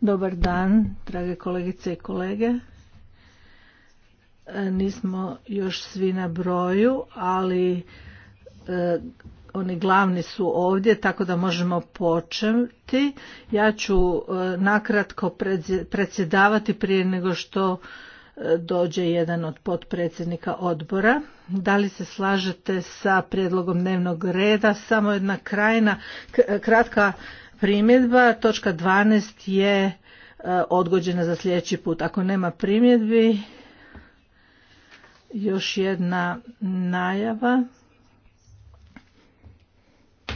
Dobar dan, drage kolegice i kolege. E, nismo još svi na broju, ali e, oni glavni su ovdje, tako da možemo početi. Ja ću e, nakratko predsjedavati prije nego što dođe jedan od potpredsjednika odbora. Da li se slažete sa prijedlogom dnevnog reda? Samo jedna krajna, kratka primjedba, točka 12 je e, odgođena za sljedeći put. Ako nema primjedbi, još jedna najava. E,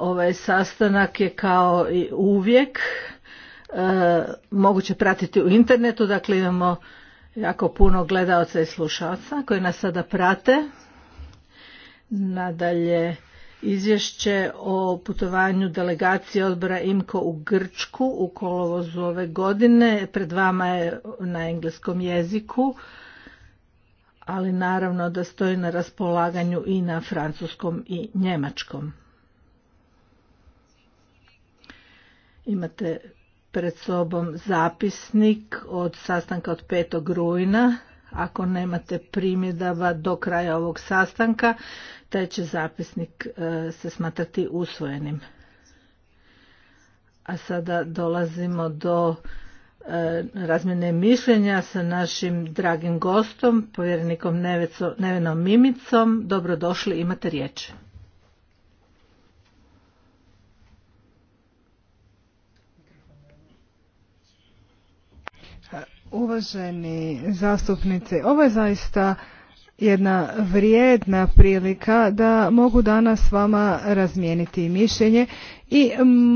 ovaj sastanak je kao i uvijek e, moguće pratiti u internetu, dakle imamo jako puno gledaoca i slušaoca koji nas sada prate. Nadalje izvješće o putovanju delegacije odbora IMKO u Grčku u kolovozu ove godine. Pred vama je na engleskom jeziku, ali naravno da stoji na raspolaganju i na francuskom i njemačkom. Imate pred sobom zapisnik od sastanka od 5. rujna. Ako nemate primjedaba do kraja ovog sastanka, taj će zapisnik e, se smatrati usvojenim. A sada dolazimo do e, razmjene mišljenja sa našim dragim gostom, povjerenikom Nevenom Mimicom. Dobrodošli, imate riječ. Uvaženi zastupnici, ovo je zaista jedna vrijedna prilika da mogu danas s vama razmijeniti mišljenje i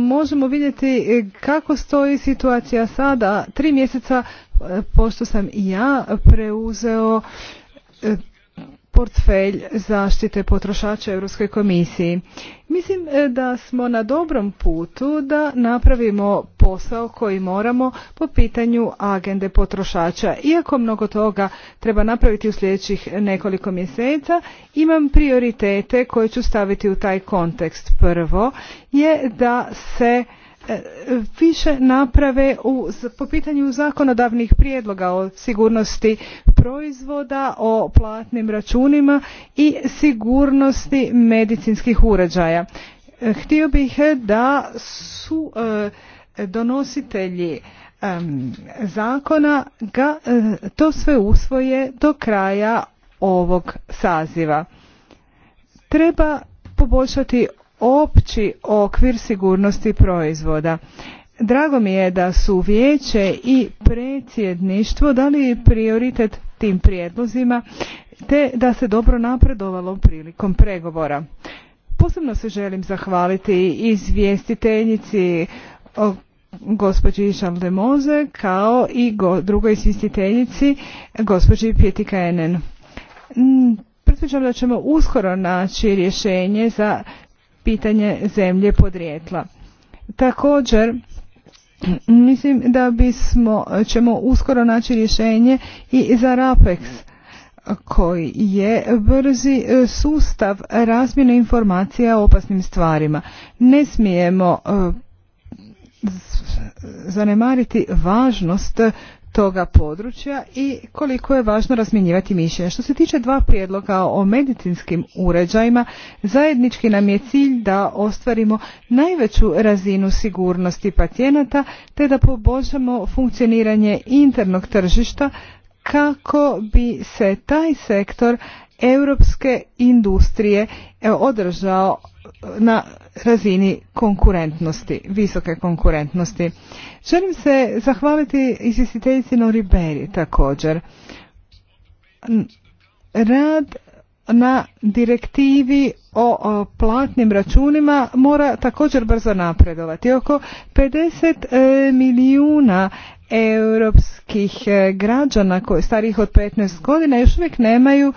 možemo vidjeti kako stoji situacija sada, tri mjeseca e, pošto sam ja preuzeo e, portfelj zaštite potrošača Europskoj komisiji. Mislim e, da smo na dobrom putu da napravimo posao koji moramo po pitanju agende potrošača. Iako mnogo toga treba napraviti u sljedećih nekoliko mjeseca, imam prioritete koje ću staviti u taj kontekst. Prvo je da se E, više naprave u, po pitanju zakonodavnih prijedloga o sigurnosti proizvoda, o platnim računima i sigurnosti medicinskih uređaja. E, htio bih e, da su donositelji zakona ga to sve usvoje do kraja ovog saziva. Treba poboljšati opći okvir sigurnosti proizvoda. Drago mi je da su vijeće i predsjedništvo dali prioritet tim prijedlozima te da se dobro napredovalo prilikom pregovora. Posebno se želim zahvaliti izvjestiteljici gospođi Moze kao i drugoj izvjestiteljici gospođi Enen. Mm, pretpostavljam da ćemo uskoro naći rješenje za pitanje zemlje podrijetla. Također, mislim da bismo, ćemo uskoro naći rješenje i za RAPEX koji je brzi sustav razmjene informacija o opasnim stvarima. Ne smijemo eh, zanemariti važnost toga područja i koliko je važno razmjenjivati mišljenja. Što se tiče dva prijedloga o medicinskim uređajima, zajednički nam je cilj da ostvarimo najveću razinu sigurnosti pacijenata te da poboljšamo funkcioniranje internog tržišta kako bi se taj sektor europske industrije održao na razini konkurentnosti, visoke konkurentnosti. Želim se zahvaliti izvjestiteljici Beri također. Rad na direktivi o platnim računima mora također brzo napredovati. Oko 50 e, milijuna europskih e, građana koji starijih od 15 godina još uvijek nemaju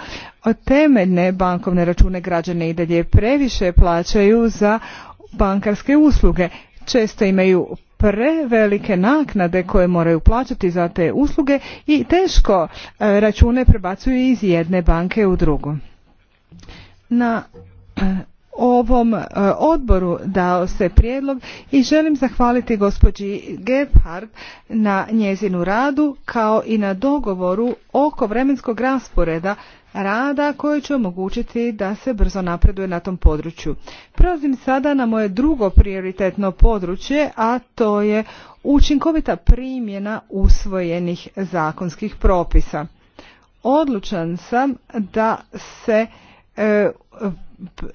temeljne bankovne račune građane i dalje previše plaćaju za bankarske usluge. Često imaju prevelike naknade koje moraju plaćati za te usluge i teško e, račune prebacuju iz jedne banke u drugu. Na ovom e, odboru dao se prijedlog i želim zahvaliti gospođi Gebhardt na njezinu radu kao i na dogovoru oko vremenskog rasporeda rada koji će omogućiti da se brzo napreduje na tom području. Prelazim sada na moje drugo prioritetno područje, a to je učinkovita primjena usvojenih zakonskih propisa. Odlučan sam da se e,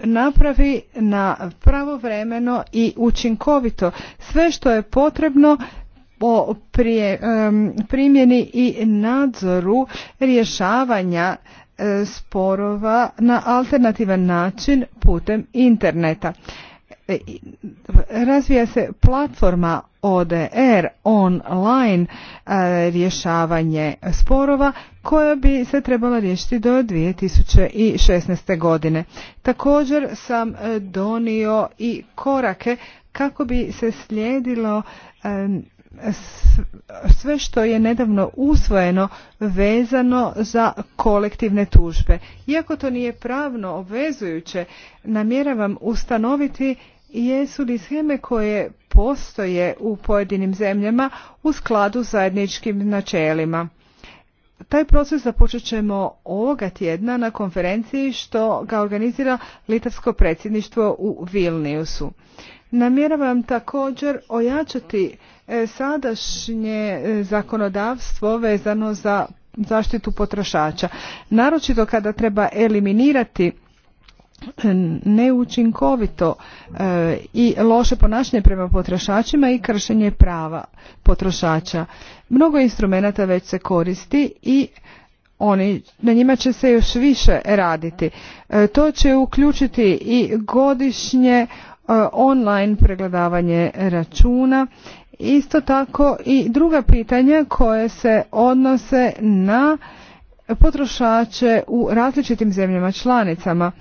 napravi na pravovremeno i učinkovito sve što je potrebno o primjeni i nadzoru rješavanja e, sporova na alternativan način putem interneta E, razvija se platforma ODR online e, rješavanje sporova koja bi se trebala riješiti do 2016. godine. Također sam e, donio i korake kako bi se slijedilo sve što je nedavno usvojeno vezano za kolektivne tužbe. Iako to nije pravno obvezujuće, namjeravam ustanoviti jesu li sheme koje postoje u pojedinim zemljama u skladu s zajedničkim načelima. Taj proces započet ćemo ovoga tjedna na konferenciji što ga organizira Litarsko predsjedništvo u Vilniusu. Namjeravam također ojačati e, sadašnje e, zakonodavstvo vezano za zaštitu potrošača, naročito kada treba eliminirati neučinkovito e, i loše ponašanje prema potrošačima i kršenje prava potrošača. Mnogo instrumenata već se koristi i oni, na njima će se još više raditi. E, to će uključiti i godišnje e, online pregledavanje računa, isto tako i druga pitanja koje se odnose na potrošače u različitim zemljama članicama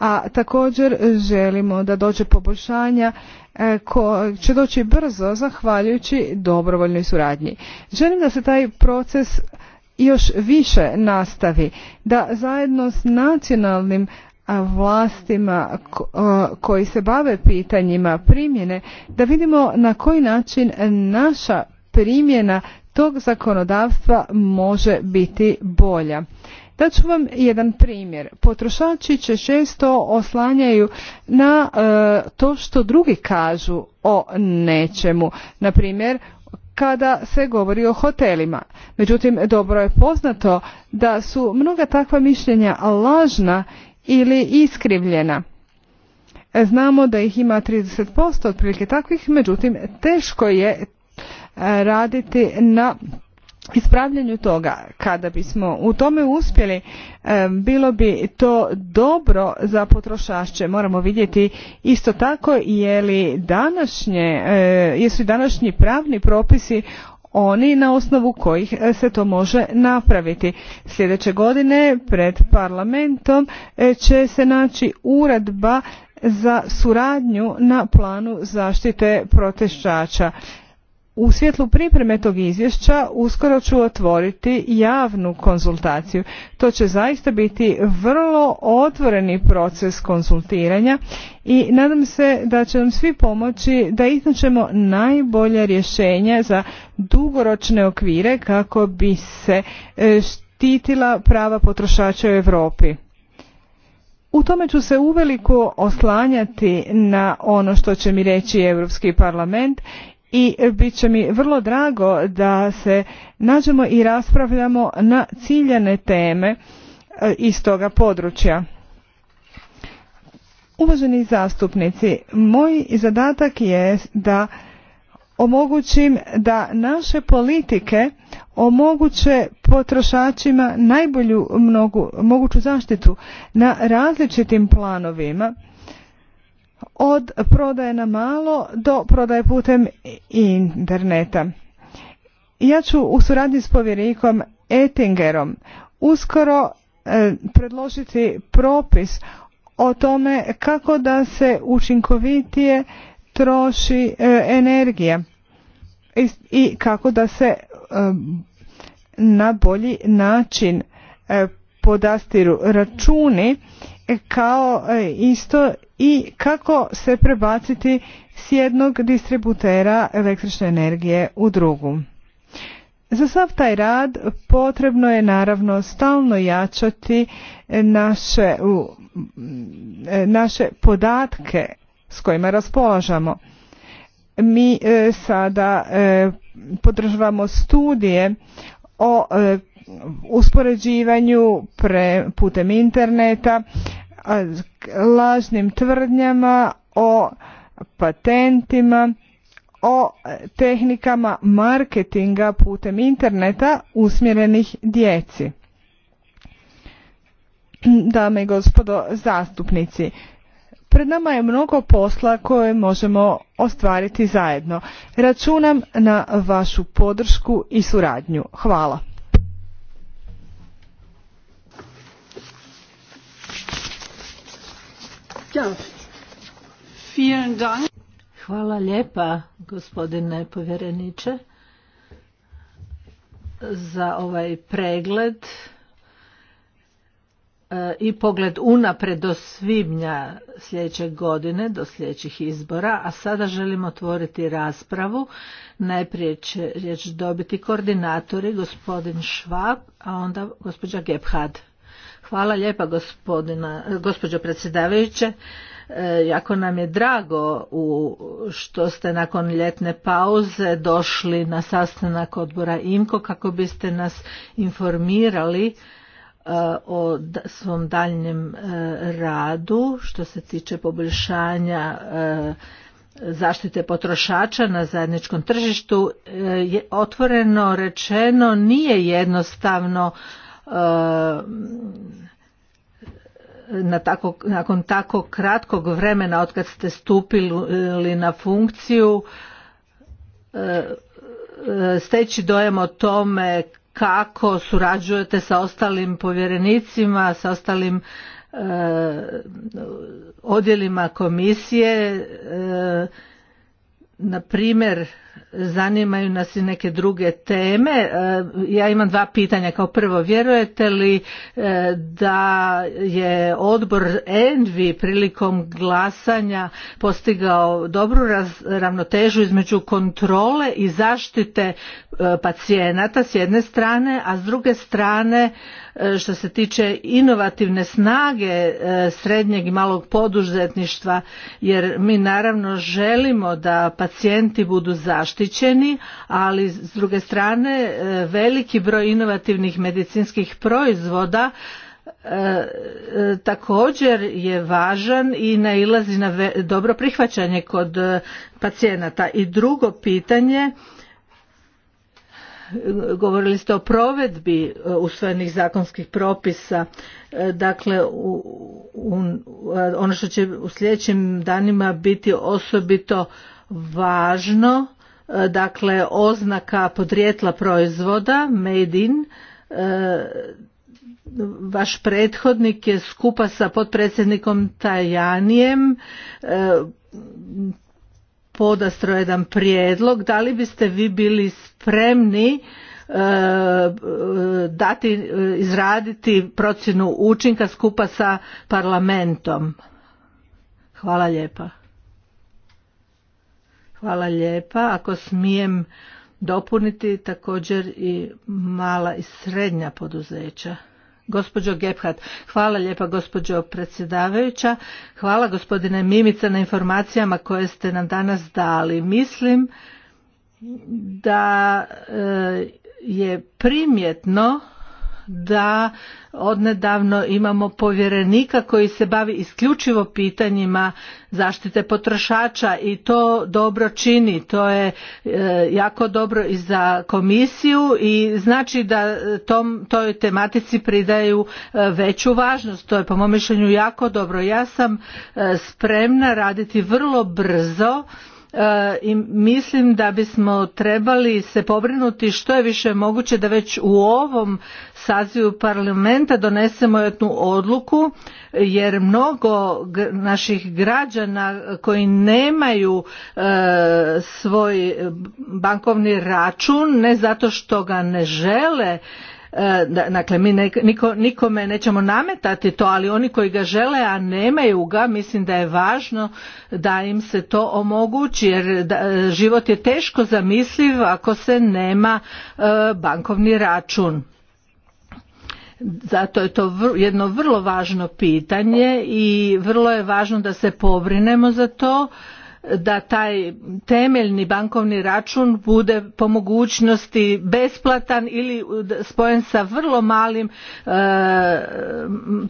a također e, želimo da dođe poboljšanja e, koje će doći brzo zahvaljujući dobrovoljnoj suradnji. Želim da se taj proces još više nastavi, da zajedno s nacionalnim vlastima e, koji se bave pitanjima primjene, da vidimo na koji način naša primjena tog zakonodavstva može biti bolja. Da ću vam jedan primjer. Potrošači će često oslanjaju na e, to što drugi kažu o nečemu. Na primjer, kada se govori o hotelima. Međutim, dobro je poznato da su mnoga takva mišljenja lažna ili iskrivljena. E, znamo da ih ima 30% otprilike takvih, međutim teško je e, raditi na ispravljanju toga kada bismo u tome uspjeli bilo bi to dobro za potrošače moramo vidjeti isto tako je li današnje eh, jesu današnji pravni propisi oni na osnovu kojih eh, se to može napraviti. Sljedeće godine pred parlamentom eh, će se naći uredba za suradnju na planu zaštite protešača. U svjetlu pripreme tog izvješća uskoro ću otvoriti javnu konzultaciju. To će zaista biti vrlo otvoreni proces konzultiranja i nadam se da će nam svi pomoći da iznačemo najbolja rješenja za dugoročne okvire kako bi se e, štitila prava potrošača u Europi. U tome ću se uveliko oslanjati na ono što će mi reći Europski parlament i bit će mi vrlo drago da se nađemo i raspravljamo na ciljane teme e, iz toga područja. Uvaženi zastupnici, moj zadatak je da omogućim da naše politike omoguće potrošačima najbolju moguću zaštitu na različitim planovima od prodaje na malo do prodaje putem interneta. Ja ću u suradnji s povjerenikom Ettingerom uskoro e, predložiti propis o tome kako da se učinkovitije troši e, energija I, kako da se e, na bolji način podastiru računi kao e, isto i kako se prebaciti s jednog distributera električne energije u drugu. Za sav taj rad potrebno je naravno stalno jačati naše, e, naše podatke s kojima raspolažamo. Mi e, sada podržavamo studije o uspoređivanju pre, putem interneta lažnim tvrdnjama o patentima o e, tehnikama marketinga putem interneta usmjerenih djeci. Dame i gospodo zastupnici, pred nama je mnogo posla koje možemo ostvariti zajedno. Računam na vašu podršku i suradnju. Hvala. Hvala lijepa gospodine povjereniče za ovaj pregled e, i pogled unapred do svibnja sljedeće godine, do sljedećih izbora, a sada želimo otvoriti raspravu. Najprije će riječ dobiti koordinatori, gospodin Švab, a onda gospođa Gebhardt. Hvala lijepa gospođo predsjedavajuće. E, jako nam je drago u, što ste nakon ljetne pauze došli na sastanak odbora IMKO kako biste nas informirali e, o svom daljnjem e, radu što se tiče poboljšanja zaštite potrošača na zajedničkom tržištu otvoreno rečeno nije jednostavno E, na tako, nakon tako kratkog vremena od kad ste stupili na funkciju e, e, steći dojem o tome kako surađujete sa ostalim povjerenicima, sa ostalim odjelima komisije na primjer zanimaju nas i neke druge teme. E, ja imam dva pitanja. Kao prvo, vjerujete li e, da je odbor Envi prilikom glasanja postigao dobru ravnotežu između kontrole i zaštite e, pacijenata s jedne strane, a s druge strane E, što se tiče inovativne snage e, srednjeg i malog poduzetništva jer mi naravno želimo da pacijenti budu zaštićeni ali s druge strane e, veliki broj inovativnih medicinskih proizvoda također je važan i nailazi na dobro prihvaćanje kod pacijenata. I drugo pitanje govorili ste o provedbi e, usvojenih zakonskih propisa e, dakle ono što će u sljedećim danima biti osobito važno e, dakle oznaka podrijetla proizvoda made in vaš prethodnik je skupa sa potpredsjednikom Tajanijem podastro jedan prijedlog, da li biste vi bili spremni e, dati, e, izraditi procjenu učinka skupa sa parlamentom? Hvala lijepa. Hvala lijepa. Ako smijem dopuniti također i mala i srednja poduzeća. Gospođo Gebhardt, hvala lijepa gospođo predsjedavajuća. Hvala gospodine Mimica na informacijama koje ste nam danas dali. Mislim da e, je primjetno da odnedavno imamo povjerenika koji se bavi isključivo pitanjima zaštite potrošača i to dobro čini to je e, jako dobro i za komisiju i znači da tom, toj tematici pridaju e, veću važnost to je po mom mišljenju jako dobro ja sam e, spremna raditi vrlo brzo E, i mislim da bismo trebali se pobrinuti što je više moguće da već u ovom sazivu parlamenta donesemo jednu odluku jer mnogo naših građana koji nemaju e, svoj bankovni račun ne zato što ga ne žele E, dakle, mi nikome nećemo nametati to, ali oni koji ga žele, a nemaju ga, mislim da je važno da im se to omogući, jer život je teško zamisliv ako se nema e, bankovni račun. Zato je to jedno vrlo važno pitanje i vrlo je važno da se pobrinemo za to da taj temeljni bankovni račun bude po mogućnosti besplatan ili spojen sa vrlo malim e,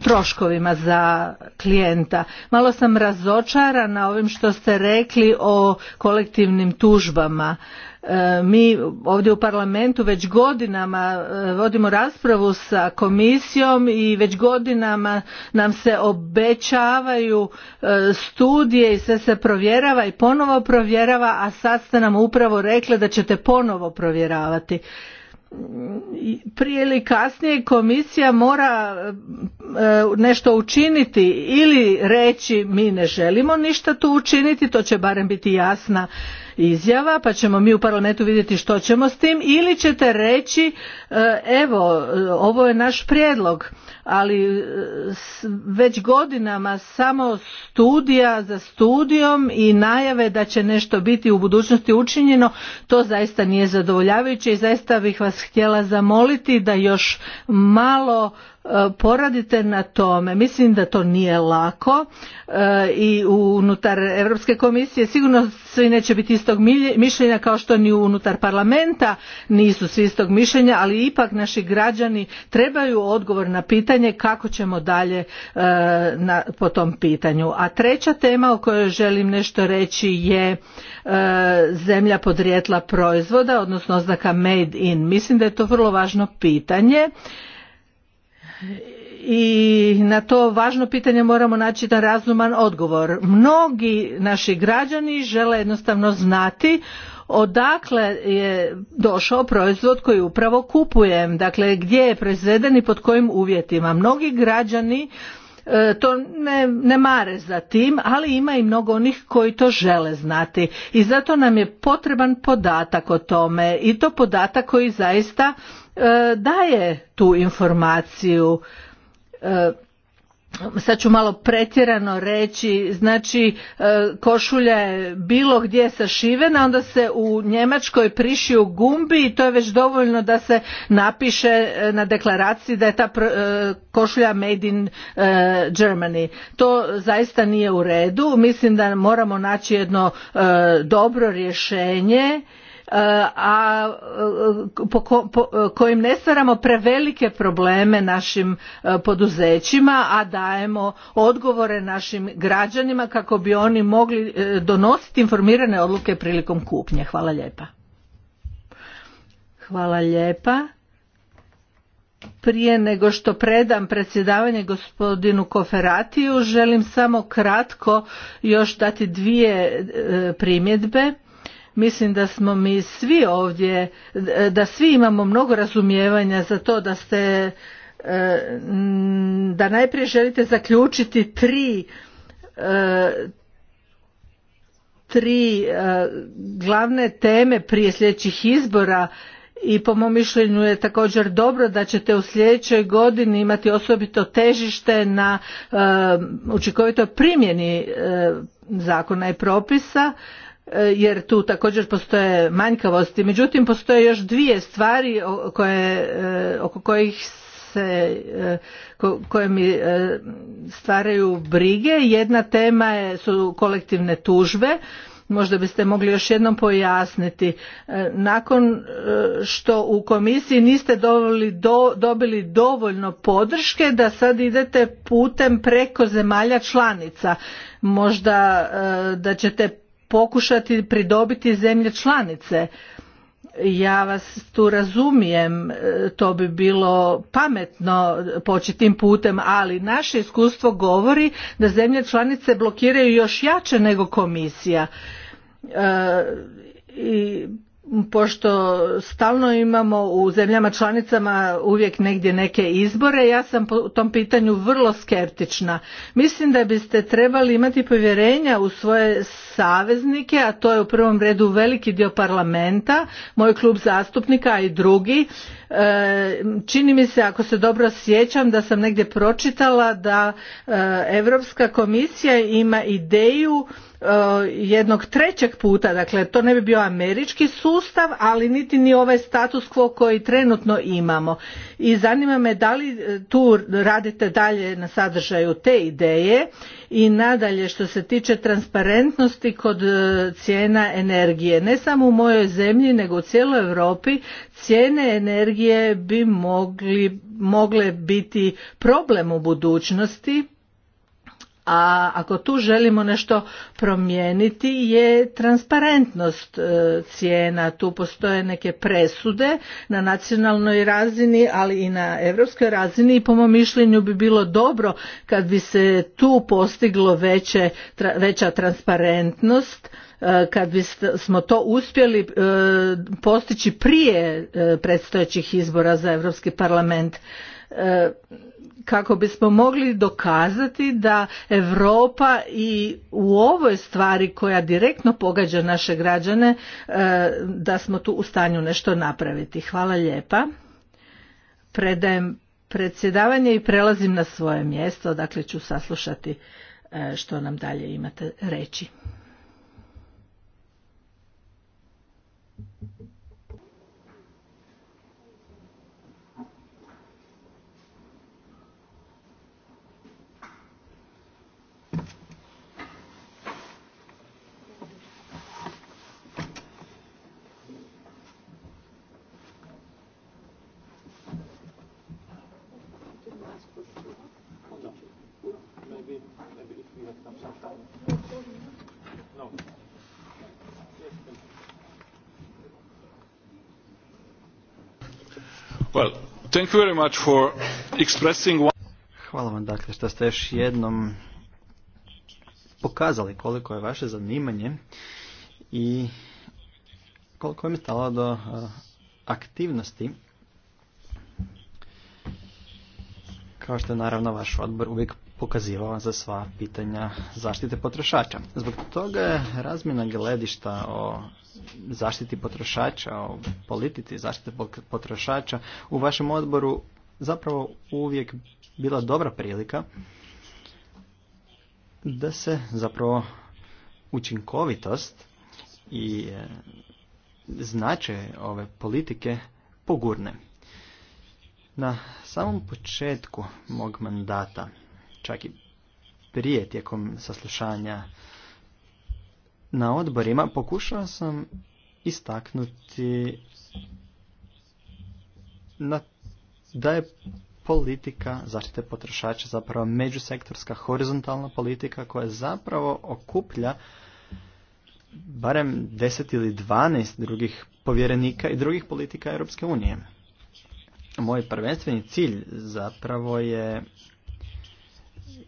troškovima za klijenta. Malo sam razočarana ovim što ste rekli o kolektivnim tužbama. E, mi ovdje u parlamentu već godinama e, vodimo raspravu sa komisijom i već godinama nam se obećavaju e, studije i sve se provjerava i ponovo provjerava a sad ste nam upravo rekli da ćete ponovo provjeravati prije ili kasnije komisija mora nešto učiniti ili reći mi ne želimo ništa tu učiniti to će barem biti jasna izjava pa ćemo mi u parlamentu vidjeti što ćemo s tim ili ćete reći e, evo ovo je naš prijedlog ali e, već godinama samo studija za studijom i najave da će nešto biti u budućnosti učinjeno to zaista nije zadovoljavajuće i zaista bih vas htjela zamoliti da još malo E, poradite na tome. Mislim da to nije lako e, i unutar Europske komisije sigurno svi neće biti istog mišljenja kao što ni unutar parlamenta nisu svi istog mišljenja, ali ipak naši građani trebaju odgovor na pitanje kako ćemo dalje e, po tom pitanju. A treća tema o kojoj želim nešto reći je zemlja podrijetla proizvoda, odnosno oznaka made in. Mislim da je to vrlo važno pitanje i na to važno pitanje moramo naći jedan razuman odgovor. Mnogi naši građani žele jednostavno znati odakle je došao proizvod koji upravo kupujem, dakle gdje je proizveden i pod kojim uvjetima. Mnogi građani e, to ne, ne mare za tim, ali ima i mnogo onih koji to žele znati i zato nam je potreban podatak o tome i to podatak koji zaista E, daje tu informaciju e, sad ću malo pretjerano reći znači e, košulja je bilo gdje sašivena onda se u njemačkoj prišiju gumbi i to je već dovoljno da se napiše na deklaraciji da je ta košulja made in germany to zaista nije u redu mislim da moramo naći jedno dobro rješenje a kojim ne stvaramo prevelike probleme našim e, poduzećima a dajemo odgovore našim građanima kako bi oni mogli e, donositi informirane odluke prilikom kupnje hvala lijepa hvala lijepa prije nego što predam predsjedavanje gospodinu Koferatiju želim samo kratko još dati dvije e, primjedbe mislim da smo mi svi ovdje, da svi imamo mnogo razumijevanja za to da ste, e, da najprije želite zaključiti tri e, tri e, glavne teme prije sljedećih izbora i po mom mišljenju je također dobro da ćete u sljedećoj godini imati osobito težište na učinkovitoj primjeni zakona i propisa E, jer tu također postoje manjkavosti. Međutim, postoje još dvije stvari koje, e, oko kojih se, e, koje mi stvaraju brige. Jedna tema su kolektivne tužbe. Možda biste mogli još jednom pojasniti. Nakon što u komisiji niste dobili, dobili dovoljno podrške da sad idete putem preko zemalja članica. Možda da ćete pokušati pridobiti zemlje članice ja vas tu razumijem e, to bi bilo pametno poći tim putem ali naše iskustvo govori da zemlje članice blokiraju još jače nego komisija e, i pošto stalno imamo u zemljama članicama uvijek negdje neke izbore, ja sam po tom pitanju vrlo skeptična. Mislim da biste trebali imati povjerenja u svoje saveznike, a to je u prvom redu veliki dio parlamenta, moj klub zastupnika i drugi. E, čini mi se, ako se dobro sjećam, da sam negdje pročitala da Europska komisija ima ideju Eh, jednog trećeg puta, dakle to ne bi bio američki sustav, ali niti ni ovaj status quo koji trenutno imamo. I zanima me da li eh, tu radite dalje na sadržaju te ideje i nadalje što se tiče transparentnosti kod eh, cijena energije. Ne samo u mojoj zemlji, nego u cijeloj Europi cijene energije bi mogli, mogle biti problem u budućnosti a ako tu želimo nešto promijeniti je transparentnost e, cijena. Tu postoje neke presude na nacionalnoj razini, ali i na europskoj razini i po mom mišljenju bi bilo dobro kad bi se tu postiglo veće, veća transparentnost e, kad bismo to uspjeli e, postići prije predstojećih izbora za Europski parlament kako bismo mogli dokazati da Europa i u ovoj stvari koja direktno pogađa naše građane e, da smo tu u stanju nešto napraviti. Hvala lijepa. Predajem predsjedavanje i prelazim na svoje mjesto, dakle ću saslušati e, što nam dalje imate reći. Hvala vam dakle što ste još jednom pokazali koliko je vaše zanimanje i koliko je mi stalo do eh, aktivnosti kao što je naravno vaš odbor uvijek pokazivala za sva pitanja zaštite potrošača. Zbog toga je razmjena gledišta o zaštiti potrošača, o politici zaštite potrošača u vašem odboru zapravo uvijek bila dobra prilika da se zapravo učinkovitost i e, značaj ove politike pogurne. Na samom početku mog mandata čak i prije tijekom saslušanja na odborima, pokušao sam istaknuti na, da je politika zaštite potrošača zapravo međusektorska horizontalna politika koja zapravo okuplja barem 10 ili 12 drugih povjerenika i drugih politika Europske unije. Moj prvenstveni cilj zapravo je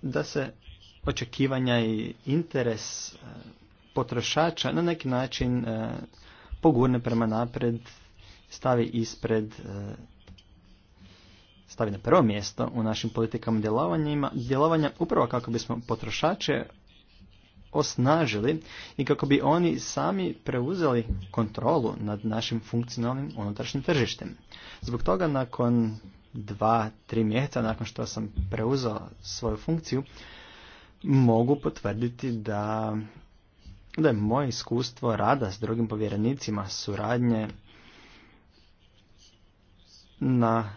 da se očekivanja i interes e, potrošača na neki način e, pogurne prema napred, stavi ispred, e, stavi na prvo mjesto u našim politikama djelovanjima, djelovanja upravo kako bismo potrošače osnažili i kako bi oni sami preuzeli kontrolu nad našim funkcionalnim unutrašnjim tržištem. Zbog toga nakon dva, tri mjeseca nakon što sam preuzeo svoju funkciju, mogu potvrditi da, da je moje iskustvo rada s drugim povjerenicima, suradnje na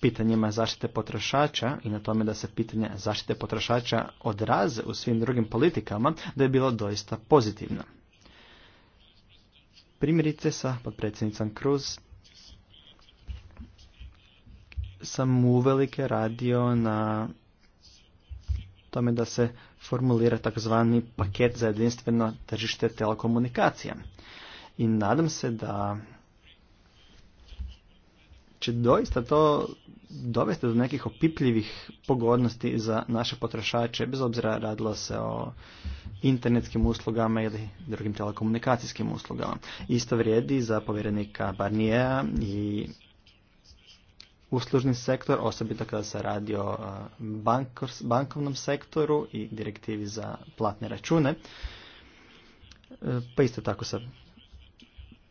pitanjima zaštite potrošača i na tome da se pitanje zaštite potrošača odraze u svim drugim politikama, da je bilo doista pozitivno. Primjerice sa potpredsjednicom Cruz sam uvelike radio na tome da se formulira takozvani paket za jedinstveno tržište telekomunikacija. I nadam se da će doista to dovesti do nekih opipljivih pogodnosti za naše potrošače, bez obzira radilo se o internetskim uslugama ili drugim telekomunikacijskim uslugama. Isto vrijedi za povjerenika Barniera i uslužni sektor, osobito kada se radi o bankovnom sektoru i direktivi za platne račune. E, pa isto tako sa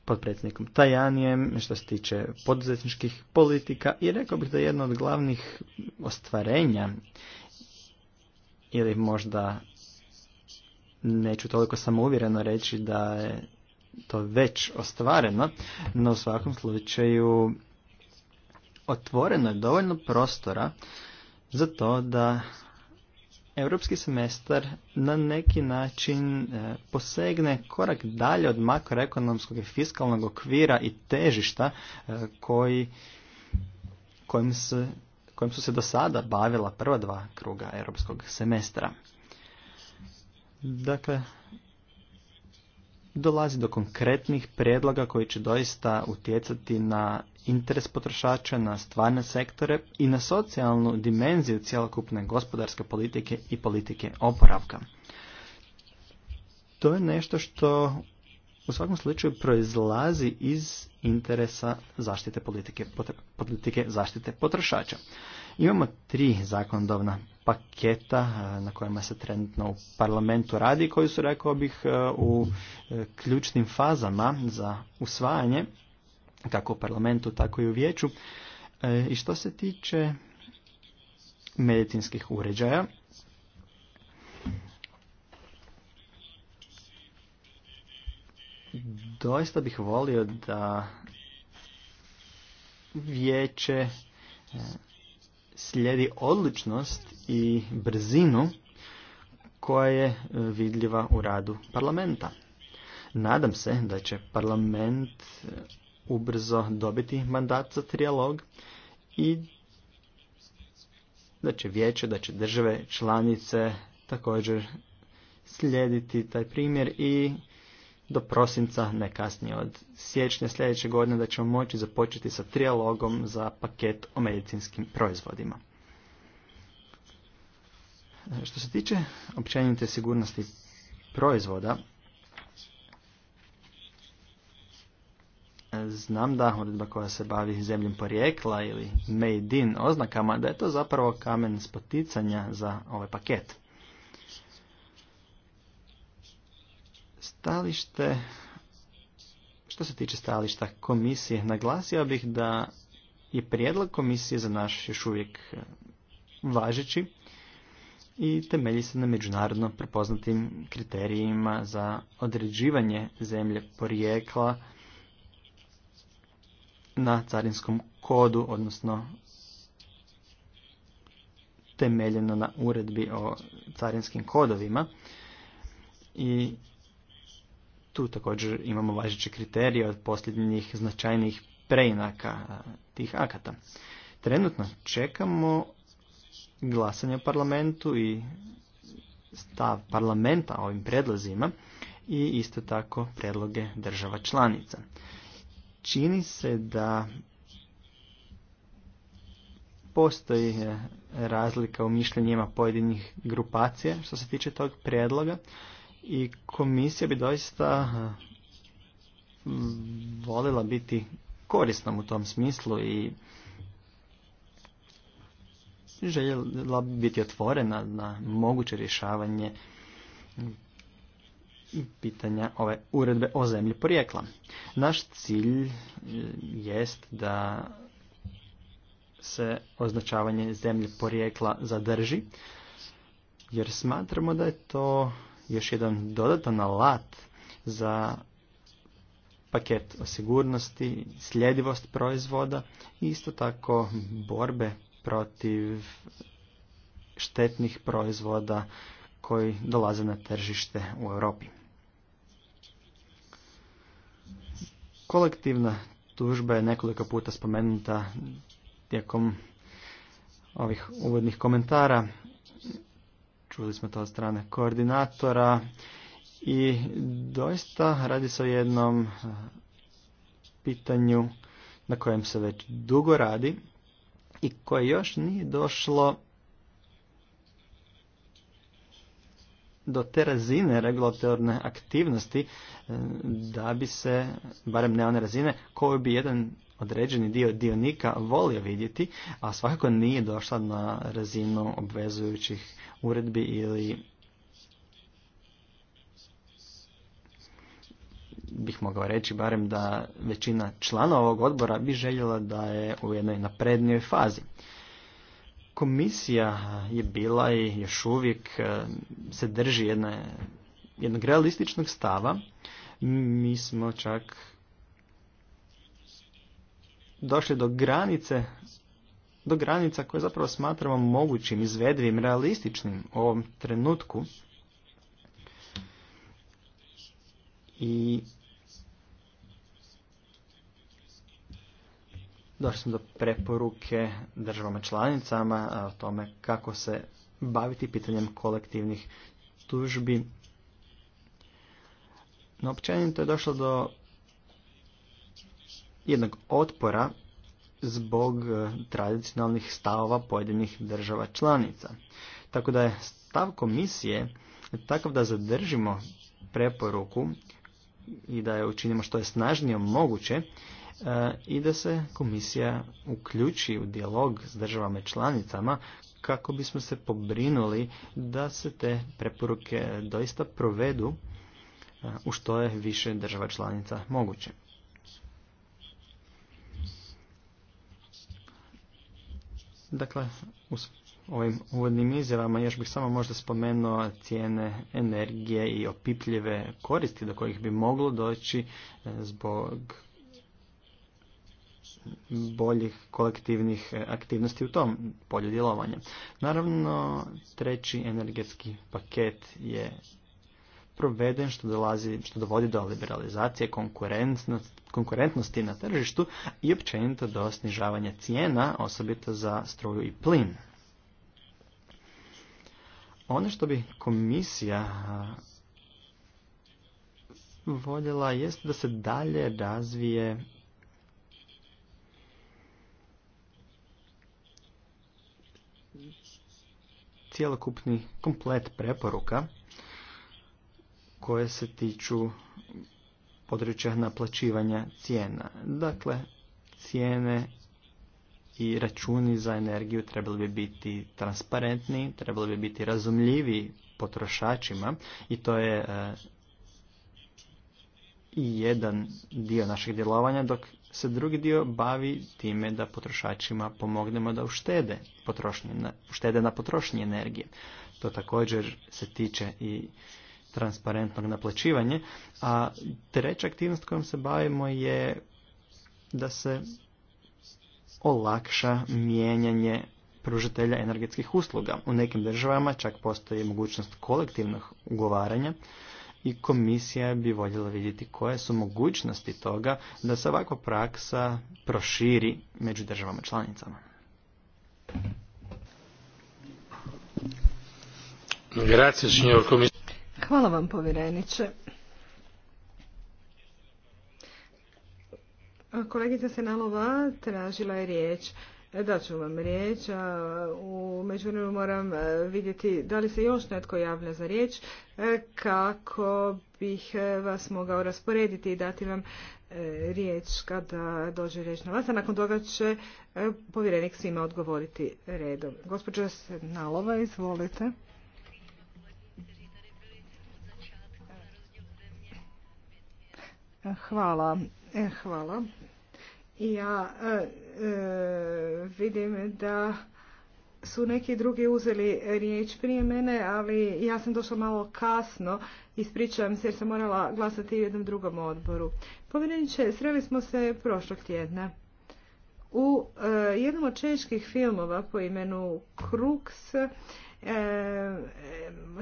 podpredsjednikom Tajanijem što se tiče poduzetničkih politika i rekao bih da je jedno od glavnih ostvarenja ili možda neću toliko samouvjereno reći da je to već ostvareno, no u svakom slučaju otvoreno je dovoljno prostora za to da europski semestar na neki način e, posegne korak dalje od makroekonomskog i fiskalnog okvira i težišta e, koji, kojim, se, kojim su se do sada bavila prva dva kruga europskog semestra. Dakle, dolazi do konkretnih predloga koji će doista utjecati na interes potrošača, na stvarne sektore i na socijalnu dimenziju cjelokupne gospodarske politike i politike oporavka. To je nešto što u svakom slučaju proizlazi iz interesa zaštite politike, politike zaštite potrošača. Imamo tri zakonodavna paketa na kojima se trenutno u parlamentu radi koji su, rekao bih, e, u e, ključnim fazama za usvajanje kako u parlamentu, tako i u vijeću. E, I što se tiče medicinskih uređaja, doista bih volio da vijeće slijedi odličnost i brzinu koja je e, vidljiva u radu parlamenta. Nadam se da će parlament e, ubrzo dobiti mandat za trijalog i da će vijeće, da će države članice također slijediti taj primjer i do prosinca, ne kasnije od siječnja sljedeće godine, da ćemo moći započeti sa trijalogom za paket o medicinskim proizvodima. Što se tiče općenite sigurnosti proizvoda, znam da odredba koja se bavi zemljom porijekla ili made in oznakama, da je to zapravo kamen spoticanja za ovaj paket. Stalište, što se tiče stališta komisije, naglasio bih da je prijedlog komisije za naš još uvijek važeći i temelji se na međunarodno prepoznatim kriterijima za određivanje zemlje porijekla na carinskom kodu, odnosno temeljeno na uredbi o carinskim kodovima i tu također imamo važeće kriterije od posljednjih značajnih preinaka tih akata. Trenutno čekamo glasanje u parlamentu i stav parlamenta o ovim predlozima i isto tako predloge država članica. Čini se da postoji e, razlika u mišljenjima pojedinih grupacija što se tiče tog predloga, i komisija bi doista eh, volila biti korisnom u tom smislu i željela biti otvorena na moguće rješavanje pitanja ove uredbe o zemlji porijekla. Naš cilj eh, jest da se označavanje zemlje porijekla zadrži, jer smatramo da je to još jedan dodatan alat za paket osigurnosti, sigurnosti, sljedivost proizvoda i isto tako borbe protiv štetnih proizvoda koji dolaze na tržište u Europi. Kolektivna tužba je nekoliko puta spomenuta tijekom ovih uvodnih komentara čuli smo to od strane koordinatora i doista radi se o jednom e, pitanju na kojem se već dugo radi i koje još nije došlo do te razine regulatorne aktivnosti e, da bi se, barem ne one razine, koju bi jedan određeni dio dionika volio vidjeti, a svakako nije došla na razinu obvezujućih uredbi ili bih mogao reći barem da većina članova ovog odbora bi željela da je u jednoj naprednijoj fazi. Komisija je bila i još uvijek e, se drži jedne, jednog realističnog stava. Mi smo čak došli do granice do granica koje zapravo smatramo mogućim, izvedivim, realističnim u ovom trenutku. I došli smo do preporuke državama članicama o tome kako se baviti pitanjem kolektivnih tužbi. No općenito je došlo do jednog otpora zbog e, tradicionalnih stavova pojedinih država članica. Tako da je stav komisije takav da zadržimo preporuku i da je učinimo što je snažnije moguće e, i da se komisija uključi u dijalog s državama članicama kako bismo se pobrinuli da se te preporuke doista provedu e, u što je više država članica moguće. Dakle, u ovim uvodnim izjavama još bih samo možda spomenuo cijene energije i opipljive koristi do kojih bi moglo doći e, zbog boljih kolektivnih aktivnosti u tom polju djelovanja. Naravno, treći energetski paket je proveden što, dolazi, što dovodi do liberalizacije konkurentnosti na tržištu i općenito do snižavanja cijena, osobito za struju i plin. Ono što bi komisija voljela jest da se dalje razvije cijelokupni komplet preporuka koje se tiču područja naplaćivanja cijena. Dakle, cijene i računi za energiju trebali bi biti transparentni, trebali bi biti razumljivi potrošačima i to je e, i jedan dio našeg djelovanja, dok se drugi dio bavi time da potrošačima pomognemo da uštede, potrošnje, uštede na potrošnji energije. To također se tiče i transparentnog naplaćivanja, a treća aktivnost kojom se bavimo je da se olakša mijenjanje pružatelja energetskih usluga. U nekim državama čak postoji mogućnost kolektivnog ugovaranja i komisija bi voljela vidjeti koje su mogućnosti toga da se ovakva praksa proširi među državama članicama. Grazie, Hvala vam povjereniče. Kolegica Senalova tražila je riječ. Daću vam riječ, u međuvremenu moram e, vidjeti da li se još netko javlja za riječ e, kako bih e, vas mogao rasporediti i dati vam riječ kada dođe riječ na vas, a nakon toga će povjerenik svima odgovoriti redom. Gospođa Senalova, izvolite. Hvala. E, hvala. Ja e, e, vidim da su neki drugi uzeli riječ prije mene, ali ja sam došla malo kasno. Ispričavam se jer sam morala glasati u jednom drugom odboru. Povjereniče, sreli smo se prošlog tjedna. U e, jednom od čeških filmova po imenu Kruks,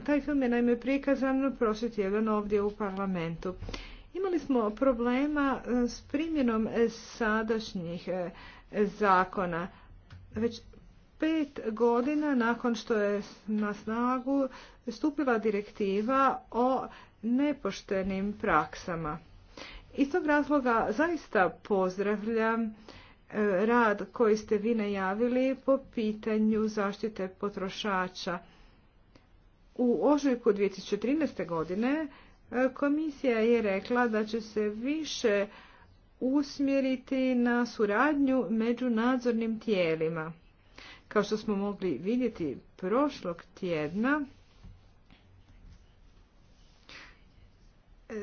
taj film je naime prikazan prošli tjedan ovdje u parlamentu. Imali smo problema e, s primjenom e, sadašnjih e, zakona. Već pet godina nakon što je na snagu stupila direktiva o nepoštenim praksama. Iz tog razloga zaista pozdravljam rad koji ste vi najavili po pitanju zaštite potrošača. U ožujku 2013. godine E, komisija je rekla da će se više usmjeriti na suradnju među nadzornim tijelima. Kao što smo mogli vidjeti prošlog tjedna,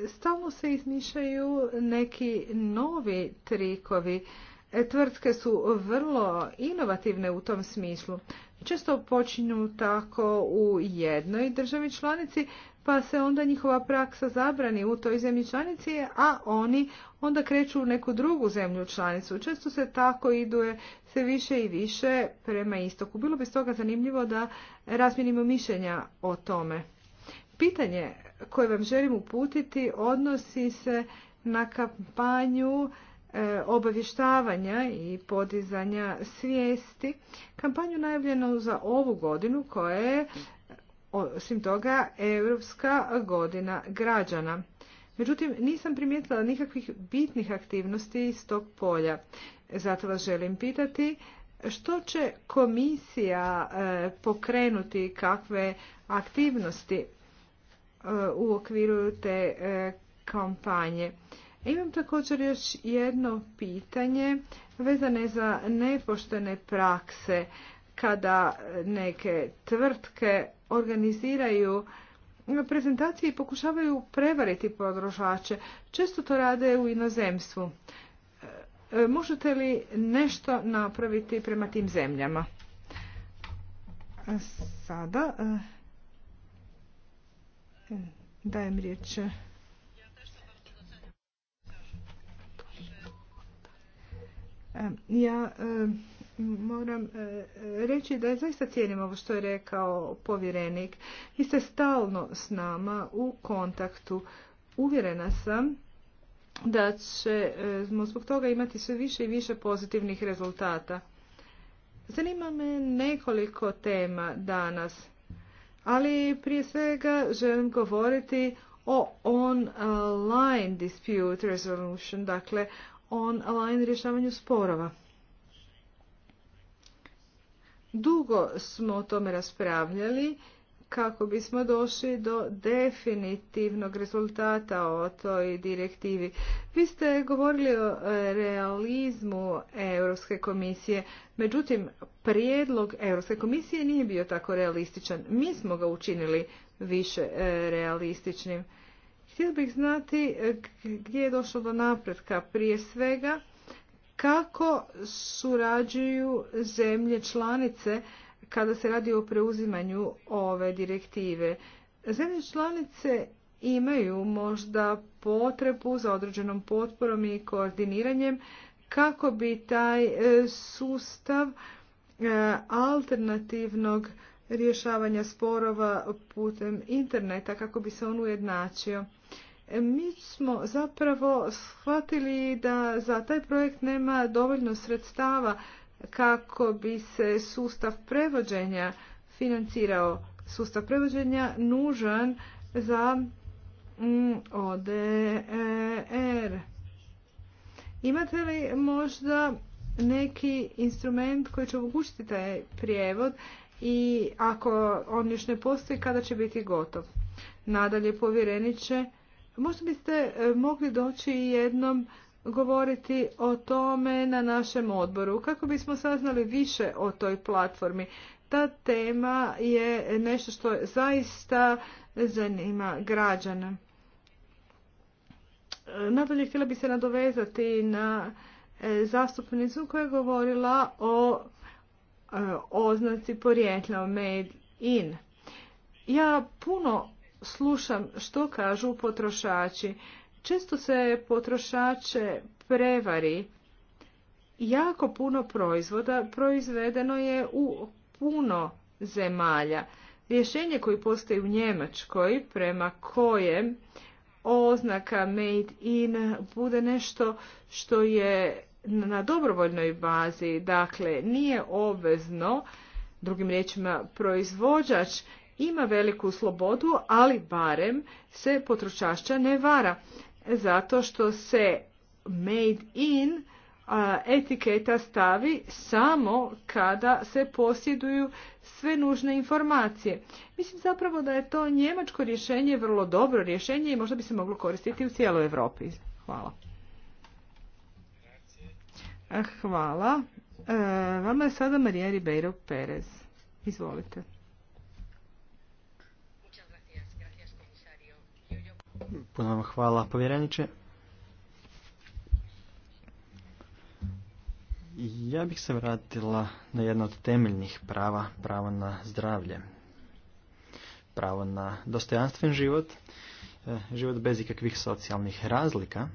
stalno se izmišljaju neki novi trikovi. E, tvrtke su vrlo inovativne u tom smislu. Često počinju tako u jednoj državi članici, pa se onda njihova praksa zabrani u toj zemlji članici, a oni onda kreću u neku drugu zemlju članicu. Često se tako iduje sve više i više prema istoku. Bilo bi stoga zanimljivo da razmijenimo mišljenja o tome. Pitanje koje vam želim uputiti odnosi se na kampanju e, obavještavanja i podizanja svijesti. Kampanju najavljenu za ovu godinu koja je osim toga Europska godina građana. Međutim, nisam primijetila nikakvih bitnih aktivnosti iz tog polja. Zato vas želim pitati što će komisija e, pokrenuti kakve aktivnosti e, u okviru te e, kampanje. Imam također još jedno pitanje vezane za nepoštene prakse kada neke tvrtke organiziraju prezentacije i pokušavaju prevariti potrošače. Često to rade u inozemstvu. E, možete li nešto napraviti prema tim zemljama? Sada e, dajem riječ. E, ja moram e, reći da je zaista cijenim ovo što je rekao povjerenik. i ste stalno s nama u kontaktu. Uvjerena sam da ćemo e, zbog toga imati sve više i više pozitivnih rezultata. Zanima me nekoliko tema danas, ali prije svega želim govoriti o online dispute resolution, dakle on-line rješavanju sporova. Dugo smo o tome raspravljali kako bismo došli do definitivnog rezultata o toj direktivi. Vi ste govorili o realizmu Europske komisije, međutim prijedlog Europske komisije nije bio tako realističan. Mi smo ga učinili više e, realističnim. Htio bih znati e, gdje je došlo do napretka prije svega kako surađuju zemlje članice kada se radi o preuzimanju ove direktive. Zemlje članice imaju možda potrebu za određenom potporom i koordiniranjem kako bi taj e, sustav e, alternativnog rješavanja sporova putem interneta kako bi se on ujednačio mi smo zapravo shvatili da za taj projekt nema dovoljno sredstava kako bi se sustav prevođenja financirao. Sustav prevođenja nužan za mm, ODR. E Imate li možda neki instrument koji će omogućiti taj prijevod i ako on još ne postoji, kada će biti gotov? Nadalje, povjereniče, Možda biste e, mogli doći jednom govoriti o tome na našem odboru kako bismo saznali više o toj platformi. Ta tema je nešto što zaista zanima građana. E, nadalje htjela bi se nadovezati na e, zastupnicu koja je govorila o oznaci porijekla made in. Ja puno slušam što kažu potrošači. Često se potrošače prevari. Jako puno proizvoda proizvedeno je u puno zemalja. Rješenje koje postoji u Njemačkoj prema kojem oznaka made in bude nešto što je na dobrovoljnoj bazi, dakle nije obvezno, drugim riječima proizvođač ima veliku slobodu, ali barem se potrošača ne vara, zato što se made in etiketa stavi samo kada se posjeduju sve nužne informacije. Mislim zapravo da je to njemačko rješenje vrlo dobro rješenje i možda bi se moglo koristiti u cijeloj Europi. Hvala. Eh, hvala. Eh, vama je sada Marija Ribeiro Perez. Izvolite. Puno vam hvala, povjereniče. Ja bih se vratila na jedno od temeljnih prava, pravo na zdravlje. Pravo na dostojanstven život, e, život bez ikakvih socijalnih razlika.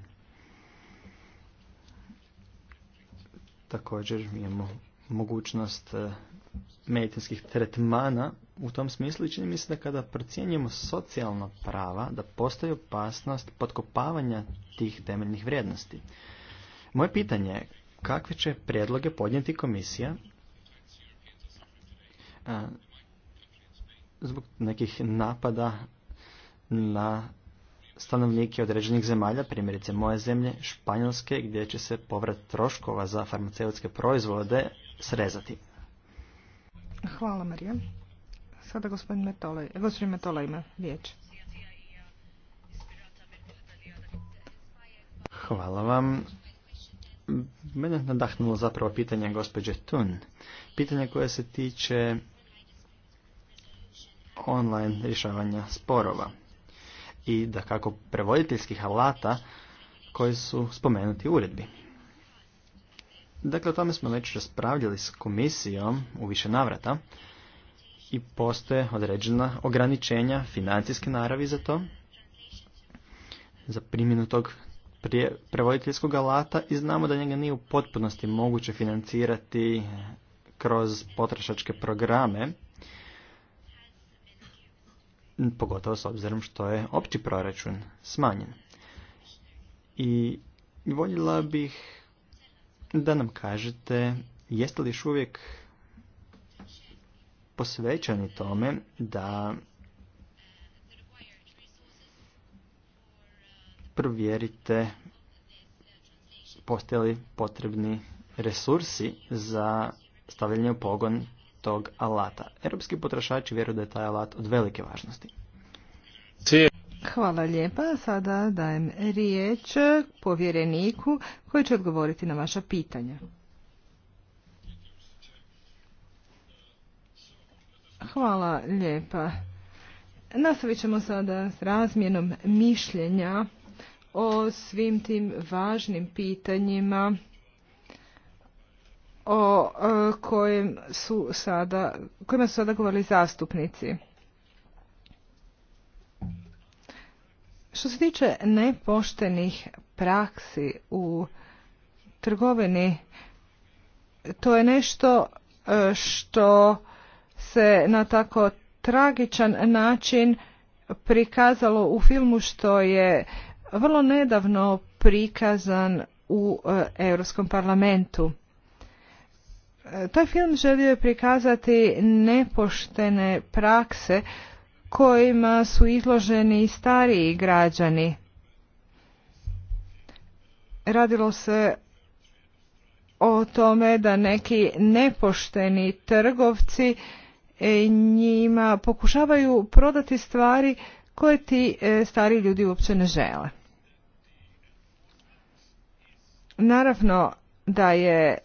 Također imamo mogućnost e, medicinskih tretmana u tom smislu čini mi se da kada procjenjujemo socijalna prava da postoji opasnost potkopavanja tih temeljnih vrijednosti. Moje pitanje je kakve će prijedloge podnijeti komisija zbog nekih napada na stanovnike određenih zemalja, primjerice moje zemlje, Španjolske, gdje će se povrat troškova za farmaceutske proizvode srezati. Hvala Marija. Sada gospodin Metola, gospodin Metola ima riječ. Hvala vam. Mene je nadahnulo zapravo pitanje gospođe Tun. Pitanje koje se tiče online rješavanja sporova i da kako prevoditeljskih alata koji su spomenuti u uredbi. Dakle, o tome smo već raspravljali s komisijom u više navrata i postoje određena ograničenja financijske naravi za to, za primjenu tog prije prevoditeljskog alata i znamo da njega nije u potpunosti moguće financirati kroz potrošačke programe, pogotovo s obzirom što je opći proračun smanjen. I voljela bih da nam kažete jeste li još uvijek posvećeni tome da provjerite postoje potrebni resursi za stavljanje u pogon tog alata. Europski potrošači vjeruju da je taj alat od velike važnosti. Hvala lijepa. Sada dajem riječ povjereniku koji će odgovoriti na vaša pitanja. Hvala lijepa. Nastavit ćemo sada s razmjenom mišljenja o svim tim važnim pitanjima o e, kojim su sada, kojima su sada govorili zastupnici. Što se tiče nepoštenih praksi u trgovini, to je nešto e, što se na tako tragičan način prikazalo u filmu što je vrlo nedavno prikazan u e, Europskom parlamentu. E, taj film želio je prikazati nepoštene prakse kojima su izloženi stariji građani. Radilo se o tome da neki nepošteni trgovci E, njima pokušavaju prodati stvari koje ti e, stari ljudi uopće ne žele. Naravno da je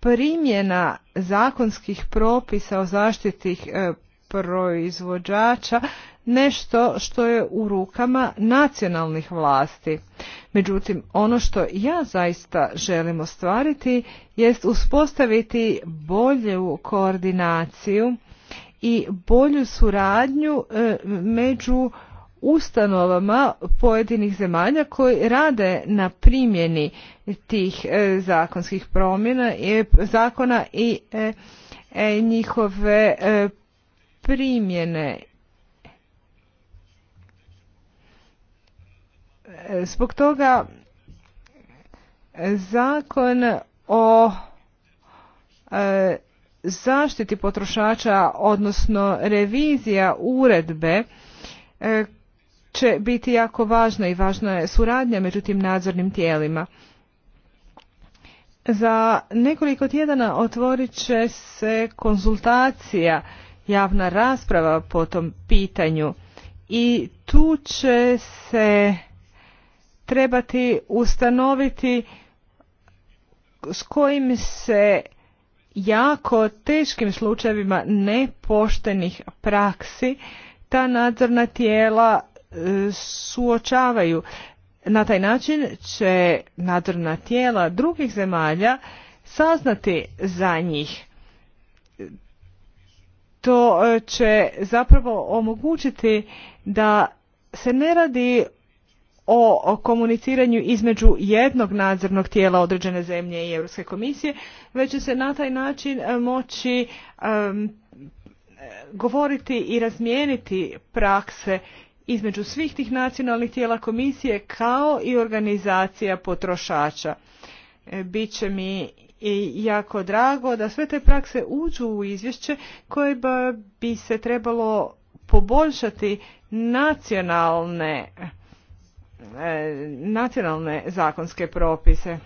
primjena zakonskih propisa o zaštiti e, proizvođača nešto što je u rukama nacionalnih vlasti. Međutim, ono što ja zaista želim ostvariti jest uspostaviti bolju koordinaciju i bolju suradnju e, među ustanovama pojedinih zemalja koji rade na primjeni tih e, zakonskih promjena i e, zakona i njihove primjene Zbog toga zakon o e, zaštiti potrošača, odnosno revizija uredbe e, će biti jako važna i važna je suradnja među tim nadzornim tijelima. Za nekoliko tjedana otvorit će se konzultacija, javna rasprava po tom pitanju i tu će se trebati ustanoviti s kojim se jako teškim slučajevima nepoštenih praksi ta nadzorna tijela e, suočavaju. Na taj način će nadzorna tijela drugih zemalja saznati za njih. To e, će zapravo omogućiti da se ne radi o komuniciranju između jednog nadzornog tijela određene zemlje i Europske komisije, već će se na taj način e, moći govoriti i razmijeniti prakse između svih tih nacionalnih tijela komisije kao i organizacija potrošača. E, Biće mi i jako drago da sve te prakse uđu u izvješće koje bi se trebalo poboljšati nacionalne E, nacionalne zakonske propise. E,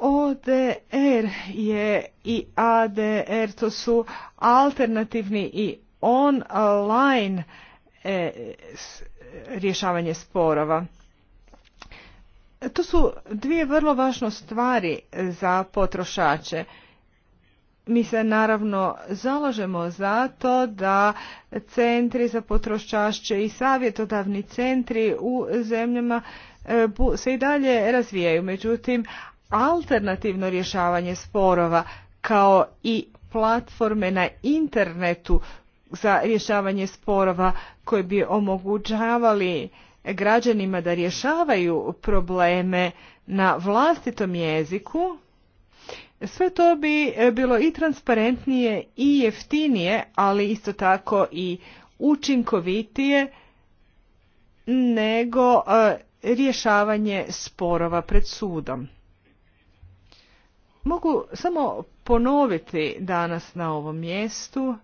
ODR je i ADR, to su alternativni i online e, rješavanje sporova. To su dvije vrlo važne stvari za potrošače mi se naravno zalažemo za to da centri za potrošače i savjetodavni centri u zemljama e, se i dalje razvijaju. Međutim, alternativno rješavanje sporova kao i platforme na internetu za rješavanje sporova koje bi omogućavali građanima da rješavaju probleme na vlastitom jeziku sve to bi e, bilo i transparentnije i jeftinije, ali isto tako i učinkovitije nego e, rješavanje sporova pred sudom. Mogu samo ponoviti danas na ovom mjestu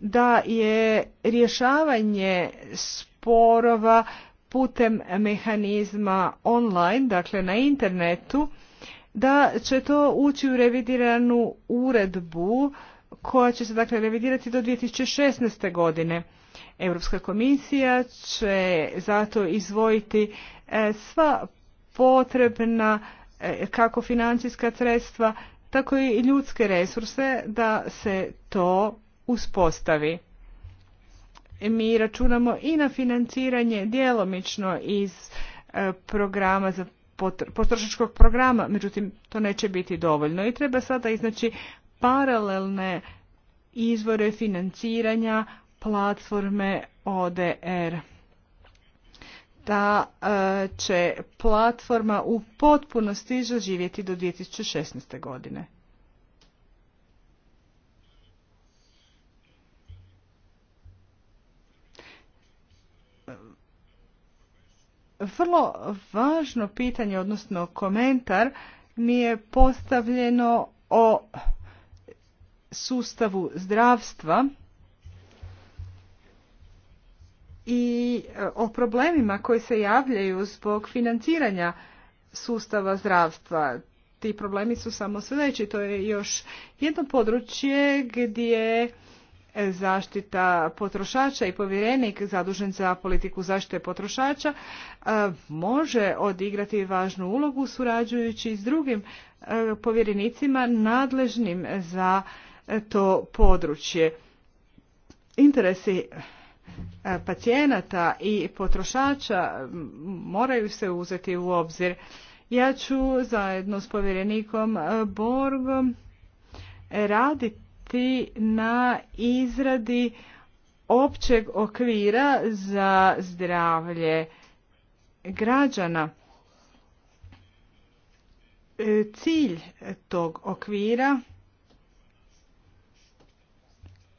da je rješavanje sporova putem mehanizma online, dakle na internetu, da će to ući u revidiranu uredbu koja će se dakle revidirati do 2016. godine. Europska komisija će zato izvojiti e, sva potrebna e, kako financijska sredstva, tako i ljudske resurse da se to uspostavi. Mi računamo i na financiranje djelomično iz e, programa za potrošačkog programa, međutim to neće biti dovoljno i treba sada iznaći paralelne izvore financiranja platforme ODR. Da e, će platforma u potpunosti zaživjeti do 2016. godine. Vrlo važno pitanje, odnosno komentar, mi je postavljeno o sustavu zdravstva i e, o problemima koji se javljaju zbog financiranja sustava zdravstva. Ti problemi su samo sve To je još jedno područje gdje zaštita potrošača i povjerenik zadužen za politiku zaštite potrošača e, može odigrati važnu ulogu surađujući s drugim e, povjerenicima nadležnim za to područje. Interesi e, pacijenata i potrošača moraju se uzeti u obzir. Ja ću zajedno s povjerenikom Borgom raditi raditi na izradi općeg okvira za zdravlje građana. E, cilj tog okvira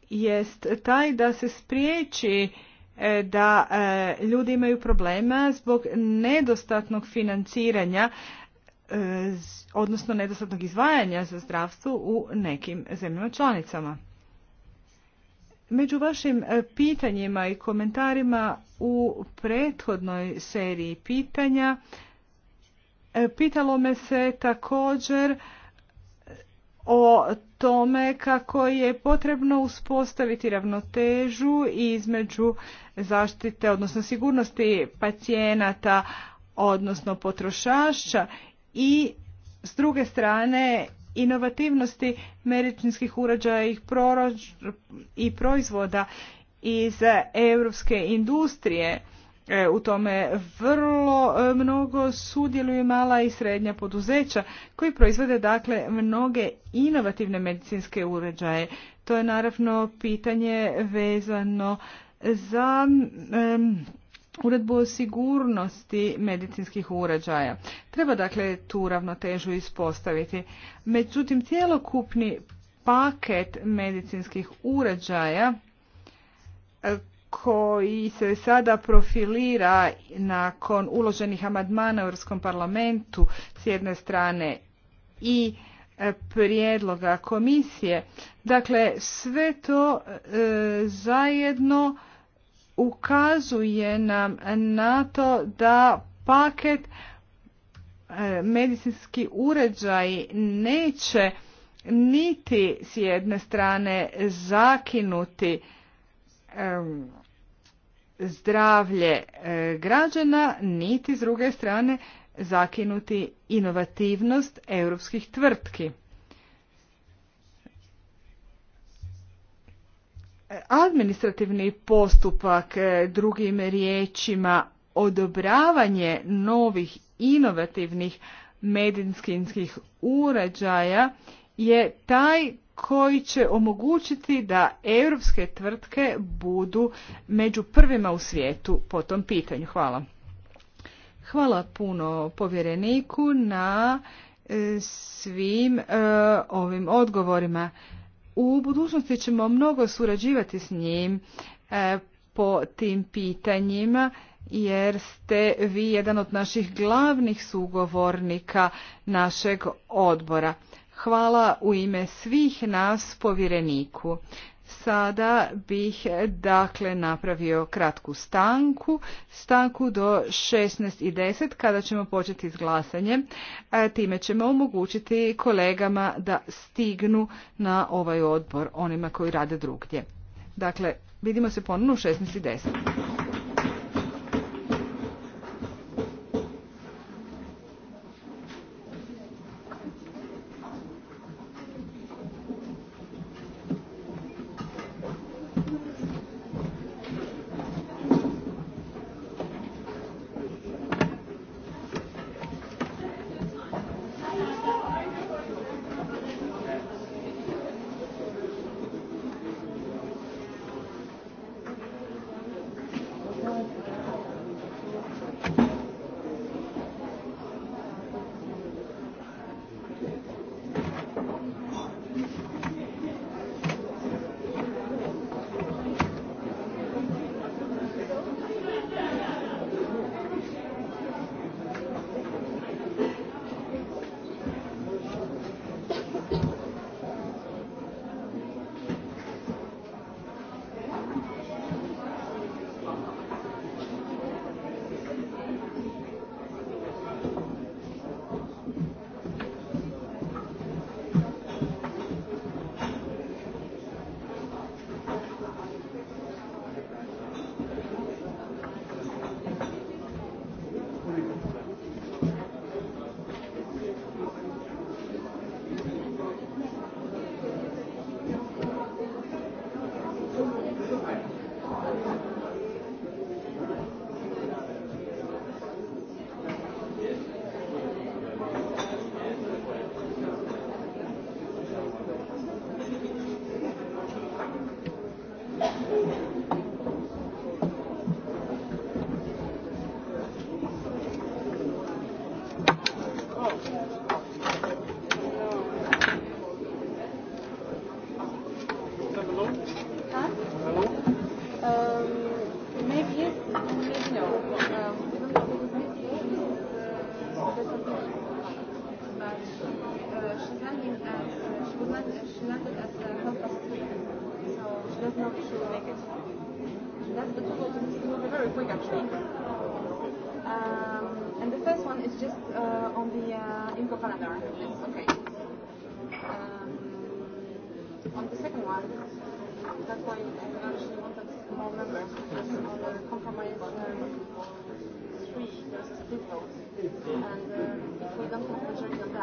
jest taj da se spriječi e, da e, ljudi imaju problema zbog nedostatnog financiranja E, odnosno nedostatnog izvajanja za zdravstvo u nekim zemljama članicama. Među vašim e, pitanjima i komentarima u prethodnoj seriji pitanja e, pitalo me se također o tome kako je potrebno uspostaviti ravnotežu između zaštite, odnosno sigurnosti pacijenata, odnosno potrošača i s druge strane inovativnosti medicinskih uređaja i proizvoda iz europske industrije. E, u tome vrlo e, mnogo sudjeluju mala i srednja poduzeća koji proizvode dakle mnoge inovativne medicinske uređaje. To je naravno pitanje vezano za uredbu o sigurnosti medicinskih uređaja. Treba dakle tu ravnotežu ispostaviti. Međutim, cjelokupni paket medicinskih uređaja e, koji se sada profilira nakon uloženih amadmana u Europskom parlamentu s jedne strane i e, prijedloga komisije. Dakle, sve to e, zajedno ukazuje nam na to da paket e, medicinski uređaj neće niti s jedne strane zakinuti e, zdravlje e, građana, niti s druge strane zakinuti inovativnost europskih tvrtki. administrativni postupak, e, drugim riječima odobravanje novih inovativnih medicinskih uređaja je taj koji će omogućiti da europske tvrtke budu među prvima u svijetu po tom pitanju. Hvala. Hvala puno povjereniku na e, svim e, ovim odgovorima. U budućnosti ćemo mnogo surađivati s njim e, po tim pitanjima jer ste vi jedan od naših glavnih sugovornika našeg odbora. Hvala u ime svih nas povjereniku. Sada bih dakle napravio kratku stanku, stanku do 16.10 kada ćemo početi s glasanjem. E, time ćemo omogućiti kolegama da stignu na ovaj odbor, onima koji rade drugdje. Dakle, vidimo se ponovno u 16.10.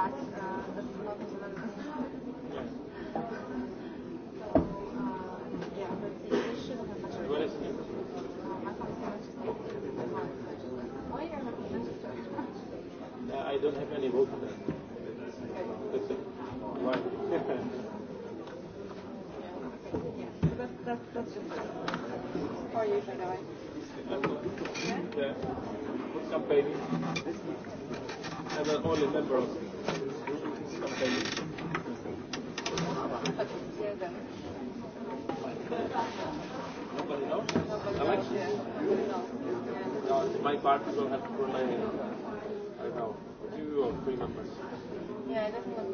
glas have to know, two or three Yeah, I doesn't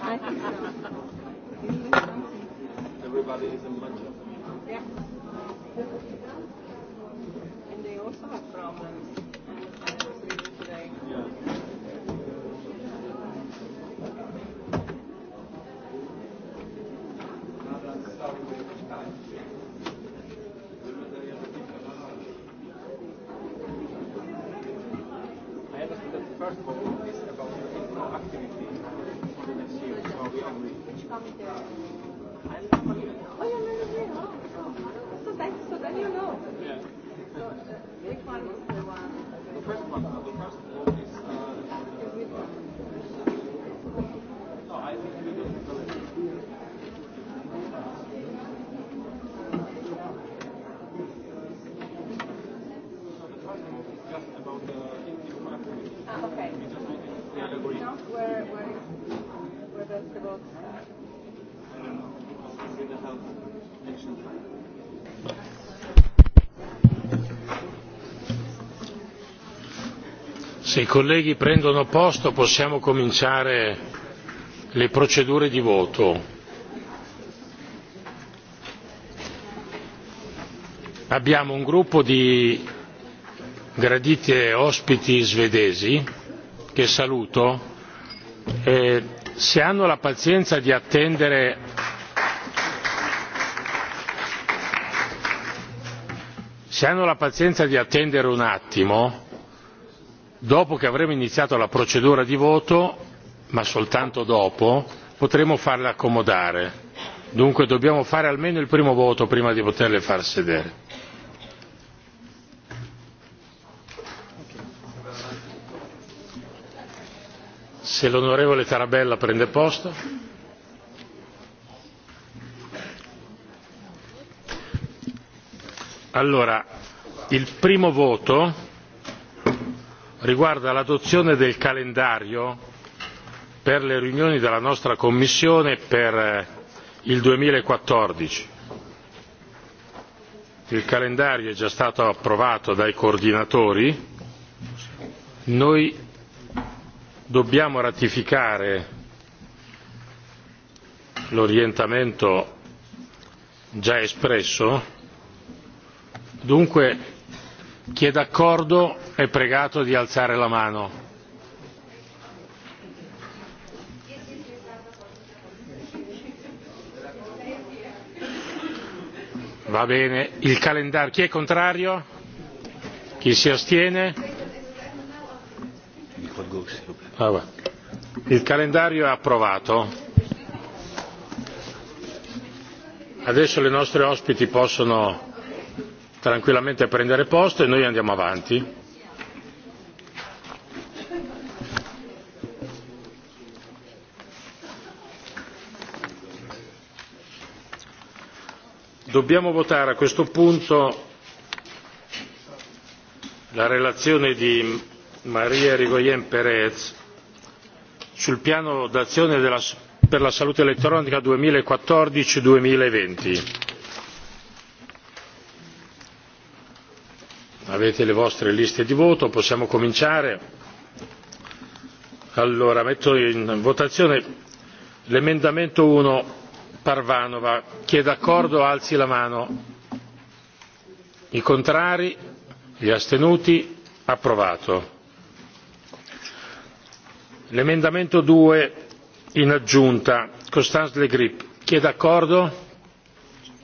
Everybody is a muncher. Yeah. se i colleghi prendono posto possiamo cominciare le procedure di voto. abbiamo un gruppo di graditi e ospiti svedesi che saluto e se hanno la pazienza di attendere se hanno la pazienza di attendere un attimo dopo che avremo iniziato la procedura di voto ma soltanto dopo potremo farle accomodare dunque dobbiamo fare almeno il primo voto prima di poterle far sedere. se l'onorevole tarabella prende posto allora il primo voto riguarda l'adozione del calendario per le riunioni della nostra commissione per eh, il duemilaquattordici il calendario è già stato approvato dai coordinatori noi dobbiamo ratificare l'orientamento già espresso dunque chi è d'accordo è pregato di alzare la mano. va bene il calendario chi è contrario chi si astiene ah, il calendario è approvato adesso le nostre ospiti possono tranquillamente a prendere posto e noi andiamo avanti. Dobbiamo votare a questo punto la relazione di Maria Rigoyen Perez sul piano d'azione per la salute elettronica 2014-2020 avete le vostre liste di voto possiamo cominciare allora metto in votazione l'emendamento uno parvanova chi è d'accordo alzi la mano i contrari gli astenuti approvato l'emendamento 2 in aggiunta constance le grip chi è d'accordo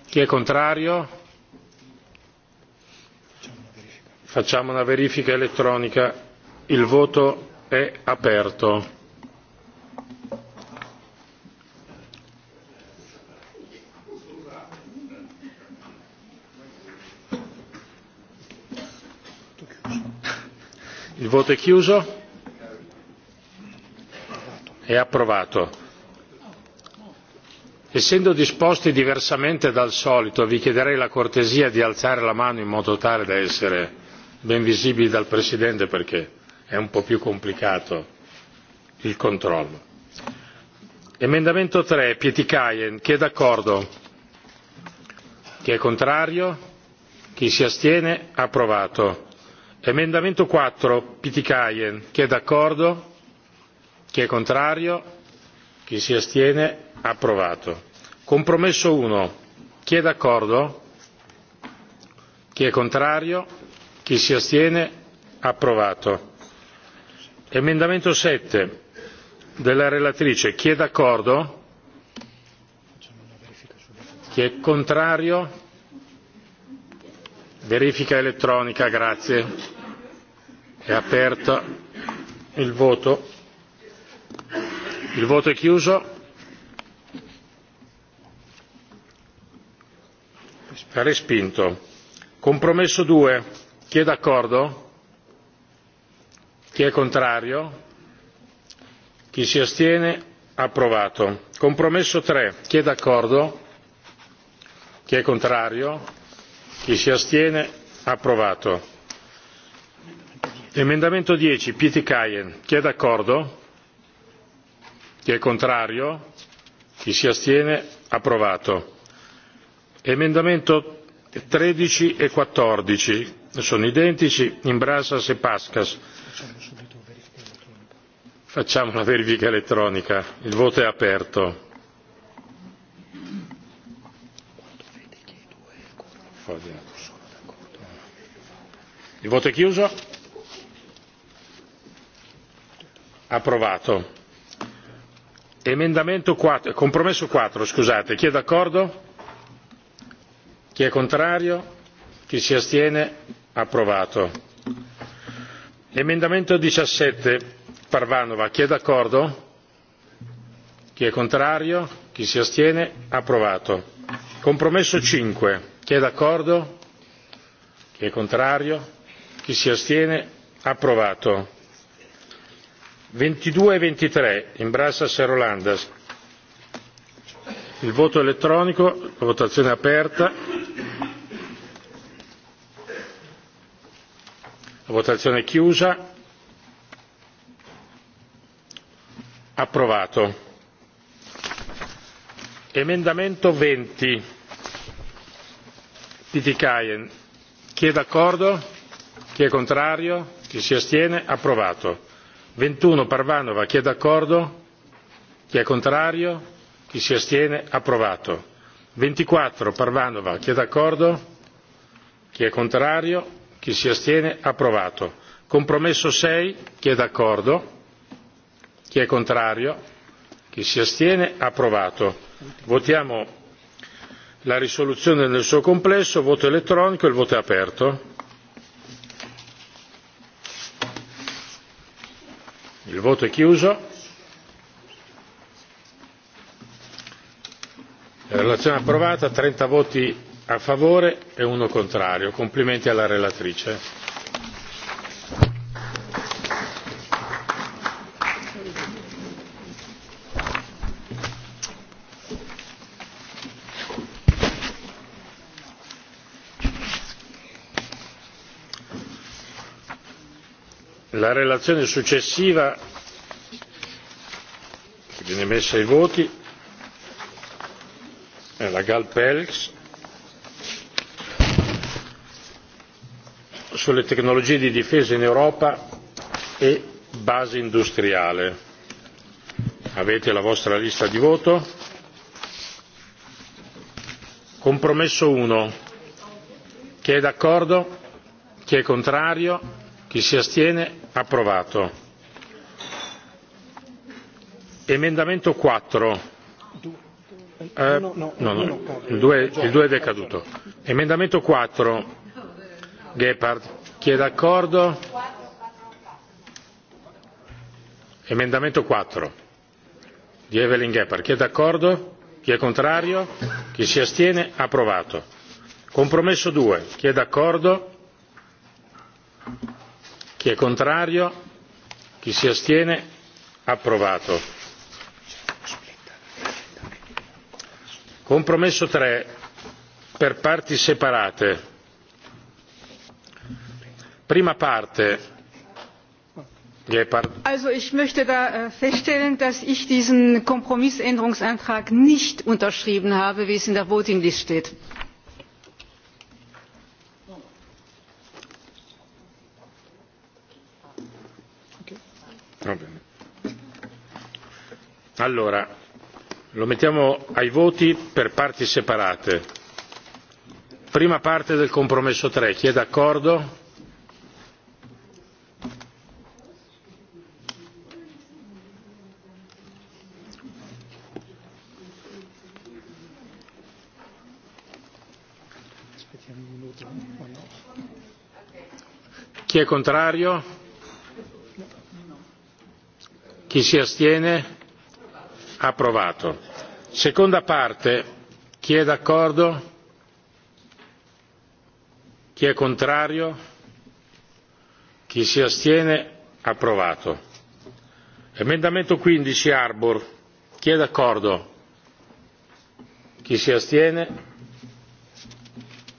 chi è contrario facciamo una verifica elettronica il voto è aperto il voto è chiuso è approvato essendo disposti diversamente dal solito vi chiederei la cortesia di alzare la mano in modo tale da essere ben visibili dal presidente perché è un po' più complicato il controllo. emendamento tre pietikäinen chi è d'accordo? chi è contrario? chi si astiene? approvato. emendamento quattro pietikäinen chi è d'accordo? chi è contrario? chi si astiene? approvato. compromesso uno chi è d'accordo? chi è contrario? chi si astiene approvato emendamento sette della relatrice chi è d'accordo chi è contrario verifica elettronica grazie è aperto il voto il voto è chiuso respinto compromesso due chi è d'accordo chi è contrario chi si astiene approvato compromesso tre chi è d'accordo chi è contrario chi si astiene approvato emendamento dieci pietikinen chi è d'accordo chi è contrario chi si astiene approvato emendamento tredici e quattordici sono identici in brasas e pascas facciamo la verifica elettronica il voto è aperto il voto è chiuso approvato emendamento compromesso 4 scusate chi è d'accordo chi è contrario chi si astiene approvato emendamento diciassette parvanova chi è d'accordo chi è contrario chi si astiene approvato compromesso cinque chi è d'accordo chi è contrario chi si astiene approvato ventidue e ventitré imbrasas e rolandas il voto elettronico votazione aperta la votazione è chiusa approvato emendamento venti Caien. chi è d'accordo chi è contrario chi si astiene approvato 21. Parvanova chi è d'accordo chi è contrario chi si astiene approvato ventiquattro Parvanova chi è d'accordo chi è contrario chi si astiene approvato compromesso sei chi è d'accordo chi è contrario chi si astiene approvato votiamo la risoluzione nel suo complesso voto elettronico il voto è aperto il voto è chiuso la relazione approvata trenta voti a favore e uno contrario complimenti alla relatrice la relazione successiva che viene messa ai voti è la gll pelcz sulle tecnologie di difesa in Europa e base industriale. Avete la vostra lista di voto. Compromesso uno. Chi è d'accordo? Chi è contrario? Chi si astiene? Approvato. Emendamento 4. il 2 è decaduto. Emendamento 4 Gepard. Chi è d'accordo? Emendamento 4 di Evelyn Gephardt. Chi è d'accordo? Chi è contrario? Chi si astiene? Approvato. Compromesso 2. Chi è d'accordo? Chi è contrario? Chi si astiene? Approvato. Compromesso 3 per parti separate also ich möchte da äh, feststellen dass ich diesen kompromissänderungsantrag nicht unterschrieben habe wie es in der voting steht. allora lo mettiamo ai voti per parti separate prima parte del compromesso tre chi è d'accordo? chi è contrario chi si astiene approvato seconda parte chi è d'accordo chi è contrario chi si astiene approvato emendamento 15 arbor chi è d'accordo chi si astiene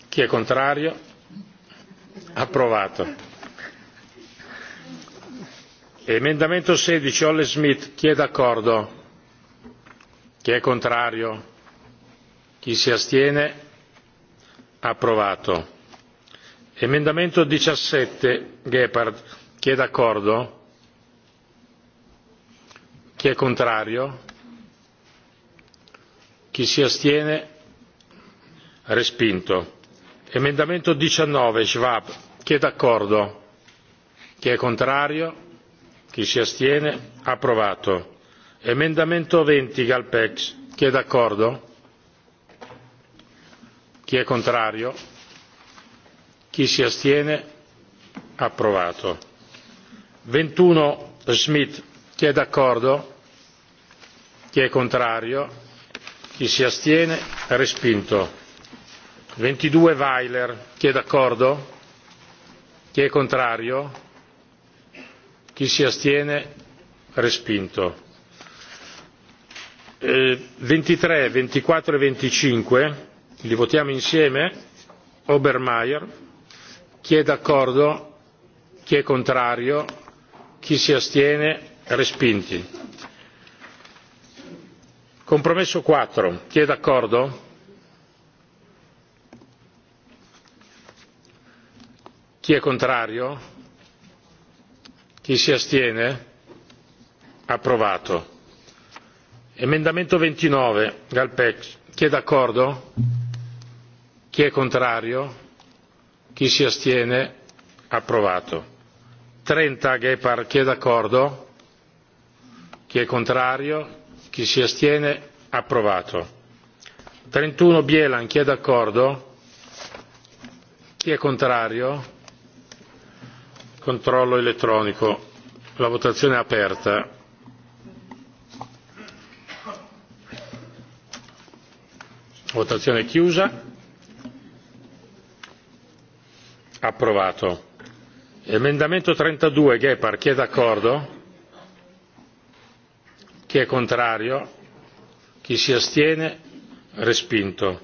chi è contrario approvato emendamento sedici olle schmidt chi è d'accordo? chi è contrario? chi si astiene? approvato. emendamento diciassette gebhardt chi è d'accordo? chi è contrario? chi si astiene? respinto. emendamento diciannove schwab chi è d'accordo? chi è contrario? chi si astiene approvato emendamento venti galpex chi è d'accordo chi è contrario chi si astiene approvato ventiuno schmidt chi è d'accordo chi è contrario chi si astiene respinto ventidue weiler chi è d'accordo chi è contrario chi si astiene respinto eh, ventitré ventiquattro e venticinque li votiamo insieme obermayr chi è d'accordo chi è contrario chi si astiene respinti compromesso quattro chi è d'accordo chi è contrario chi si astiene approvato emendamento ventinove galpec chi è d'accordo chi è contrario chi si astiene approvato trenta Gepard. chi è d'accordo chi è contrario chi si astiene approvato trentuno bielan chi è d'accordo chi è contrario controllo elettronico la votazione è aperta votazione chiusa approvato emendamento 32 gebhardt chi è d'accordo chi è contrario chi si astiene respinto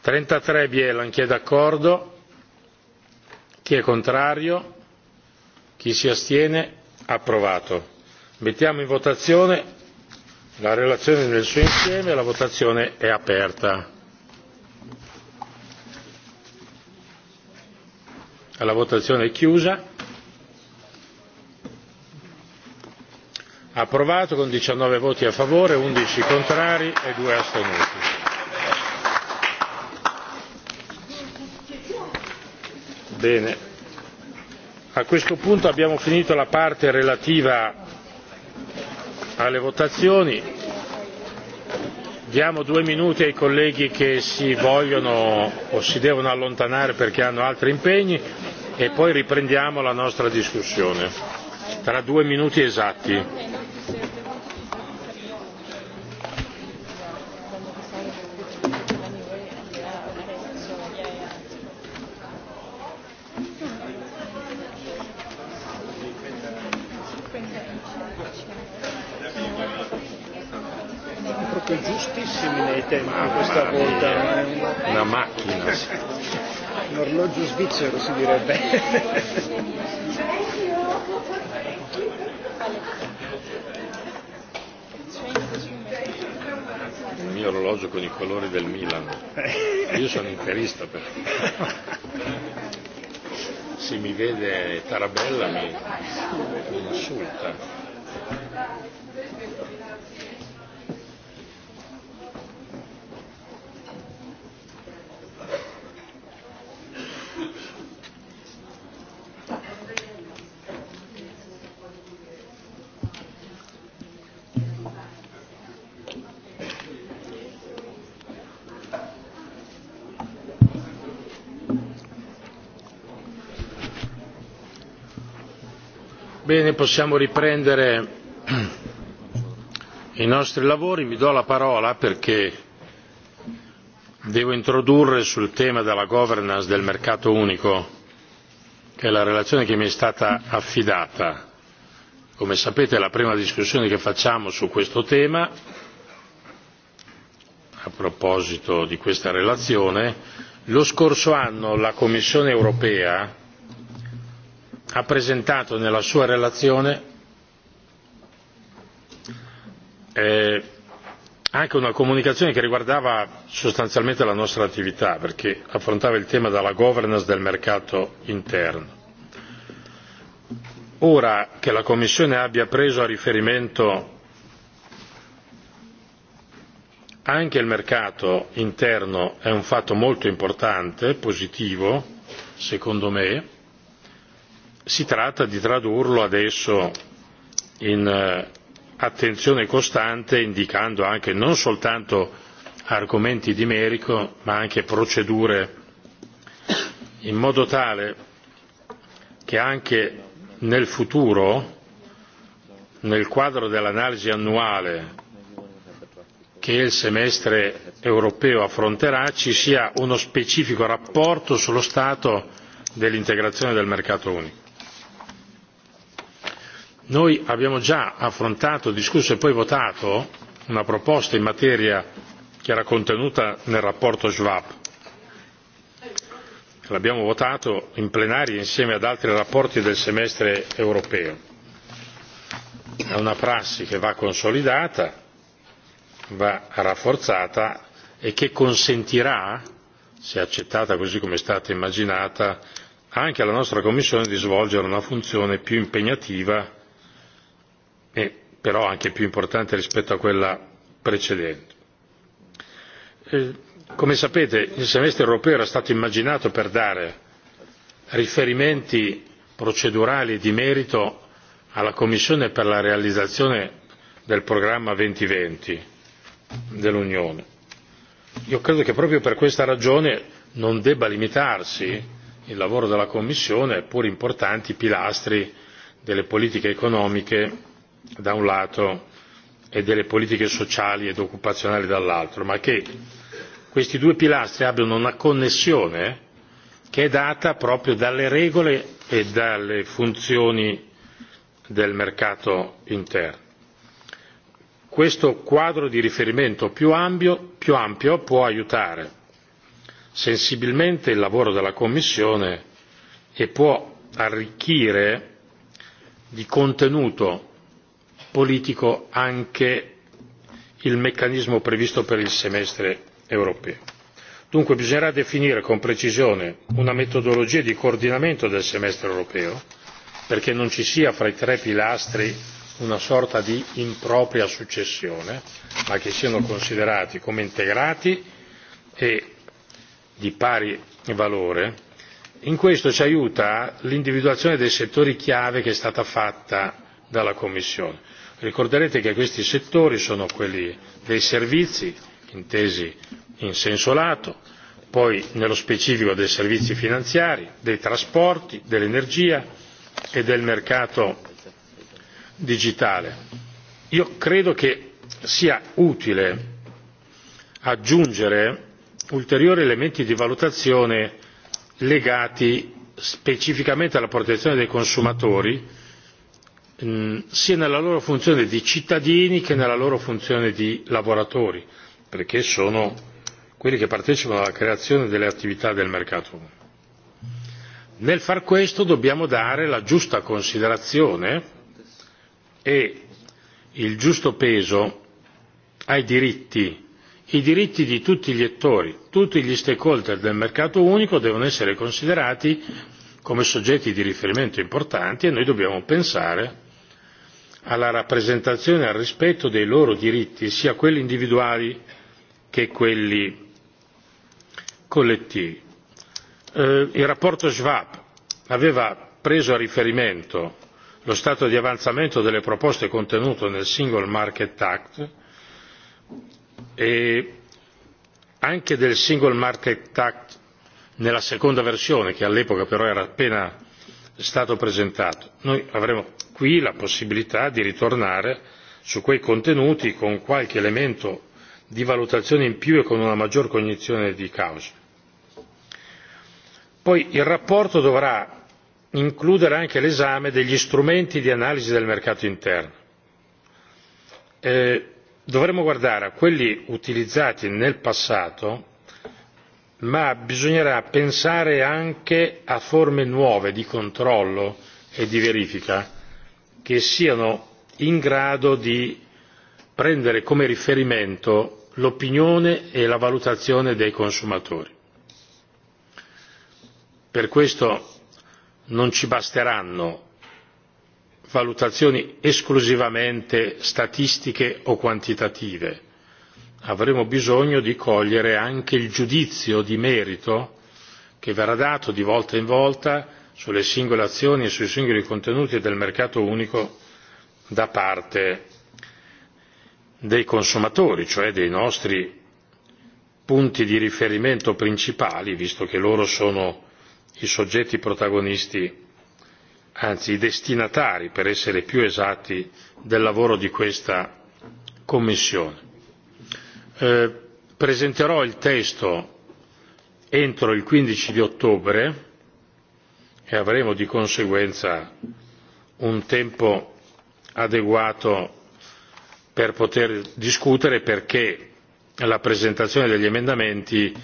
33 Bielan chi è d'accordo chi è contrario chi si astiene approvato mettiamo in votazione la relazione nel suo insieme la votazione è aperta la votazione è chiusa approvato con diciannove voti a favore undici contrari e due astenuti bene a questo punto abbiamo finito la parte relativa alle votazioni diamo due minuti ai colleghi che si vogliono o si devono allontanare perché hanno altri impegni e poi riprendiamo la nostra discussione tra due minuti esatti. formaggio svizzero si direbbe. Il mio orologio con i colori del Milan. Io sono interista Se mi vede Tarabella mi, mi insulta. Bene, possiamo riprendere i nostri lavori. Mi do la parola perché devo introdurre sul tema della governance del mercato unico, che è la relazione che mi è stata affidata. Come sapete è la prima discussione che facciamo su questo tema, a proposito di questa relazione. Lo scorso anno la Commissione europea ha presentato nella sua relazione eh, anche una comunicazione che riguardava sostanzialmente la nostra attività perché affrontava il tema della governance del mercato interno. ora che la commissione abbia preso a riferimento anche il mercato interno è un fatto molto importante positivo secondo me si tratta di tradurlo adesso in eh, attenzione costante indicando anche non soltanto argomenti di merito ma anche procedure in modo tale che anche nel futuro nel quadro dell'analisi annuale che il semestre europeo affronterà ci sia uno specifico rapporto sullo stato dell'integrazione del mercato unico noi abbiamo già affrontato discusso e poi votato una proposta in materia che era contenuta nel rapporto schwab l'abbiamo votato in plenaria insieme ad altri rapporti del semestre europeo è una prassi che va consolidata va rafforzata e che consentirà se accettata così come è stata immaginata anche alla nostra commissione di svolgere una funzione più impegnativa e però anche più importante rispetto a quella precedente. E, come sapete il semestre europeo era stato immaginato per dare riferimenti procedurali di merito alla commissione per la realizzazione del programma duemilaventi dell'unione. io credo che proprio per questa ragione non debba limitarsi il lavoro della commissione pur importanti pilastri delle politiche economiche da un lato e delle politiche sociali ed occupazionali dall'altro ma che questi due pilastri abbiano una connessione che è data proprio dalle regole e dalle funzioni del mercato interno. questo quadro di riferimento più ampio, più ampio può aiutare sensibilmente il lavoro della commissione e può arricchire di contenuto politico anche il meccanismo previsto per il semestre europeo. dunque bisognerà definire con precisione una metodologia di coordinamento del semestre europeo perché non ci sia fra i tre pilastri una sorta di impropria successione ma che siano considerati come integrati e di pari valore. in questo ci aiuta l'individuazione dei settori chiave che è stata fatta dalla commissione ricorderete che questi settori sono quelli dei servizi intesi in senso lato poi nello specifico dei servizi finanziari dei trasporti dell'energia e del mercato digitale. io credo che sia utile aggiungere ulteriori elementi di valutazione legati specificamente alla protezione dei consumatori Mm, sia nella loro funzione di cittadini che nella loro funzione di lavoratori perché sono quelli che partecipano alla creazione delle attività del mercato unico. nel far questo dobbiamo dare la giusta considerazione e il giusto peso ai diritti i diritti di tutti gli attori tutti gli stakeholder del mercato unico devono essere considerati come soggetti di riferimento importanti e noi dobbiamo pensare alla rappresentazione e al rispetto dei loro diritti sia quelli individuali che quelli collettivi. Eh, il rapporto schwab aveva preso a riferimento lo stato di avanzamento delle proposte contenute nel single market act e anche del single market act nella seconda versione che all'epoca però era appena stato presentato. noi avremo qui la possibilità di ritornare su quei contenuti con qualche elemento di valutazione in più e con una maggior cognizione di causa. poi il relazione dovrà includere anche l'esame degli strumenti di analisi del mercato interno. Eh, dovremo guardare a quelli utilizzati nel passato ma bisognerà pensare anche a forme nuove di controllo e di verifica che siano in grado di prendere come riferimento l'opinione e la valutazione dei consumatori. per questo non ci basteranno valutazioni esclusivamente statistiche o quantitative avremo bisogno di cogliere anche il giudizio di merito che verrà dato di volta in volta sulle singole azioni e sui singoli contenuti del mercato unico da parte dei consumatori cioè dei nostri punti di riferimento principali visto che loro sono i soggetti protagonisti anzi i destinatari per essere più esatti del lavoro di questa commissione. Eh, presenterò il testo entro il 15 di ottobre e avremo di conseguenza un tempo adeguato per poter discutere perché la presentazione degli emendamenti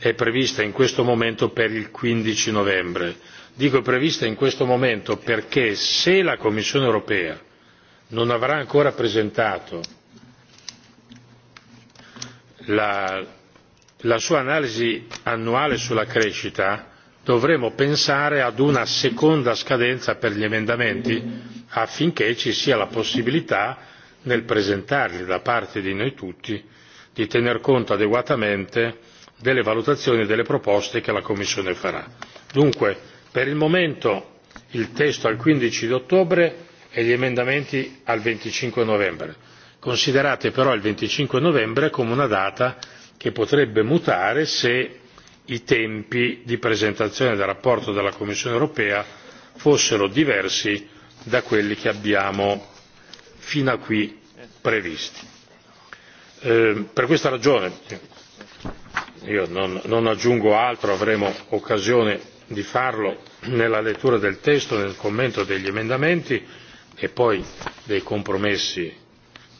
è prevista in questo momento per il 15 novembre dico prevista in questo momento perché se la Commissione europea non avrà ancora presentato la, sua analisi annuale sulla crescita dovremo pensare ad una seconda scadenza per gli emendamenti affinché ci sia la possibilità nel presentarli da parte di noi tutti di tener conto adeguatamente delle valutazioni e delle proposte che la commissione farà. dunque per il momento il testo al quindici ottobre e gli emendamenti al venticinque novembre considerate però il venticinque novembre come una data che potrebbe mutare se i tempi di presentazione del relazione della commissione europea fossero diversi da quelli che abbiamo fino a qui previsti. Ehm, per questa ragione io non aggiungo altro avremo occasione di farlo nella lettura del testo nel commento degli emendamenti e poi dei compromessi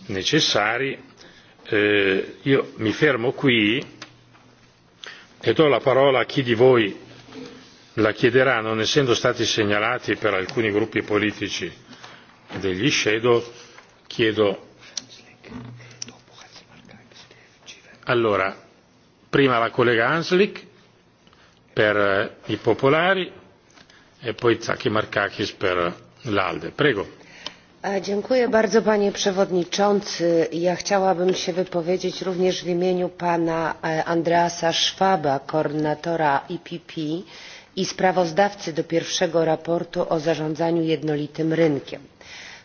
necessari eh, io mi fermo qui e do la parola a chi di voi la chiederà non essendo stati segnalati per alcuni gruppi politici degli shadow chiedo allora prima la collega Hanslik per eh, i popolari e poi Zaki Markakis per l'Alde prego E, dziękuję bardzo panie przewodniczący. Ja chciałabym się wypowiedzieć również w imieniu pana e, Andreasa Schwaba, koordynatora IPP e i sprawozdawcy do pierwszego raportu o zarządzaniu jednolitym rynkiem.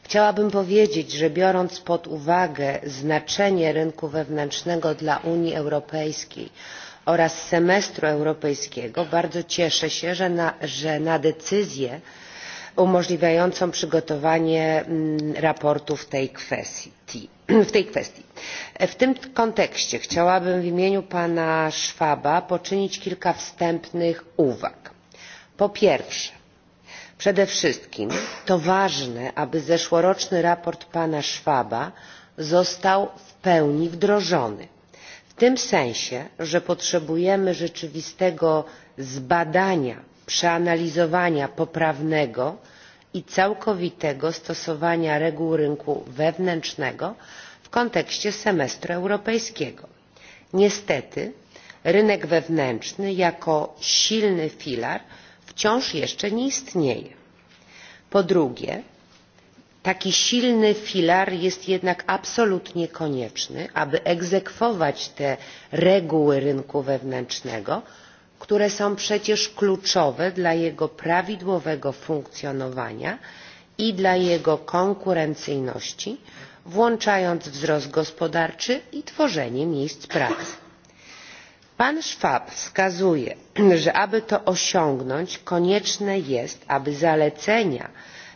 Chciałabym powiedzieć, że biorąc pod uwagę znaczenie rynku wewnętrznego dla Unii Europejskiej oraz semestru europejskiego, bardzo cieszę się, że na, że na decyzję umożliwiającą przygotowanie mm, raportu w tej kwestii. W, tym kontekście chciałabym w imieniu pana schwaba poczynić kilka wstępnych uwag. po pierwsze przede wszystkim to ważne aby zeszłoroczny raport pana schwaba został w pełni wdrożony w tym sensie że potrzebujemy rzeczywistego zbadania przeanalizowania poprawnego i całkowitego stosowania reguł rynku wewnętrznego w kontekście semestru europejskiego. niestety rynek wewnętrzny jako silny filar wciąż jeszcze nie istnieje. po drugie taki silny filar jest jednak absolutnie konieczny aby egzekwować te reguły rynku wewnętrznego które są przecież kluczowe dla jego prawidłowego funkcjonowania i dla jego konkurencyjności włączając wzrost gospodarczy i tworzenie miejsc pracy. pan schwab wskazuje że aby to osiągnąć konieczne jest aby zalecenia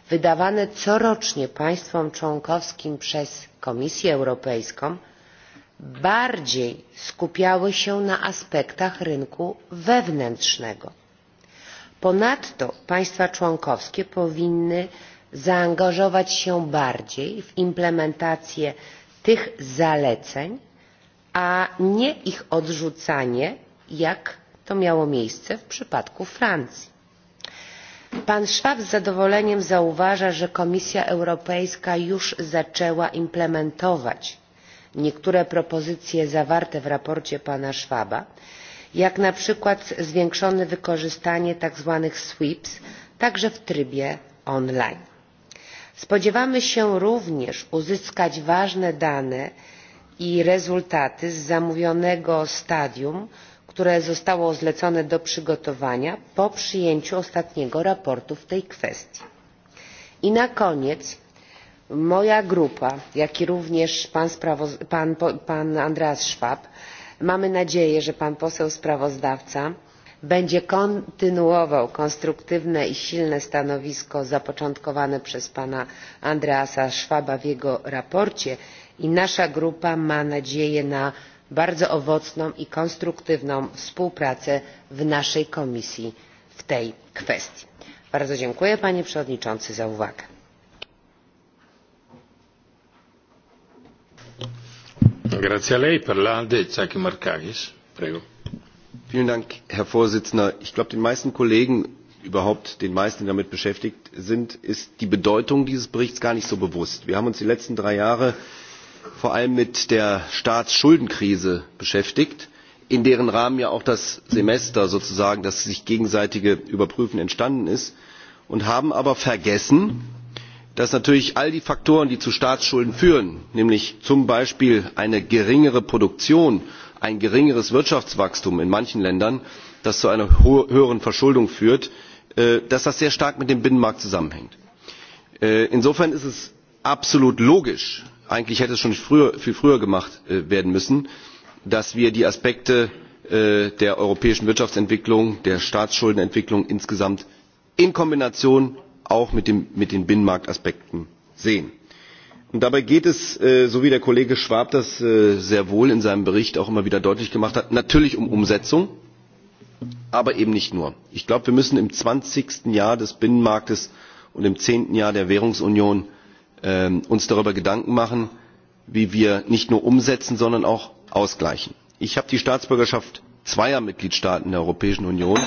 wydawane corocznie państwom członkowskim przez komisję europejską bardziej skupiały się na aspektach rynku wewnętrznego. ponadto państwa członkowskie powinny zaangażować się bardziej w implementację tych zaleceń a nie ich odrzucanie jak to miało miejsce w przypadku francji. pan schwab z zadowoleniem zauważa że komisja europejska już zaczęła implementować niektóre propozycje zawarte w sprawozdaniu pana schwaba jak na przykład zwiększone wykorzystanie zwanych sweeps także w trybie online. spodziewamy się również uzyskać ważne dane i rezultaty z zamówionego stadium które zostało zlecone do przygotowania po przyjęciu ostatniego raportu w tej kwestii. i na koniec moja grupa jak i również pan, andreas schwab mamy nadzieję że pan poseł sprawozdawca będzie kontynuował konstruktywne i silne stanowisko zapoczątkowane przez pana andreasa schwaba w jego sprawozdaniu i nasza grupa ma nadzieję na bardzo owocną i konstruktywną współpracę w naszej komisji w tej kwestii. bardzo dziękuję panie przewodniczący za uwagę. Herr Vorsitzender. Ich glaube, den meisten Kollegen, überhaupt den meisten, die damit beschäftigt sind, ist die Bedeutung dieses Berichts gar nicht so bewusst. Wir haben uns die letzten drei Jahre vor allem mit der Staatsschuldenkrise beschäftigt in deren rahmen ja auch das semester sozusagen das sich gegenseitige überprüfen entstanden ist und haben aber vergessen dass natürlich all die faktoren die zu staatsschulden führen nämlich zum beispiel eine geringere produktion ein geringeres wirtschaftswachstum in manchen ländern das zu einer höheren verschuldung führt äh, dass das sehr stark mit dem binnenmarkt zusammenhängt. Äh, insofern ist es absolut logisch eigentlich hätte es schon viel früher gemacht äh, werden müssen dass wir die aspekte der europäischen wirtschaftsentwicklung der staatsschuldenentwicklung insgesamt in kombination auch mit, den binnenmarktaspekten sehen. dabei geht es äh, so wie der kollege schwab das äh, sehr wohl in seinem bericht auch immer wieder deutlich gemacht hat natürlich um umsetzung aber eben nicht nur. ich glaube wir müssen im zwanzigsten jahr des binnenmarktes und im zehnten jahr der währungsunion ähm, uns darüber gedanken machen wie wir nicht nur umsetzen sondern auch ausgleichen. ich habe die staatsbürgerschaft zweier mitgliedstaaten der europäischen union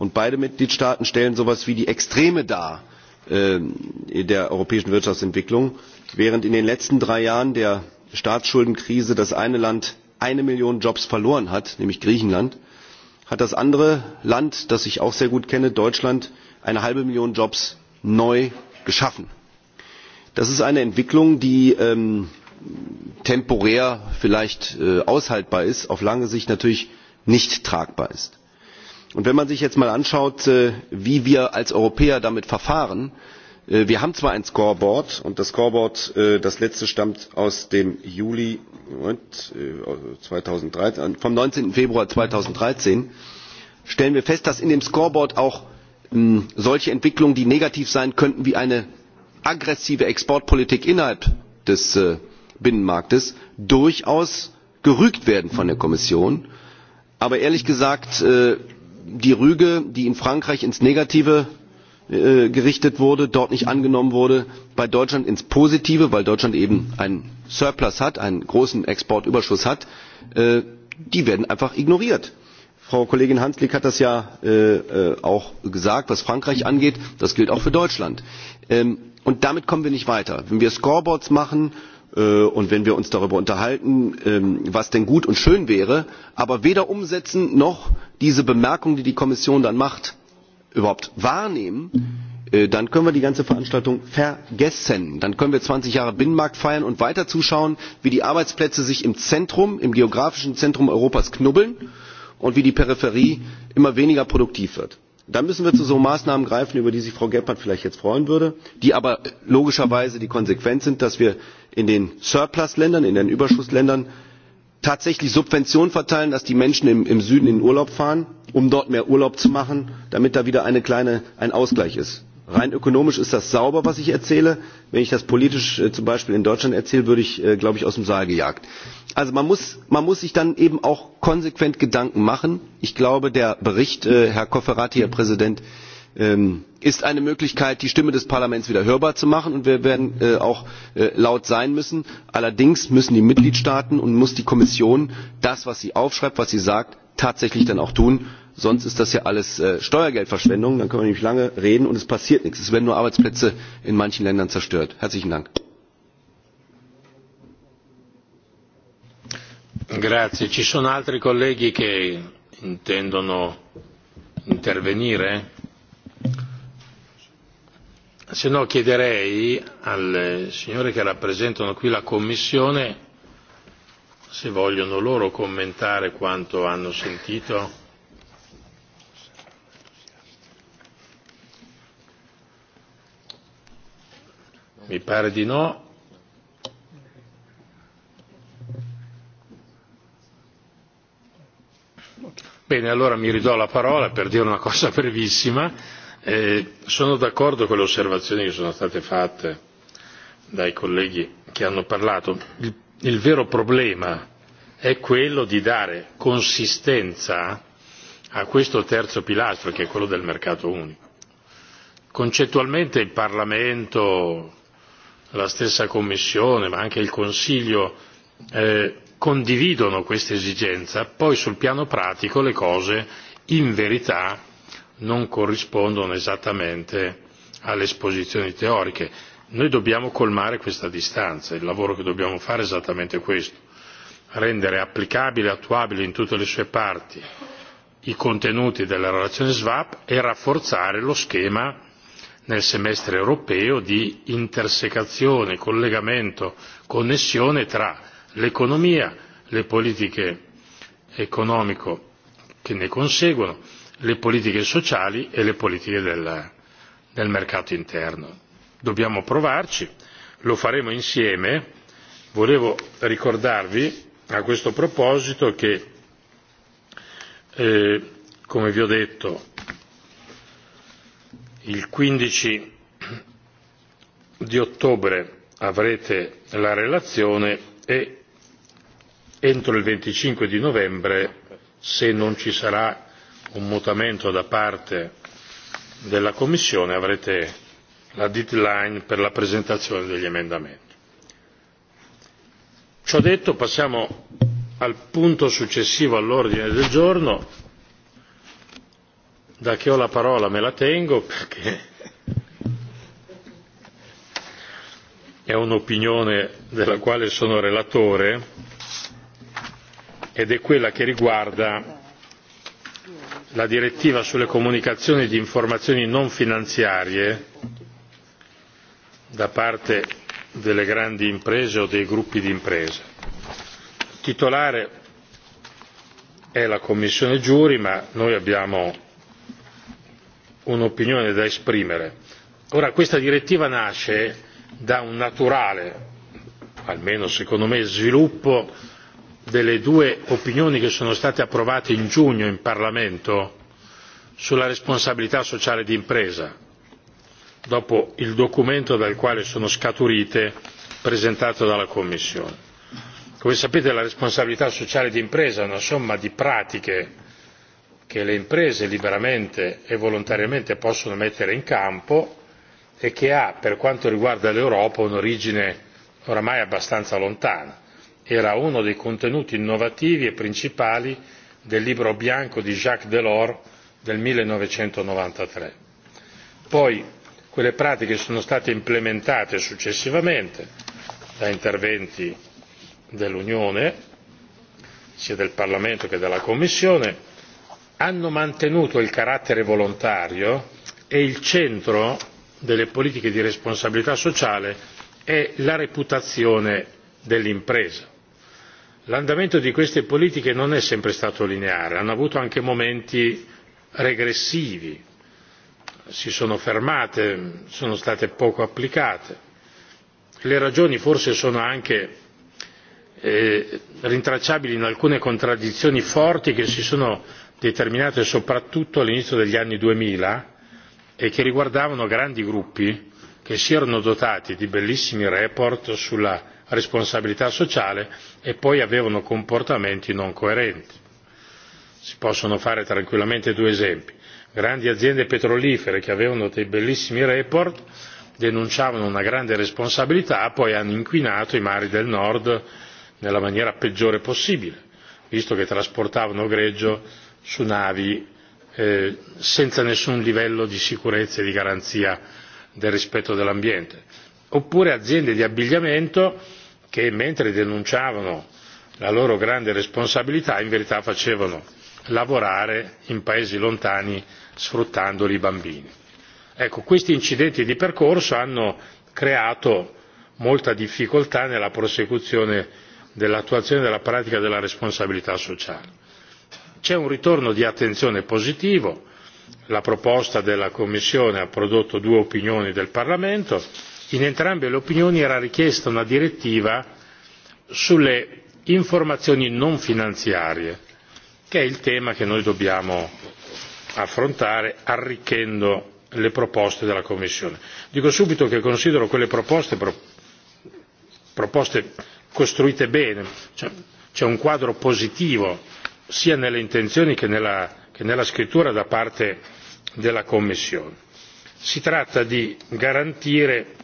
und beide mitgliedstaaten stellen so etwas wie die extreme dar ähm, der europäischen wirtschaftsentwicklung während in den letzten drei jahren der staatsschuldenkrise das eine land eine million jobs verloren hat nämlich griechenland hat das andere land das ich auch sehr gut kenne deutschland eine halbe million jobs neu geschaffen. das ist eine entwicklung die ähm, temporär vielleicht äh, aushaltbar ist auf lange sicht natürlich nicht tragbar ist und wenn man sich jetzt mal anschaut äh, wie wir als europäer damit verfahren äh, wir haben zwar ein scoreboard und das scoreboard äh, das letzte stammt aus dem juli vom. neunzehn februar zweitausenddreizehn stellen wir fest dass in dem scoreboard auch hm, solche entwicklungen die negativ sein könnten wie eine aggressive exportpolitik innerhalb des binnenmarktes durchaus gerügt werden von der kommission. aber ehrlich gesagt die rüge die in frankreich ins negative äh, gerichtet wurde dort nicht angenommen wurde bei deutschland ins positive weil deutschland eben einen surplus hat einen großen exportüberschuss hat äh, die werden einfach ignoriert. frau kollegin handzlik hat das ja äh, auch gesagt was frankreich angeht das gilt auch für deutschland. Ähm, und damit kommen wir nicht weiter. wenn wir scoreboards machen Äh, und wenn wir uns darüber unterhalten ähm, was denn gut und schön wäre aber weder umsetzen noch diese bemerkung die die kommission dann macht überhaupt wahrnehmen äh, dann können wir die ganze veranstaltung vergessen. dann können wir zwanzig jahre binnenmarkt feiern und weiter zuschauen wie die arbeitsplätze sich im zentrum im geografischen zentrum europas knubbeln und wie die peripherie immer weniger produktiv wird. da müssen wir zu so maßnahmen greifen über die sich frau gebhardt vielleicht jetzt freuen würde die aber logischerweise die konsequenz sind dass wir in den surplus ländern in den überschussländern tatsächlich subventionen verteilen dass die menschen im, süden in urlaub fahren um dort mehr urlaub zu machen damit da wieder eine kleine, ein ausgleich ist. rein ökonomisch ist das sauber was ich erzähle. wenn ich das politisch äh, zum beispiel in deutschland erzähle würde ich äh, glaube ich aus dem saal gejagt. also man muss, sich dann eben auch konsequent gedanken machen. ich glaube der bericht äh, herr cofferati herr präsident Ähm, ist eine möglichkeit die stimme des parlaments wieder hörbar zu machen und wir werden äh, auch äh, laut sein müssen. allerdings müssen die mitgliedstaaten und muss die kommission das was sie aufschreibt was sie sagt tatsächlich dann auch tun sonst ist das ja alles äh, steuergeldverschwendung dann können wir nämlich lange reden und es passiert nichts. es werden nur arbeitsplätze in manchen ländern zerstört. herzlichen dank! Grazie se no chiederei alle signore che rappresentano qui la commissione se vogliono loro commentare quanto hanno sentito mi pare di no bene allora mi ridò la parola per dire una cosa brevissima E, sono d'accordo con le osservazioni che sono state fatte dai colleghi che hanno parlato. Il, vero problema è quello di dare consistenza a questo terzo pilastro che è quello del mercato unico. Concettualmente il Parlamento, la stessa Commissione, ma anche il Consiglio eh, condividono questa esigenza, poi sul piano pratico le cose in verità non corrispondono esattamente alle esposizioni teoriche. Noi dobbiamo colmare questa distanza, il lavoro che dobbiamo fare è esattamente questo, rendere applicabile e attuabile in tutte le sue parti i contenuti della relazione SWAP e rafforzare lo schema nel semestre europeo di intersecazione, collegamento, connessione tra l'economia, le politiche economico che ne conseguono le politiche sociali e le politiche del, mercato interno. dobbiamo provarci lo faremo insieme. volevo ricordarvi a questo proposito che eh, come vi ho detto il quindici di ottobre avrete la relazione e entro il venticinque di novembre se non ci sarà un mutamento da parte della commissione avrete la deadline per la presentazione degli emendamenti. ciò detto passiamo al punto successivo all'ordine del giorno da che ho la parola me la tengo perché è un'opinione della quale sono relatore ed è quella che riguarda la direttiva sulle comunicazioni di informazioni non finanziarie da parte delle grandi imprese o dei gruppi di imprese. titolare è la commissione juri ma noi abbiamo un'opinione da esprimere. ora questa direttiva nasce da un naturale almeno secondo me sviluppo delle due opinioni che sono state approvate in giugno in parlamento sulla responsabilità sociale d'impresa dopo il documento dal quale sono scaturite presentato dalla commissione. come sapete la responsabilità sociale d'impresa è una somma di pratiche che le imprese liberamente e volontariamente possono mettere in campo e che ha per quanto riguarda l'europa un'origine oramai abbastanza lontana era uno dei contenuti innovativi e principali del libro bianco di jacques delors del millenovecentonovantatré poi quelle pratiche sono state implementate successivamente da interventi dell'unione sia del parlamento che della commissione hanno mantenuto il carattere volontario e il centro delle politiche di responsabilità sociale è la reputazione dell'impresa l'andamento di queste politiche non è sempre stato lineare hanno avuto anche momenti regressivi si sono fermate sono state poco applicate le ragioni forse sono anche eh, rintracciabili in alcune contraddizioni forti che si sono determinate soprattutto all'inizio degli anni duemila e che riguardavano grandi gruppi che si erano dotati di bellissimi report sulla responsabilità sociale e poi avevano comportamenti non coerenti. si possono fare tranquillamente due esempi grandi aziende petrolifere che avevano dei bellissimi report denunciavano una grande responsabilità poi hanno inquinato i mari del nord nella maniera peggiore possibile visto che trasportavano greggio su navi eh, senza nessun livello di sicurezza e di garanzia del rispetto dell'ambiente oppure aziende di abbigliamento che mentre denunciavano la loro grande responsabilità in verità facevano lavorare in paesi lontani sfruttando i bambini. Ecco, questi incidenti di percorso hanno creato molta difficoltà nella prosecuzione dell'attuazione della pratica della responsabilità sociale. C'è un ritorno di attenzione positivo, la proposta della Commissione ha prodotto due opinioni del Parlamento in entrambe le opinioni era richiesta una direttiva sulle informazioni non finanziarie che è il tema che noi dobbiamo affrontare arricchendo le proposte della commissione. dico subito che considero quelle proposte proposte costruite bene c'è un quadro positivo sia nelle intenzioni che nella, scrittura da parte della commissione. si tratta di garantire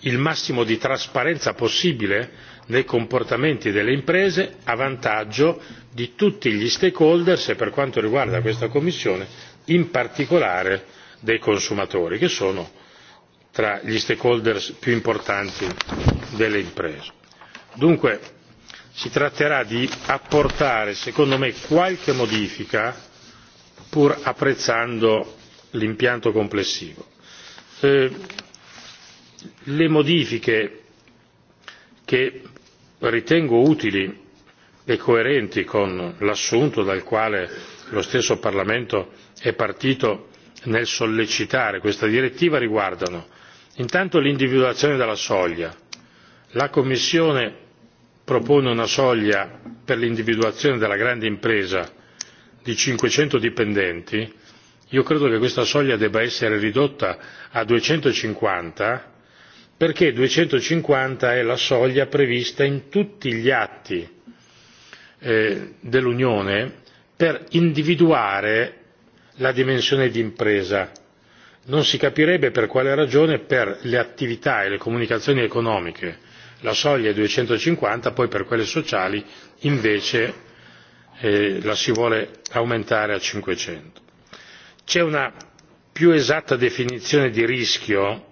il massimo di trasparenza possibile nei comportamenti delle imprese a vantaggio di tutti gli stakeholders e per quanto riguarda questa commissione in particolare dei consumatori che sono tra gli stakeholders più importanti delle imprese. dunque si tratterà di apportare secondo me qualche modifica pur apprezzando l'impianto complessivo. Eh, le modifiche che ritengo utili e coerenti con l'assunto dal quale lo stesso parlamento è partito nel sollecitare questa direttiva riguardano intanto l'individuazione della soglia la commissione propone una soglia per l'individuazione della grande impresa di cinquecento dipendenti io credo che questa soglia debba essere ridotta a duecentocinquanta perché duecentocinquanta è la soglia prevista in tutti gli atti eh, dell'unione per individuare la dimensione di impresa non si capirebbe per quale ragione per le attività e le comunicazioni economiche la soglia è duecentocinquanta poi per quelle sociali invece eh, la si vuole aumentare a. cinquecento c'è una più esatta definizione di rischio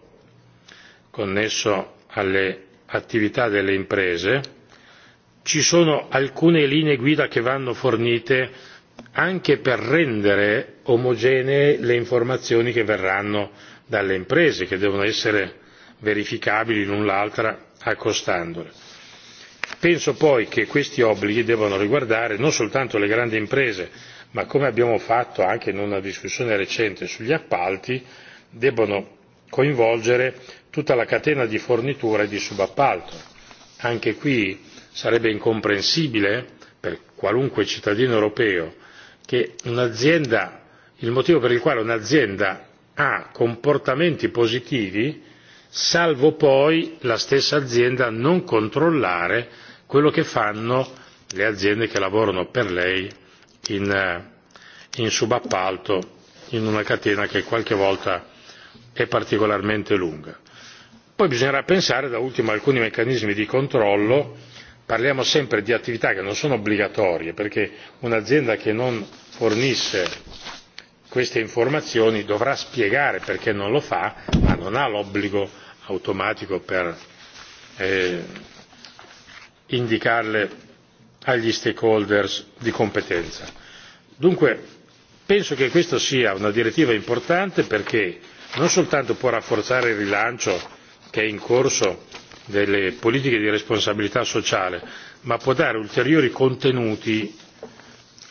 connesso alle attività delle imprese ci sono alcune linee guida che vanno fornite anche per rendere omogenee le informazioni che verranno dalle imprese che devono essere verificabili l'un l'altra accostandole. penso poi che questi obblighi debbano riguardare non soltanto le grandi imprese ma come abbiamo fatto anche in una discussione recente sugli appalti debbono coinvolgere tutta la catena di fornitura e di subappalto anche qui sarebbe incomprensibile per qualunque cittadino europeo che un'azienda il motivo per il quale un'azienda ha comportamenti positivi salvo poi la stessa azienda non controllare quello che fanno le aziende che lavorano per lei in, in subappalto in una catena che qualche volta è particolarmente lunga poi bisognerà pensare da ultimo alcuni meccanismi di controllo parliamo sempre di attività che non sono obbligatorie perché un'azienda che non fornisce queste informazioni dovrà spiegare perché non lo fa ma non ha l'obbligo automatico per eh, indicarle agli stakeholders di competenza. dunque penso che questa sia una direttiva importante perché non soltanto può rafforzare il rilancio che è in corso delle politiche di responsabilità sociale ma può dare ulteriori contenuti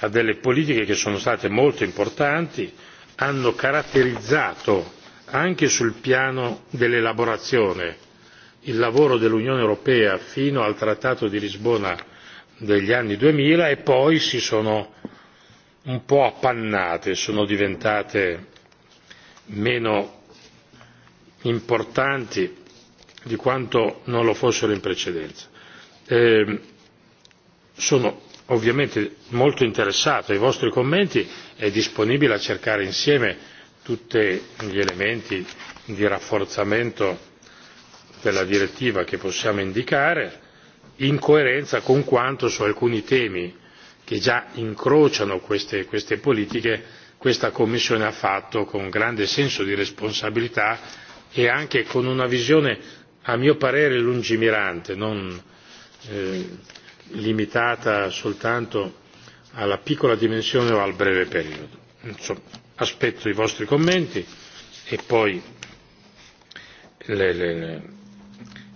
a delle politiche che sono state molto importanti hanno caratterizzato anche sul piano dell'elaborazione il lavoro dell'unione europea fino al trattato di lisbona degli anni duemila e poi si sono un po' appannate sono diventate meno importanti di quanto non lo fossero in precedenza. Ehm, sono ovviamente molto interessato ai vostri commenti e disponibile a cercare insieme tutti gli elementi di rafforzamento della direttiva che possiamo indicare in coerenza con quanto su alcuni temi che già incrociano queste, queste politiche questa commissione ha fatto con grande senso di responsabilità e anche con una visione a mio parere lungimirante non eh, limitata soltanto alla piccola dimensione o al breve periodo. aspetto i vostri commenti e poi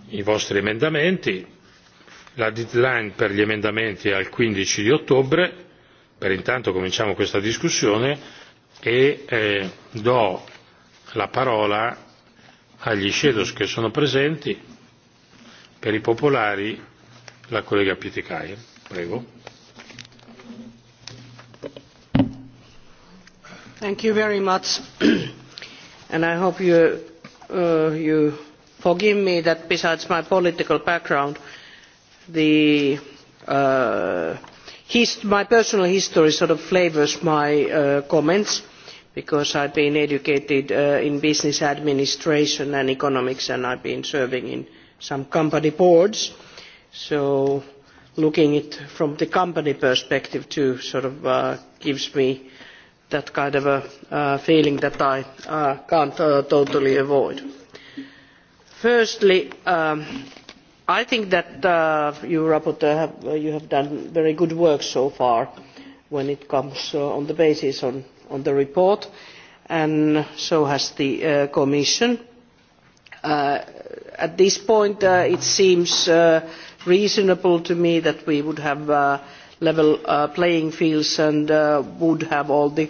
i vostri emendamenti. La deadline per gli emendamenti è al 15 di ottobre, per intanto cominciamo questa discussione e eh, do la parola agli shadows che sono presenti per i popolari la collega Prego. Thank you very much. and I hope you, uh, you forgive me that besides my political background, the, uh, his, my personal history sort of flavors my uh, comments because I've been educated uh, in business administration and economics and I've been serving in some company boards. So looking at it from the company perspective too sort of uh, gives me that kind of a uh, feeling that I cannot can't totally avoid. Firstly, um, I think that you, Rapporteur, have, you have done very good work so far when it comes on the basis on on the report and so has the uh, commission. Uh, at this point uh, it seems reasonable to me that we would have level playing fields and would have all the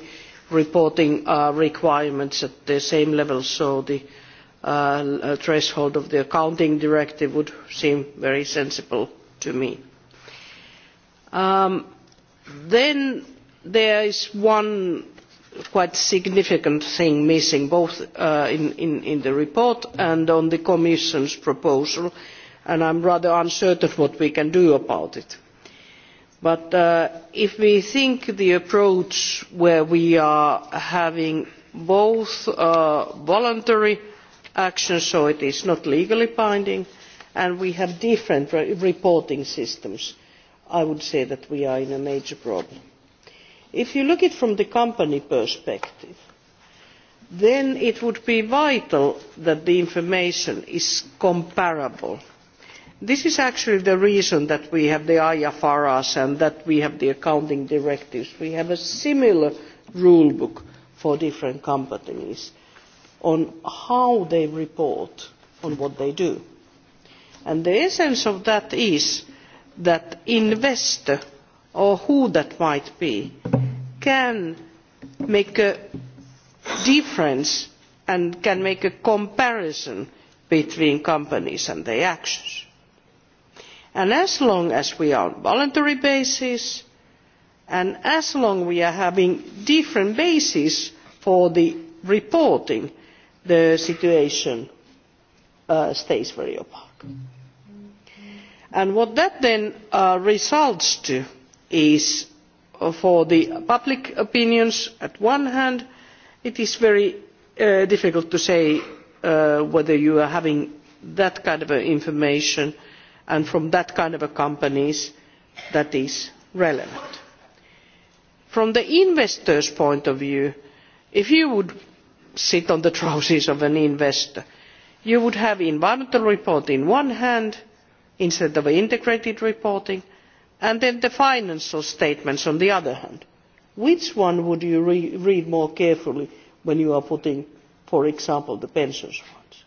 reporting requirements at the same level so the threshold of the accounting directive would seem very sensible to me. Um, then there is one quite significant thing missing both uh, in, the report and on the commission's proposal and i am rather uncertain what we can do about it. but uh, if we think the approach where we are having both uh, voluntary action so it is not legally binding and we have different reporting systems i would say that we are in a major problem if you look at it from the company perspective then it would be vital that the information is comparable. this is actually the reason that we have the ifrs and that we have the accounting directives. we have a similar rule book for different companies on how they report on what they do. And the essence of that is that investors or who that might be can make a difference and can make a comparison between companies and their actions. And as long as we are on a voluntary basis and as long as we are having different bases for the reporting the situation uh, stays very opaque. And what that then uh, results to is for the public opinions on the one hand it is very uh, difficult to say uh, whether you are having that kind of information and from that kind of companies that is relevant. from the investor's point of view if you would sit on the trousers of an investor you would have environmental reporting on one hand instead of integrated reporting and then the financial statements on the other hand which one would you read more carefully when you are putting for example the pension funds?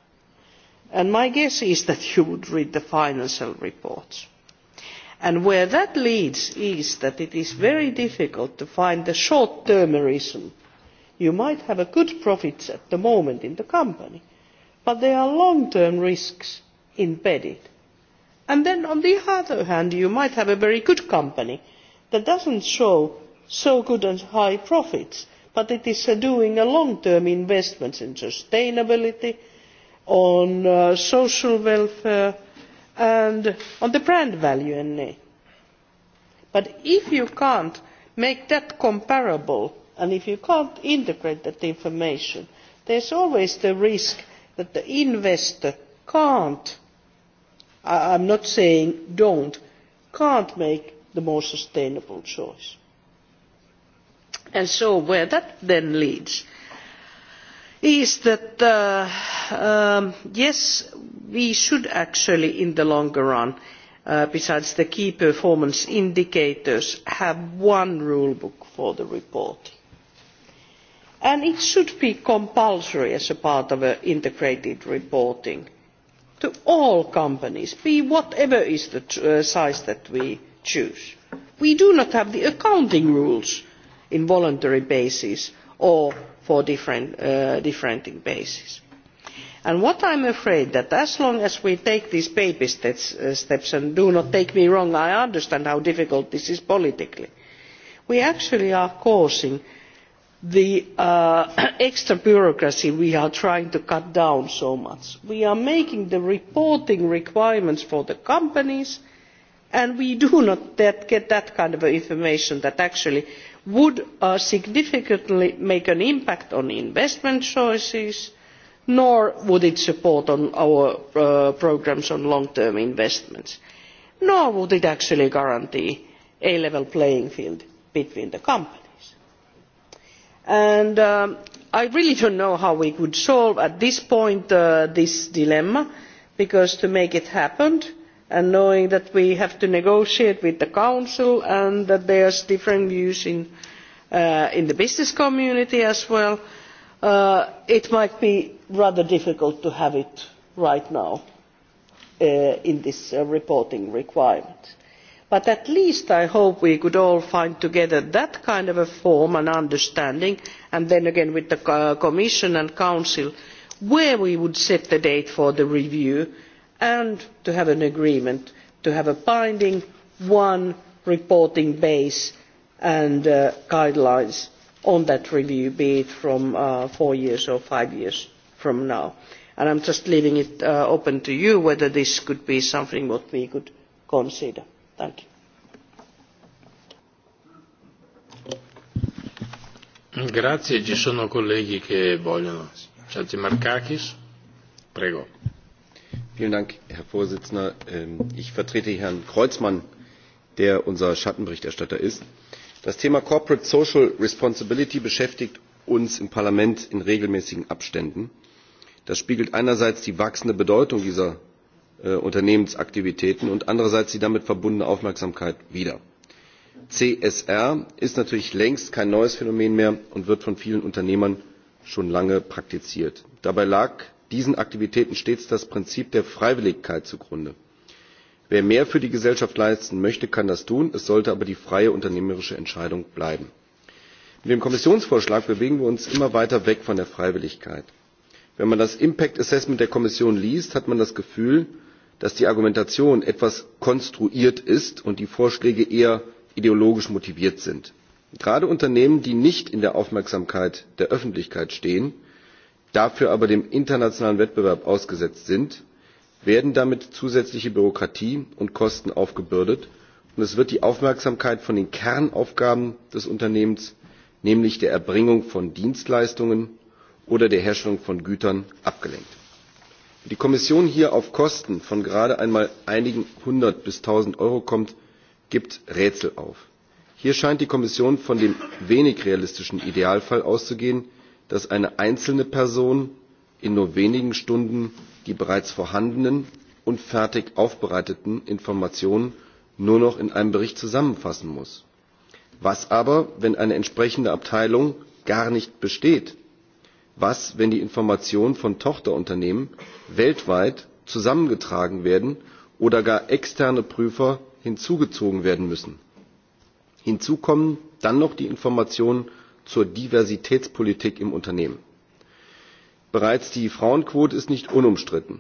and my guess is that you would read the financial reports and where that leads is that it is very difficult to find the short term reason. you might have a good profits at the moment in the company but there are long term risks embedded and then on the other hand you might have a very good company that does not show so good and high profits but it is uh, doing long term investments in sustainability on uh, social welfare and on the brand value but if you cannot make that comparable and if you cannot integrate that information there is always the risk that the investor cannot i am not saying don't cannot make the more sustainable choice. and so where that then leads is that uh, um, yes we should actually in the longer run uh, besides the key performance indicators have one rule book for the reporting and it should be compulsory as a part of integrated reporting to all companies be whatever is the uh, size that we choose. we do not have the accounting rules on a voluntary basis or for different, uh, basis. bases. And what i am afraid is that as long as we take these baby steps, uh, steps and do not take me wrong i understand how difficult this is politically we actually are causing the uh, extra bureaucracy we are trying to cut down so much. we are making the reporting requirements for the companies and we do not get that kind of information that actually would uh, significantly make an impact on investment choices nor would it support our uh, programmes on long term investments nor would it actually guarantee a level playing field between the companies and uh, i really do not know how we could solve at this point uh, this dilemma because to make it happen and knowing that we have to negotiate with the council and that there are different views uh, in, the business community as well it might be rather difficult to have it right now in this reporting requirement but at least i hope we could all find together that kind of a form and understanding and then again with the uh, commission and council where we would set the date for the review and to have an agreement to have a binding one reporting base and uh, guidelines on that review be it from uh, four years or five years from now. i am just leaving it open to you whether this could be something that we could consider. Danke. Grazie, ci sono colleghi che vogliono. Markakis, prego. Vielen Dank, Herr Vorsitzender. Ähm, ich vertrete Herrn Kreuzmann, der unser Schattenberichterstatter ist. Das Thema Corporate Social Responsibility beschäftigt uns im Parlament in regelmäßigen Abständen. Das spiegelt einerseits die wachsende Bedeutung dieser Äh, Unternehmensaktivitäten und andererseits die damit verbundene Aufmerksamkeit wieder. CSR ist natürlich längst kein neues Phänomen mehr und wird von vielen Unternehmern schon lange praktiziert. Dabei lag diesen Aktivitäten stets das Prinzip der Freiwilligkeit zugrunde. Wer mehr für die Gesellschaft leisten möchte, kann das tun, es sollte aber die freie unternehmerische Entscheidung bleiben. Mit dem Kommissionsvorschlag bewegen wir uns immer weiter weg von der Freiwilligkeit. Wenn man das Impact Assessment der Kommission liest, hat man das Gefühl, dass die argumentation etwas konstruiert ist und die vorschläge eher ideologisch motiviert sind. gerade unternehmen die nicht in der aufmerksamkeit der öffentlichkeit stehen dafür aber dem internationalen wettbewerb ausgesetzt sind werden damit zusätzliche bürokratie und kosten aufgebürdet und es wird die aufmerksamkeit von den kernaufgaben des unternehmens nämlich der erbringung von dienstleistungen oder der herstellung von gütern abgelenkt die kommission hier auf kosten von gerade einmal einigen hundert bis tausend euro kommt gibt rätsel auf. hier scheint die kommission von dem wenig realistischen idealfall auszugehen dass eine einzelne person in nur wenigen stunden die bereits vorhandenen und fertig aufbereiteten informationen nur noch in einem bericht zusammenfassen muss. was aber wenn eine entsprechende abteilung gar nicht besteht was wenn die informationen von tochterunternehmen weltweit zusammengetragen werden oder gar externe prüfer hinzugezogen werden müssen? hinzu kommen dann noch die informationen zur diversitätspolitik im unternehmen. bereits die frauenquote ist nicht unumstritten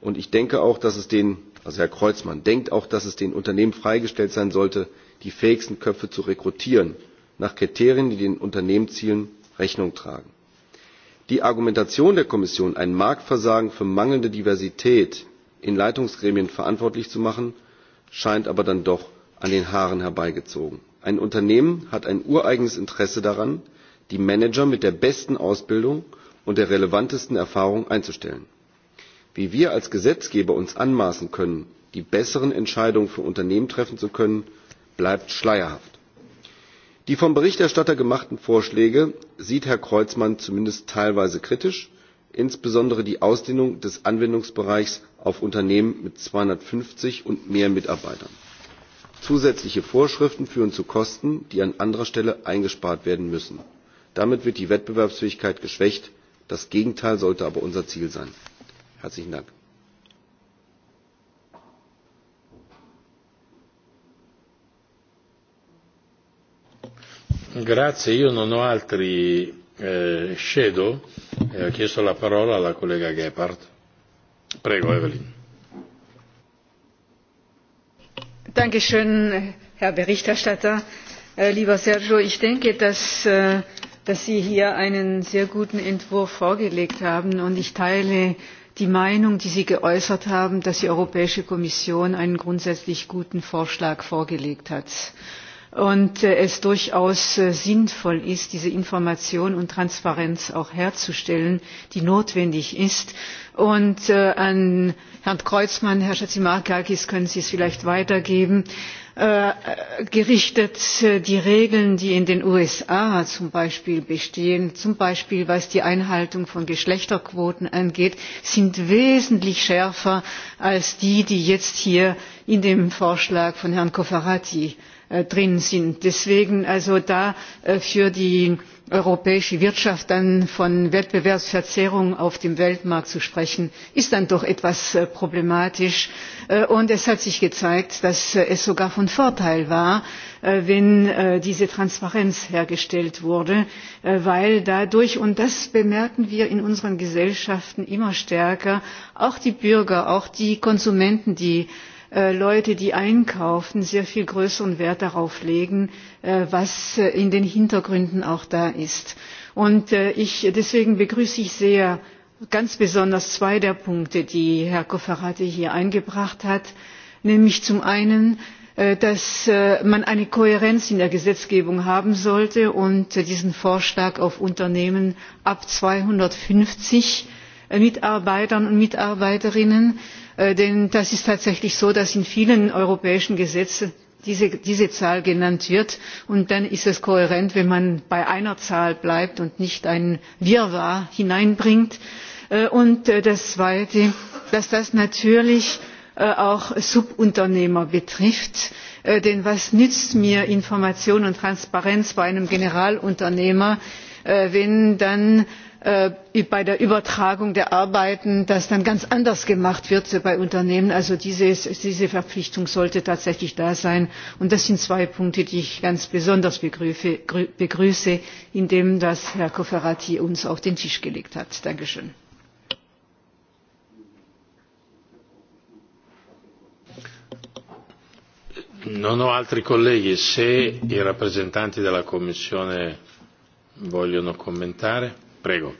und ich denke auch dass es den also herr Kreuzmann denkt auch dass es den unternehmen freigestellt sein sollte die fähigsten köpfe zu rekrutieren nach kriterien die den unternehmenszielen rechnung tragen die argumentation der kommission ein marktversagen für mangelnde diversität in leitungsgremien verantwortlich zu machen scheint aber dann doch an den haaren herbeigezogen. ein unternehmen hat ein ureigenes interesse daran die manager mit der besten ausbildung und der relevantesten erfahrung einzustellen. wie wir als gesetzgeber uns anmaßen können die besseren entscheidungen für unternehmen treffen zu können bleibt schleierhaft die vom berichterstatter gemachten vorschläge sieht herr creutzmann zumindest teilweise kritisch insbesondere die ausdehnung des anwendungsbereichs auf unternehmen mit zweihundertfünfzig und mehr mitarbeitern. zusätzliche vorschriften führen zu kosten die an anderer stelle eingespart werden müssen. damit wird die wettbewerbsfähigkeit geschwächt. das gegenteil sollte aber unser ziel sein. herzlichen dank! Grazie, io non ho altri eh, eh, la parola alla collega Prego, Evelyn. Danke schön, Herr Berichterstatter. Äh, lieber Sergio, ich denke, dass, äh, dass Sie hier einen sehr guten Entwurf vorgelegt haben und ich teile die Meinung, die Sie geäußert haben, dass die Europäische Kommission einen grundsätzlich guten Vorschlag vorgelegt hat und äh, es durchaus äh, sinnvoll ist diese information und transparenz auch herzustellen die notwendig ist. und äh, an herrn creutzmann herr chatzimarkakis können sie es vielleicht weitergeben gerichtet die regeln die in den usa zum beispiel bestehen zum beispiel was die einhaltung von geschlechterquoten angeht sind wesentlich schärfer als die die jetzt hier in dem vorschlag von herrn cofferati Äh, drin sind. deswegen also da äh, für die europäische wirtschaft dann von wettbewerbsverzerrung auf dem weltmarkt zu sprechen ist dann doch etwas äh, problematisch und es hat sich gezeigt dass es sogar von vorteil war wenn diese transparenz hergestellt wurde weil dadurch und das bemerken wir in unseren gesellschaften immer stärker auch die bürger auch die konsumenten die Äh, Leute, die einkaufen, sehr viel größeren Wert darauf legen, äh, was in den Hintergründen auch da ist. Und äh, ich, deswegen begrüße ich sehr ganz besonders zwei der Punkte, die Herr Kofferati hier eingebracht hat, nämlich zum einen, dass man eine kohärenz in der gesetzgebung haben sollte und diesen vorschlag auf unternehmen ab 250 mitarbeitern und mitarbeiterinnen äh, denn das ist tatsächlich so dass in vielen europäischen gesetzen diese, diese zahl genannt wird und dann ist es kohärent wenn man bei einer zahl bleibt und nicht ein wirrwarr hineinbringt äh, und äh, das zweite dass das natürlich auch subunternehmer betrifft denn was nützt mir information und transparenz bei einem generalunternehmer wenn dann Äh, bei der übertragung der arbeiten das dann ganz anders gemacht wird bei unternehmen. also diese verpflichtung sollte tatsächlich da sein und das sind zwei punkte die ich ganz besonders begrüße, indem in dem herr cofferati uns auf den tisch gelegt hat. danke schön. non ho altri colleghi se i rappresentanti della commissione vogliono commentare. Prego.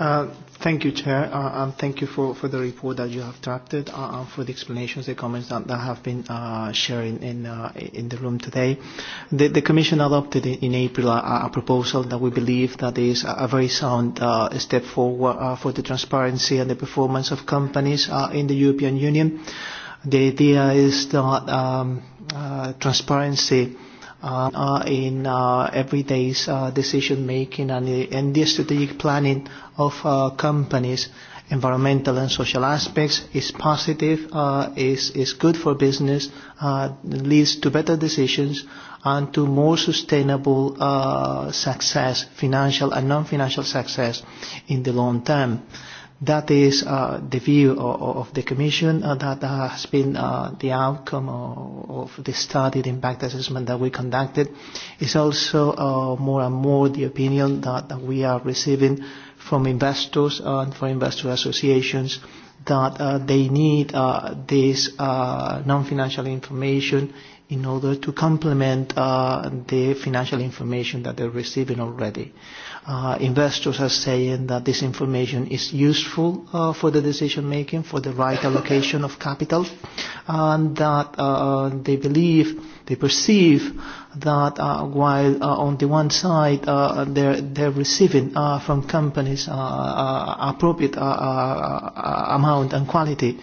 Uh, thank you, Chair, uh, and thank you for, for the report that you have drafted uh, and for the explanations and comments that, that have been uh, shared in, uh, in the room today. The, the Commission adopted in April a, a proposal that we believe that is a very sound uh, step forward uh, for the transparency and the performance of companies uh, in the European Union. The idea is that um, uh, transparency Uh, uh in uh everyday's uh, decision making and, and the strategic planning of uh companies environmental and social aspects is positive, uh, is, is good for business, uh, leads to better decisions and to more sustainable uh, success, financial and non-financial success in the long term. That is uh, the view of, of the Commission uh, that uh, has been uh, the outcome of, of the study, the impact assessment that we conducted. It's also uh, more and more the opinion that, that we are receiving from investors and from investor associations that uh, they need uh, this uh, non-financial information in order to complement uh, the financial information that they're receiving already uh, investors are saying that this information is useful uh, for the decision making, for the right allocation of capital, and that uh, they believe, they perceive that uh, while uh, on the one side uh, they're, they're receiving uh, from companies uh, uh, appropriate uh, uh, uh amount and quality,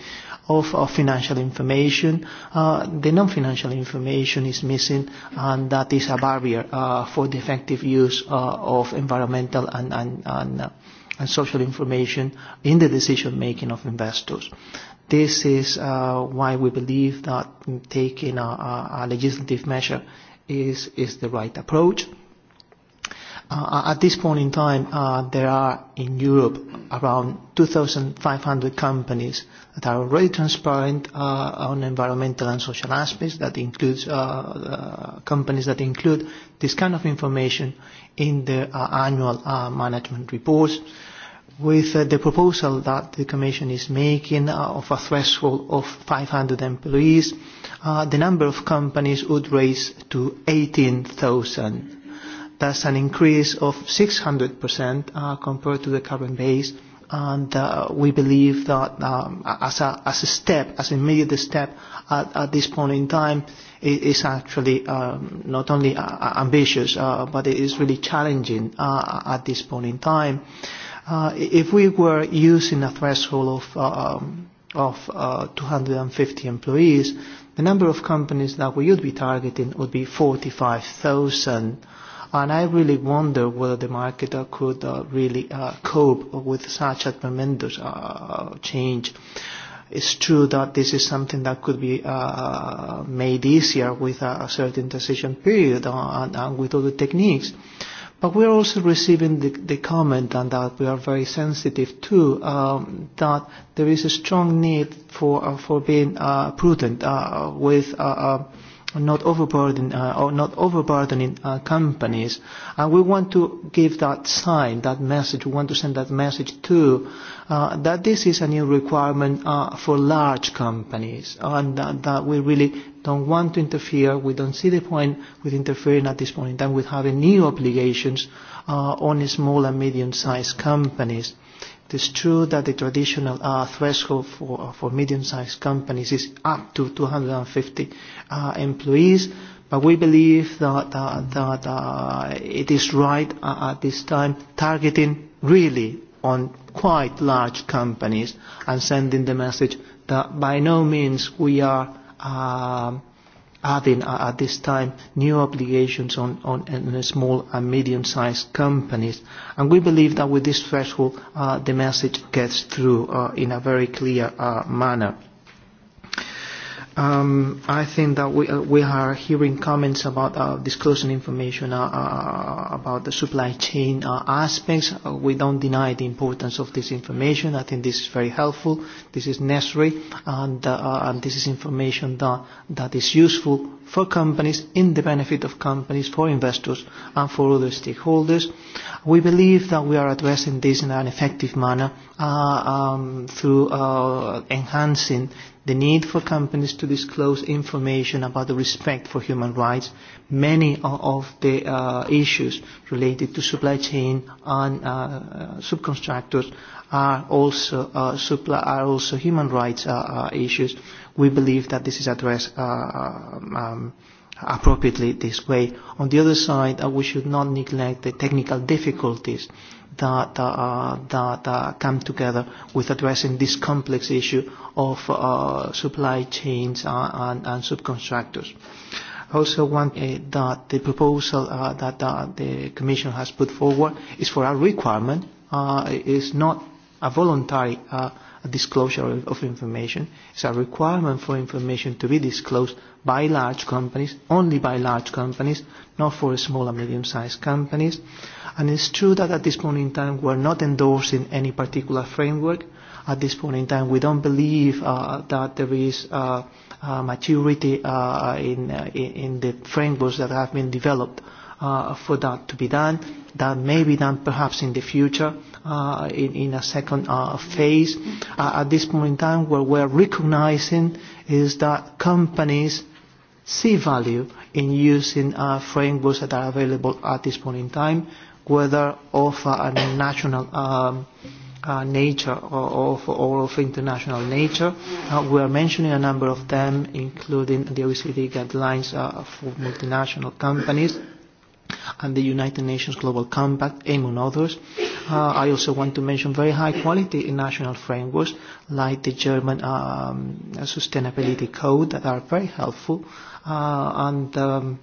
of uh, financial information. Uh, the non-financial information is missing and that is a barrier uh, for the effective use uh, of environmental and, and, and, uh, and social information in the decision making of investors. This is uh, why we believe that taking a, a, a legislative measure is, is the right approach Uh, at this point in time, uh, there are in Europe around 2,500 companies that are already transparent uh, on environmental and social aspects. That includes uh, uh, companies that include this kind of information in their uh, annual uh, management reports. With uh, the proposal that the Commission is making uh, of a threshold of 500 employees, uh, the number of companies would raise to 18,000 That's an increase of 600% uh, compared to the current base. And uh, we believe that um, as, a, as a step, as an immediate step at, at this point in time, it is actually um, not only uh, ambitious, uh, but it is really challenging uh, at this point in time. Uh, if we were using a threshold of, uh, um, of uh, 250 employees, the number of companies that we would be targeting would be 45,000 And I really wonder whether the market uh, could uh, really uh, cope with such a tremendous uh, change. It's true that this is something that could be uh, made easier with a, certain decision period and, and with other techniques. But we are also receiving the, the comment, and that we are very sensitive to, um, that there is a strong need for, uh, for being uh, prudent uh, with uh, uh, not overburden uh, or not overburdening uh, companies and we want to give that sign that message we want to send that message to uh, that this is a new requirement uh, for large companies and that, that we really don't want to interfere we don't see the point with interfering at this point in time with having new obligations uh, on small and medium sized companies It is true that the traditional uh, threshold for, uh, for medium-sized companies is up to 250 uh, employees, but we believe that, uh, that uh, it is right uh, at this time targeting really on quite large companies and sending the message that by no means we are um, adding uh, at this time new obligations on, on, on small and medium-sized companies. And we believe that with this threshold, uh, the message gets through uh, in a very clear uh, manner. Um, I think that we, uh, we are hearing comments about uh, disclosing information uh, uh, about the supply chain uh, aspects. Uh, we don't deny the importance of this information. I think this is very helpful. This is necessary, and, uh, uh and this is information that, that is useful for companies, in the benefit of companies, for investors, and for other stakeholders. We believe that we are addressing this in an effective manner uh, um, through uh, enhancing the need for companies to disclose information about the respect for human rights, many of the uh, issues related to supply chain and uh, uh, subcontractors are also, uh, supply, are also human rights uh, uh, issues. We believe that this is addressed uh, um, um appropriately this way. On the other side, uh, we should not neglect the technical difficulties that, uh, that uh, come together with addressing this complex issue of uh, supply chains uh, and, and subcontractors. I also want uh, eh, that the proposal uh, that uh, the Commission has put forward is for a requirement, uh, is not a voluntary uh, disclosure of information. It's a requirement for information to be disclosed by large companies, only by large companies, not for small and medium-sized companies. And it's true that at this point in time we're not endorsing any particular framework. At this point in time we don't believe uh, that there is uh, uh, maturity uh, in, uh, in the frameworks that have been developed uh, for that to be done. That may be done perhaps in the future uh, in, in a second uh, phase. Uh, at this point in time what we're recognizing is that companies see value in using uh, frameworks that are available at this point in time whether of a national um, uh, nature or, or of international nature. Uh, we are mentioning a number of them, including the OECD guidelines uh, for multinational companies and the United Nations Global Compact, among others. Uh, I also want to mention very high quality national frameworks like the German um, Sustainability Code that are very helpful. Uh, and um,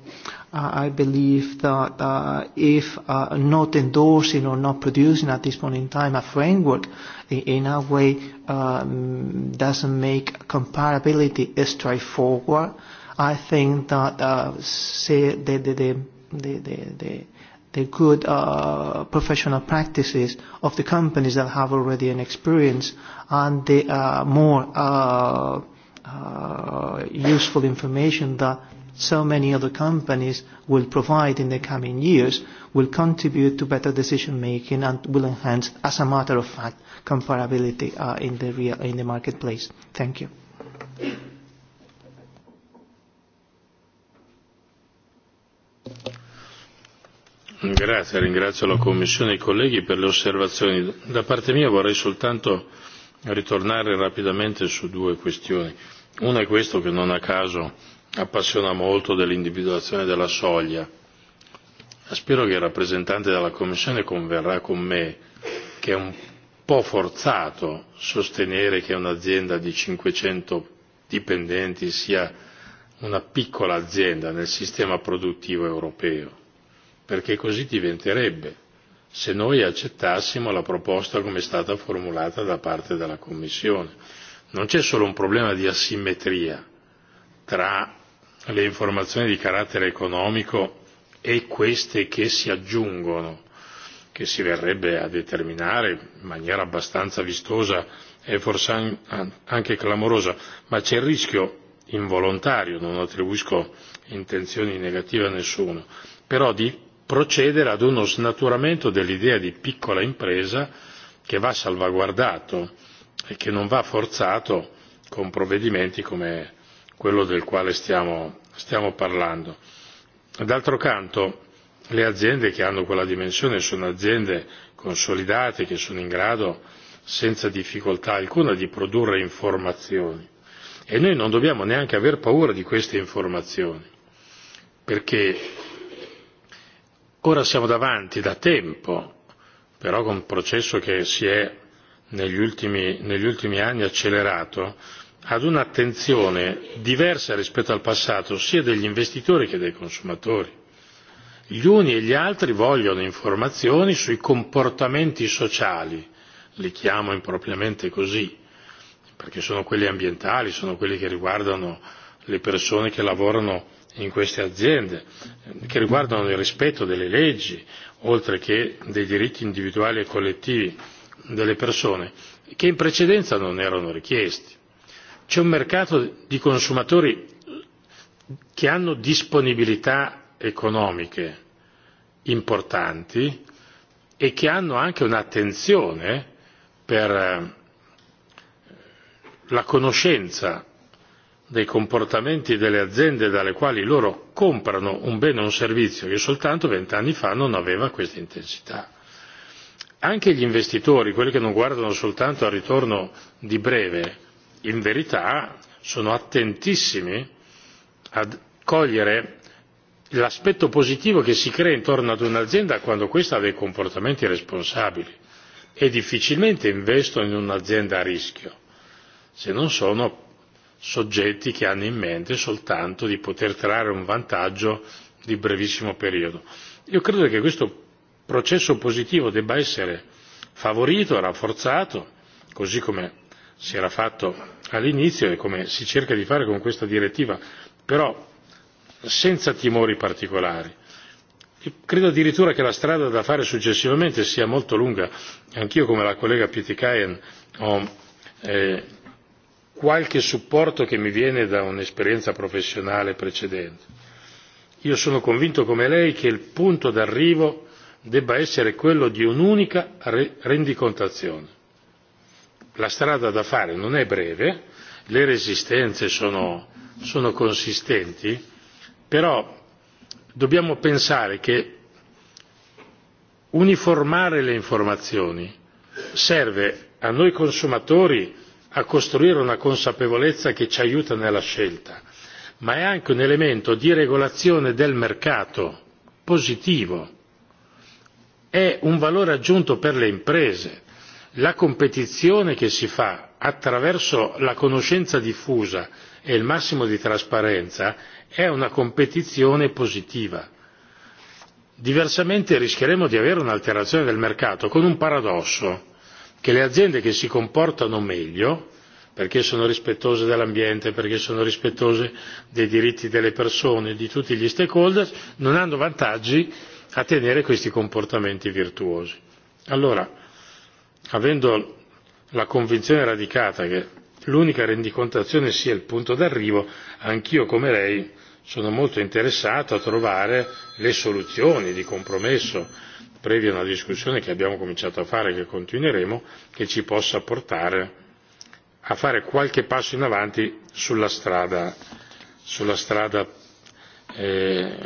I believe that uh, if uh, not endorsing or not producing at this point in time a framework in, in a way um, doesn't make comparability straightforward, I think that uh, say the, the, the the, the, the, the good uh, professional practices of the companies that have already an experience and the uh, more uh, uh, useful information that so many other companies will provide in the coming years will contribute to better decision making and will enhance, as a matter of fact, comparability uh, in, the real, in the marketplace. Thank you. Grazie, ringrazio la Commissione e i colleghi per le osservazioni. Da parte mia vorrei soltanto ritornare rapidamente su due questioni. Una è questo che non a caso appassiona molto dell'individuazione della soglia. Spero che il rappresentante della Commissione converrà con me che è un po' forzato sostenere che un'azienda di 500 dipendenti sia una piccola azienda nel sistema produttivo europeo perché così diventerebbe se noi accettassimo la proposta come è stata formulata da parte della Commissione. Non c'è solo un problema di asimmetria tra le informazioni di carattere economico e queste che si aggiungono, che si verrebbe a determinare in maniera abbastanza vistosa e forse anche clamorosa, ma c'è il rischio involontario, non attribuisco intenzioni negative a nessuno, però di procedere ad uno snaturamento dell'idea di piccola impresa che va salvaguardato e che non va forzato con provvedimenti come quello del quale stiamo, stiamo parlando. d'altro canto le aziende che hanno quella dimensione sono aziende consolidate che sono in grado senza difficoltà alcuna di produrre informazioni e noi non dobbiamo neanche aver paura di queste informazioni perché ora siamo davanti da tempo però con un processo che si è negli ultimi, anni accelerato ad un'attenzione diversa rispetto al passato sia degli investitori che dei consumatori. Gli uni e gli altri vogliono informazioni sui comportamenti sociali, li chiamo impropriamente così, perché sono quelli ambientali, sono quelli che riguardano le persone che lavorano in queste aziende che riguardano il rispetto delle leggi oltre che dei diritti individuali e collettivi delle persone che in precedenza non erano richiesti. C'è un mercato di consumatori che hanno disponibilità economiche importanti e che hanno anche un'attenzione per la conoscenza dei comportamenti delle aziende dalle quali loro comprano un bene o un servizio che soltanto vent'anni fa non aveva questa intensità. anche gli investitori quelli che non guardano soltanto al ritorno di breve in verità sono attentissimi a cogliere l'aspetto positivo che si crea intorno ad un'azienda quando questa ha dei comportamenti responsabili e difficilmente investono in un'azienda a rischio se non sono soggetti che hanno in mente soltanto di poter trarre un vantaggio di brevissimo periodo. Io credo che questo processo positivo debba essere favorito, rafforzato, così come si era fatto all'inizio e come si cerca di fare con questa direttiva, però senza timori particolari. Io credo addirittura che la strada da fare successivamente sia molto lunga. Anch'io, come la collega Pietikäinen, ho eh, qualche supporto che mi viene da un'esperienza professionale precedente. io sono convinto come lei che il punto d'arrivo debba essere quello di un'unica rendicontazione. la strada da fare non è breve le resistenze sono, consistenti però dobbiamo pensare che uniformare le informazioni serve a noi consumatori a costruire una consapevolezza che ci aiuta nella scelta ma è anche un elemento di regolazione del mercato positivo è un valore aggiunto per le imprese la competizione che si fa attraverso la conoscenza diffusa e il massimo di trasparenza è una competizione positiva diversamente rischieremo di avere un'alterazione del mercato con un paradosso che le aziende che si comportano meglio perché sono rispettose dell'ambiente perché sono rispettose dei diritti delle persone di tutti gli stakeholder non hanno vantaggi a tenere questi comportamenti virtuosi. allora avendo la convinzione radicata che l'unica rendicontazione sia il punto d'arrivo anch'io come lei sono molto interessato a trovare le soluzioni di compromesso previa una discussione che abbiamo cominciato a fare e che continueremo che ci possa portare a fare qualche passo in avanti sulla strada, sulla strada eh,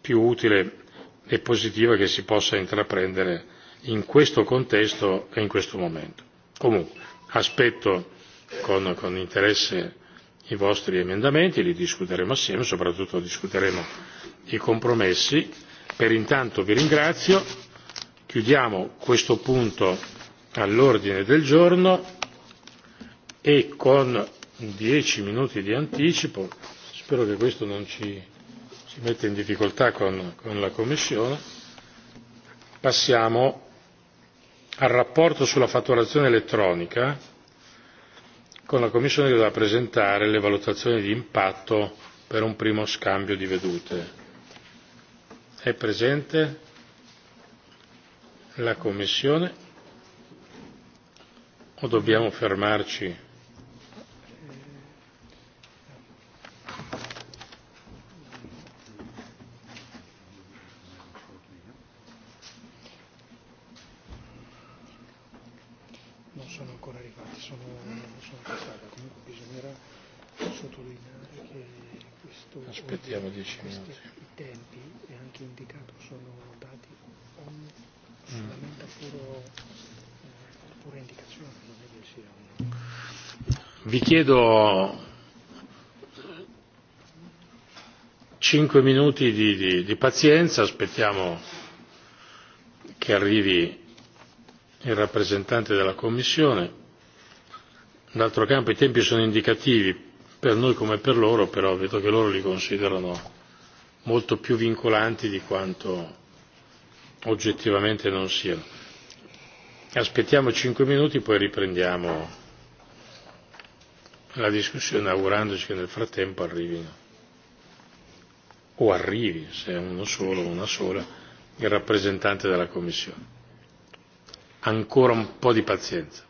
più utile e positiva che si possa intraprendere in questo contesto e in questo momento. Comunque aspetto con, con interesse i vostri emendamenti, li discuteremo assieme, soprattutto discuteremo i compromessi per intanto vi ringrazio chiudiamo questo punto all'ordine del giorno e con dieci minuti di anticipo spero che questo non ci, si metta in difficoltà con, la commissione passiamo al rapporto sulla fatturazione elettronica con la commissione che dovrà presentare le valutazioni di impatto per un primo scambio di vedute è presente la commissione o dobbiamo fermarci vi chiedo cinque minuti di, di, pazienza aspettiamo che arrivi il rappresentante della commissione d'altro campo i tempi sono indicativi per noi come per loro però vedo che loro li considerano molto più vincolanti di quanto oggettivamente non siano. aspettiamo cinque minuti poi riprendiamo la discussione augurandoci che nel frattempo arrivino o arrivi, se è uno solo o una sola, il rappresentante della Commissione. Ancora un po' di pazienza.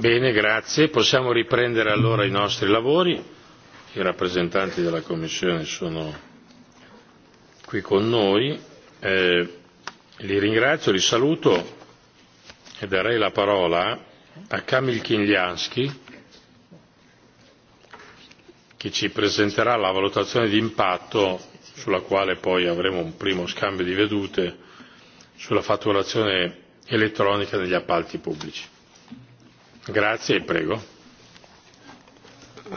Bene, grazie. Possiamo riprendere allora i nostri lavori. I rappresentanti della Commissione sono qui con noi. Eh, li ringrazio, li saluto e darei la parola a Kamil Kilianski che ci presenterà la valutazione di impatto sulla quale poi avremo un primo scambio di vedute sulla fatturazione elettronica negli appalti pubblici. Grazie,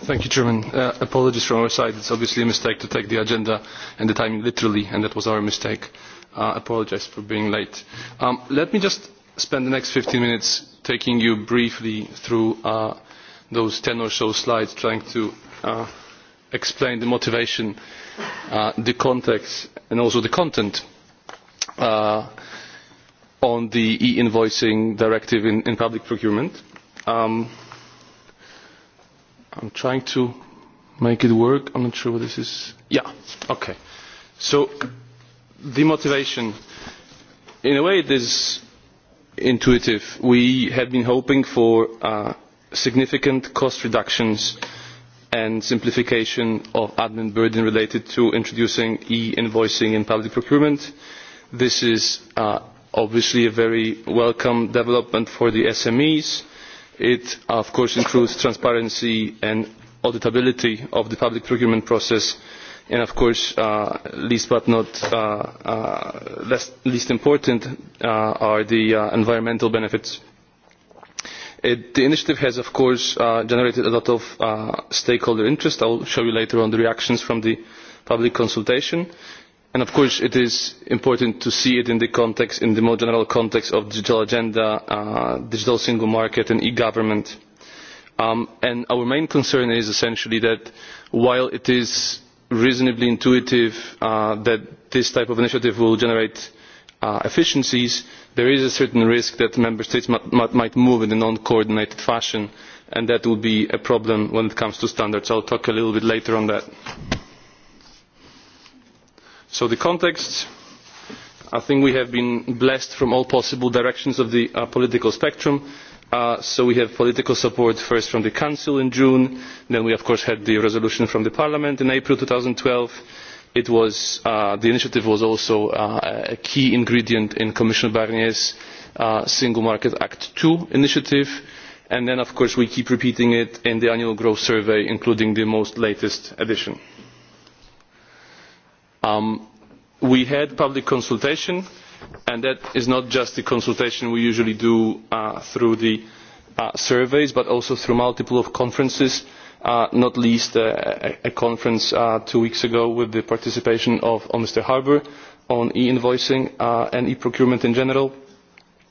Thank you, uh, apologies from our side. It is obviously a mistake to take the agenda and the timing literally, and that was our mistake. Uh, I apologise for being late. Um, let me just spend the next 15 minutes taking you briefly through uh, those 10 or so slides, trying to explain the motivation, the context, and also the content on the e-invoicing directive in public procurement Um, I'm trying to make it work. I'm not sure what this is. Yeah, okay. So the motivation, in a way, it is intuitive. We had been hoping for uh, significant cost reductions and simplification of admin burden related to introducing e-invoicing in public procurement. This is uh, obviously a very welcome development for the SMEs It of course includes transparency and auditability of the public procurement process and of course uh, least but not uh, uh, least important are the environmental benefits. the initiative has of course generated a lot of stakeholder interest. I will show you later on the reactions from the public consultation and of course it is important to see it in the context in the more general context of the digital agenda uh, digital single market and e government um, our main concern is essentially that while it is reasonably intuitive uh, that this type of initiative will generate uh, efficiencies there is a certain risk that member states might move in a non coordinated fashion and that will be a problem when it comes to standards. i will talk a little bit later on that so the context i think we have been blessed from all possible directions of the uh, political spectrum uh, so we have political support first from the council in june then we of course had the resolution from parliament in april. two thousand and twelve uh, the initiative was also a key ingredient in commissioner barnier's single market act ii initiative and then of course we keep repeating it in the annual growth survey including the most latest edition. Um, we had public consultation and that is not just the consultation we usually do uh, through the uh, surveys but also through multiple of conferences uh, not least a conference two weeks ago with the participation of, mr harbour on e invoicing and e procurement in general.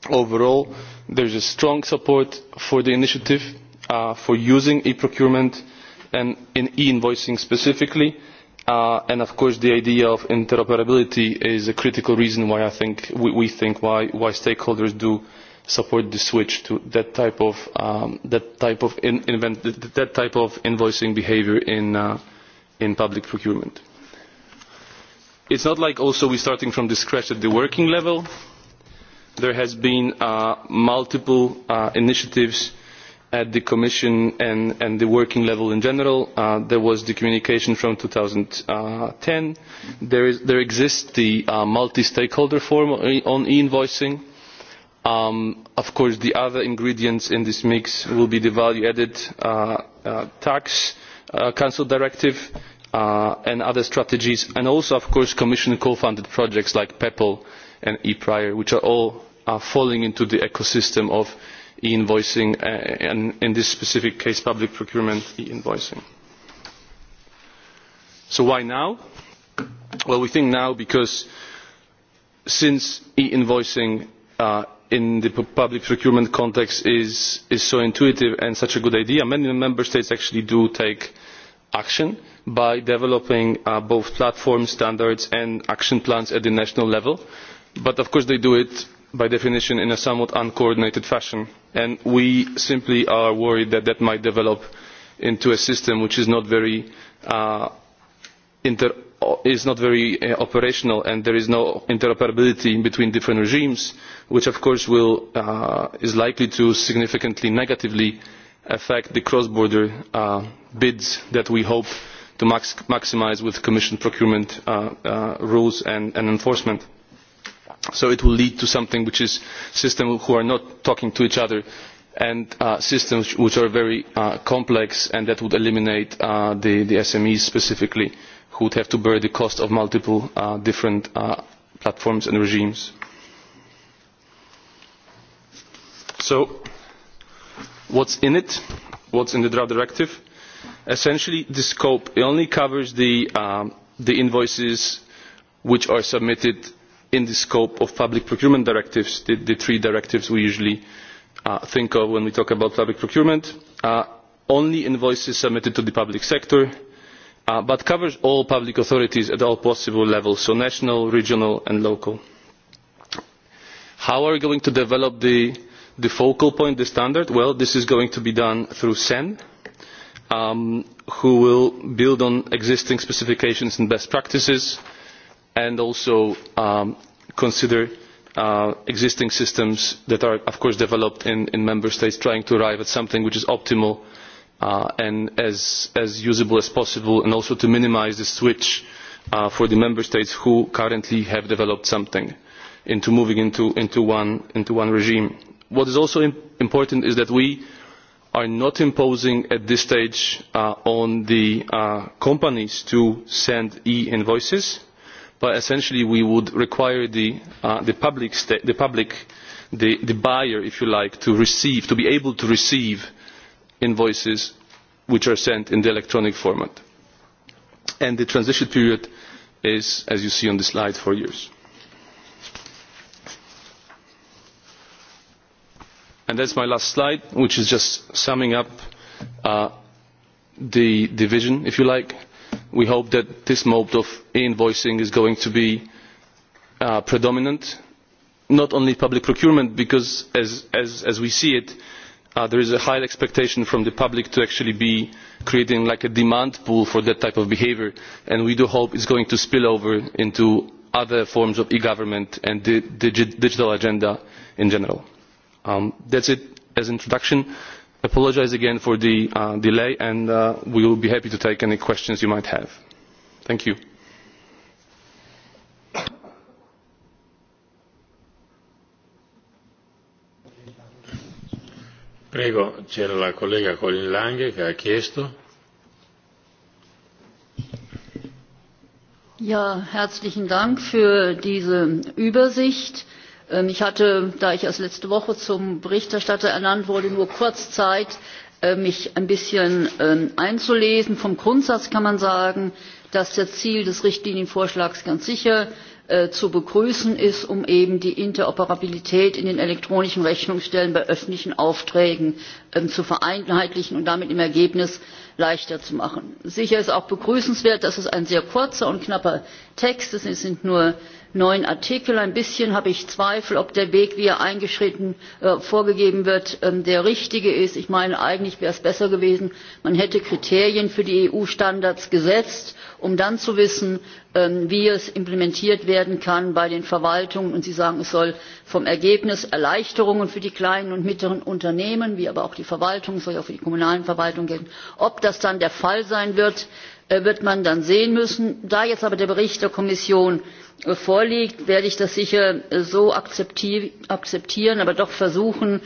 overall there is strong support for the initiative for using e procurement and in e invoicing specifically Uh, and of course the idea of interoperability is a critical reason why I think we, we think why, why stakeholders do support the switch to that type of um, that type of in, that type of invoicing behavior in uh, in public procurement. It's not like also we starting from the scratch at the working level. There has been uh, multiple uh, initiatives at the Commission and, and the working level in general. Uh, there was the communication from 2010. There, is, there exists the uh, multi-stakeholder forum e, on e-invoicing. Um, of course, the other ingredients in this mix will be the value-added uh, tax council directive and other strategies, and also, of course, Commission co-funded projects like PEPL and ePrior, which are all falling into the ecosystem of e invoicing uh, and in this specific case public procurement e invoicing. so why now? well we think now because since e invoicing uh, in the public procurement context is, so intuitive and such a good idea many member states actually do take action by developing uh, both platform standards and action plans at the national level but of course they do it by definition in a somewhat uncoordinated fashion and we simply are worried that that might develop into a system which is not very uh, uh, operational and there is no interoperability between different regimes which of course will, uh, is likely to significantly negatively affect the cross border bids that we hope to maximise with commission procurement rules and enforcement so it will lead to something which is systems who are not talking to each other and uh, systems which are very uh, complex and that would eliminate uh, the, smes specifically who would have to bear the cost of multiple different platforms and regimes. so what is in it? what is in the draft directive? essentially the scope only covers the, um, the invoices which are submitted in the scope of public procurement directives, the, three directives we usually uh, think of when we talk about public procurement, uh, only invoices submitted to the public sector, uh, but covers all public authorities at all possible levels, so national, regional and local. How are we going to develop the, focal point, the standard? Well, this is going to be done through SEN, um, who will build on existing specifications and best practices, and also um, consider uh, existing systems that are of course developed in, member states trying to arrive at something which is optimal uh, and as, usable as possible and also to minimise the switch uh, for the member states who currently have developed something into moving into one regime. what is also important is that we are not imposing at this stage on the companies to send e invoices but essentially we would require the, uh, public, the, public the, the buyer if you like to receive to be able to receive invoices which are sent in the electronic format and the transition period is as you see on the slide four years. and that is my last slide which is just summing up uh, the division if you like we hope that this mode of e invoicing is going to be uh, predominant not only public procurement because as, we see it uh, there is a high expectation from the public to actually be creating like a demand pool for that type of behaviour and we do hope it is going to spill over into other forms of e government and the digital agenda in general. Um, that is it as an introduction. Apologize again for the uh, delay and uh, we will be happy to take any questions you might have. thank you. Prego, c'era la collega Colin Lange che ha chiesto. Ja, herzlichen Dank für diese Übersicht Ähm, ich hatte da ich erst letzte woche zum berichterstatter ernannt wurde nur kurz zeit äh, mich ein bisschen ähm, einzulesen. vom grundsatz kann man sagen dass das ziel des richtlinienvorschlags ganz sicher äh, zu begrüßen ist um eben die interoperabilität in den elektronischen rechnungsstellen bei öffentlichen aufträgen ähm, zu vereinheitlichen und damit im ergebnis leichter zu machen. sicher ist auch begrüßenswert dass es ein sehr kurzer und knapper text ist es sind nur neuen artikel. ein bisschen habe ich zweifel ob der weg wie er eingeschritten äh, vorgegeben wird ähm, der richtige ist. ich meine eigentlich wäre es besser gewesen man hätte kriterien für die eu standards gesetzt um dann zu wissen ähm, wie es implementiert werden kann bei den verwaltungen und sie sagen es soll vom ergebnis erleichterungen für die kleinen und mittleren unternehmen wie aber auch die verwaltung es soll ja auch für die kommunalen verwaltungen gelten. ob das dann der fall sein wird Äh, wird man dann sehen müssen. da jetzt aber der bericht der kommission äh, vorliegt werde ich das sicher äh, so akzeptieren aber doch versuchen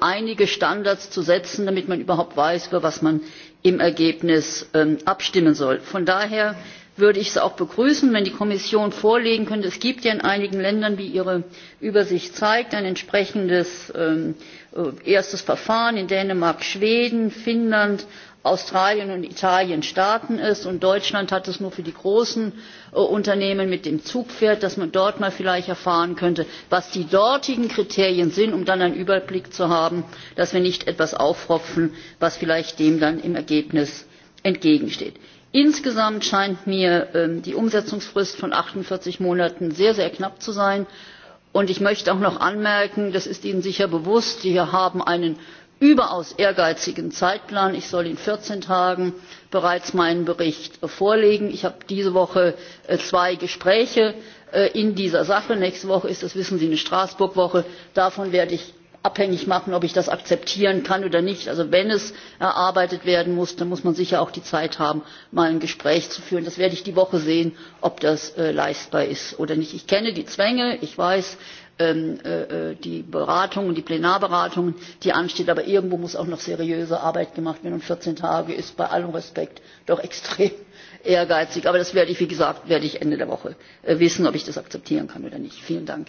einige standards zu setzen damit man überhaupt weiß über was man im ergebnis ähm, abstimmen soll. von daher würde ich es auch begrüßen wenn die kommission vorlegen könnte es gibt ja in einigen ländern wie ihre übersicht zeigt ein entsprechendes ähm, erstes verfahren in dänemark schweden finnland australien und italien starten es und deutschland hat es nur für die großen äh, unternehmen mit dem zugpferd dass man dort mal vielleicht erfahren könnte was die dortigen kriterien sind um dann einen überblick zu haben dass wir nicht etwas aufropfen was vielleicht dem dann im ergebnis entgegensteht. insgesamt scheint mir ähm, die umsetzungsfrist von achtundvierzig monaten sehr sehr knapp zu sein und ich möchte auch noch anmerken das ist ihnen sicher bewusst wir haben einen überaus ehrgeizigen zeitplan ich soll in vierzehn tagen bereits meinen bericht vorlegen. ich habe diese woche äh, zwei gespräche äh, in dieser sache nächste woche ist das wissen sie eine straßburg woche davon werde ich abhängig machen ob ich das akzeptieren kann oder nicht. also wenn es erarbeitet werden muss dann muss man sicher auch die zeit haben mal ein gespräch zu führen. das werde ich die woche sehen ob das äh, leistbar ist oder nicht. ich kenne die zwänge ich weiß Ähm, äh, äh, die beratungen die plenarberatung die ansteht aber irgendwo muss auch noch seriöse arbeit gemacht werden und vierzehn tage ist bei allem respekt doch extrem ehrgeizig aber das werde ich wie gesagt werde ich ende der woche äh, wissen ob ich das akzeptieren kann oder nicht. vielen dank.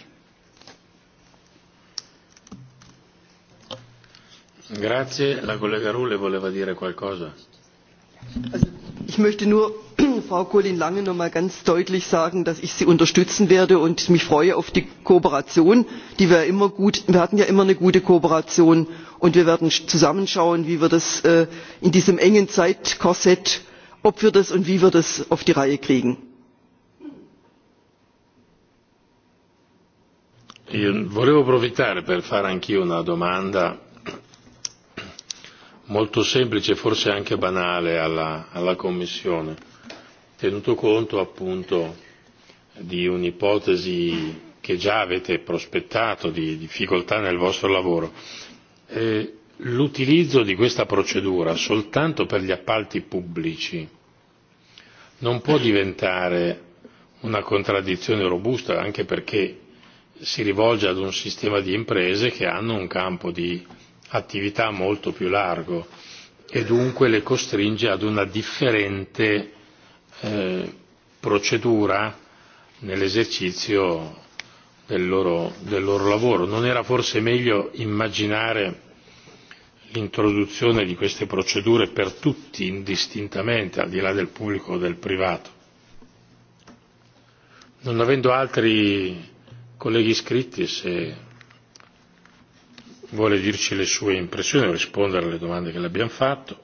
Also ich möchte nur frau kollegin lange noch einmal ganz deutlich sagen dass ich sie unterstützen werde und mich freue auf die kooperation die wir immer gut wir hatten ja immer eine gute kooperation und wir werden zusammen schauen wie wir das äh, in diesem engen zeitkorsett ob wir das und wie wir das auf die reihe kriegen molto semplice, forse anche banale, alla, alla Commissione, tenuto conto appunto di un'ipotesi che già avete prospettato di difficoltà nel vostro lavoro. Eh, L'utilizzo di questa procedura soltanto per gli appalti pubblici non può diventare una contraddizione robusta, anche perché si rivolge ad un sistema di imprese che hanno un campo di attività molto più largo e dunque le costringe ad una differente eh, procedura nell'esercizio del loro, del loro lavoro. Non era forse meglio immaginare l'introduzione di queste procedure per tutti indistintamente, al di là del pubblico o del privato. Non avendo altri colleghi iscritti, se vuole dirci le sue impressioni, rispondere alle domande che le abbiamo fatto.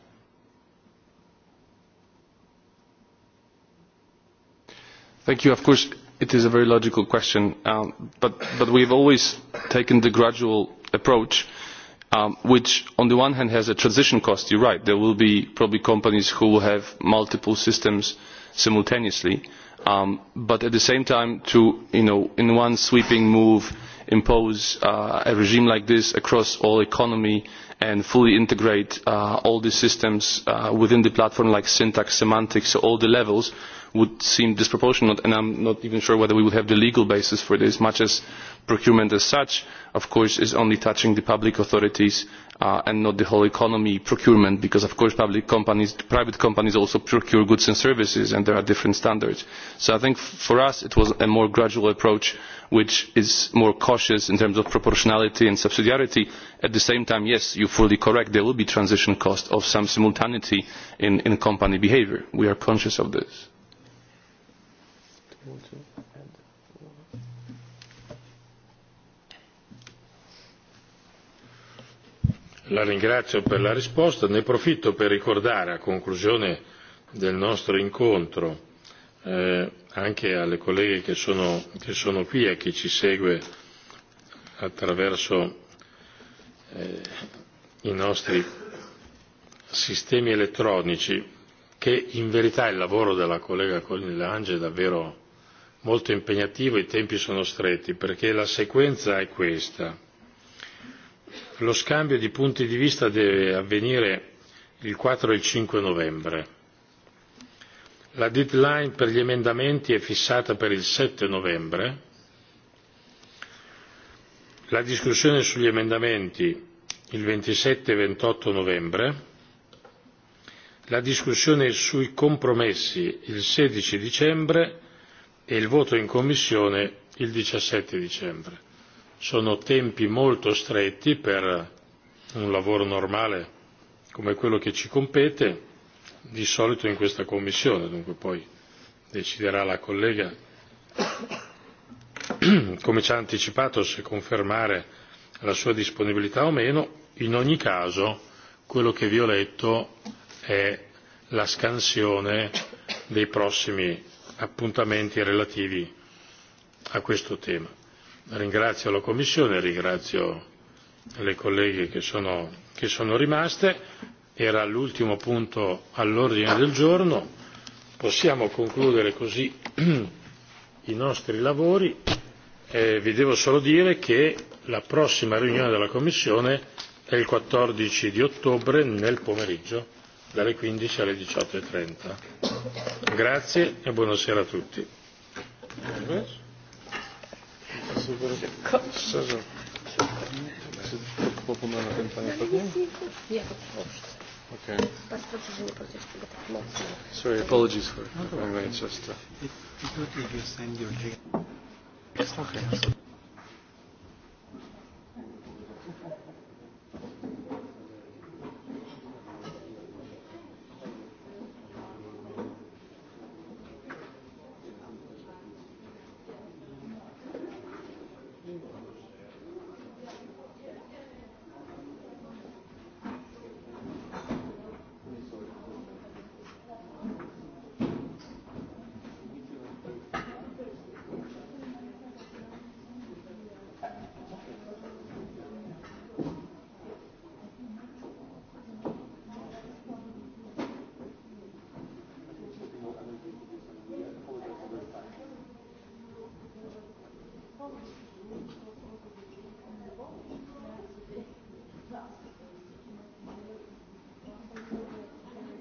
Thank you. Of course, it is a very logical question, um, but, but we've always taken the gradual approach, um, which on the one hand has a transition cost. You're right. There will be probably companies who will have multiple systems simultaneously. Um, but at the same time, to, you know, in one sweeping move, impose uh, a regime like this across all economy and fully integrate uh, all these systems uh, within the platform like syntax semantics at all the levels would seem disproportionate and I'm not even sure whether we would have the legal basis for this, much as procurement as such, of course, is only touching the public authorities uh, and not the whole economy procurement, because of course public companies, private companies also procure goods and services and there are different standards. So I think for us it was a more gradual approach which is more cautious in terms of proportionality and subsidiarity. At the same time, yes, you fully correct, there will be transition cost of some simultaneity in, in company behaviour. We are conscious of this la ringrazio per la risposta ne approfitto per ricordare a conclusione del nostro incontro eh, anche alle colleghe che sono, che sono qui e che chi ci segue attraverso eh, i nostri sistemi elettronici che in verità il lavoro della collega Colin Lange è davvero molto impegnativo i tempi sono stretti perché la sequenza è questa lo scambio di punti di vista deve avvenire il 4 e il 5 novembre la deadline per gli emendamenti è fissata per il 7 novembre la discussione sugli emendamenti il 27 e 28 novembre la discussione sui compromessi il 16 dicembre e il voto in commissione il 17 dicembre. Sono tempi molto stretti per un lavoro normale come quello che ci compete di solito in questa commissione, dunque poi deciderà la collega come ci ha anticipato se confermare la sua disponibilità o meno. In ogni caso quello che vi ho letto è la scansione dei prossimi appuntamenti relativi a questo tema. Ringrazio la Commissione, ringrazio le colleghe che sono, rimaste, era l'ultimo punto all'ordine del giorno, possiamo concludere così i nostri lavori e vi devo solo dire che la prossima riunione della Commissione è il 14 di ottobre nel pomeriggio dalle 15 alle 18.30. E Grazie e buonasera a tutti. Sorry, apologies for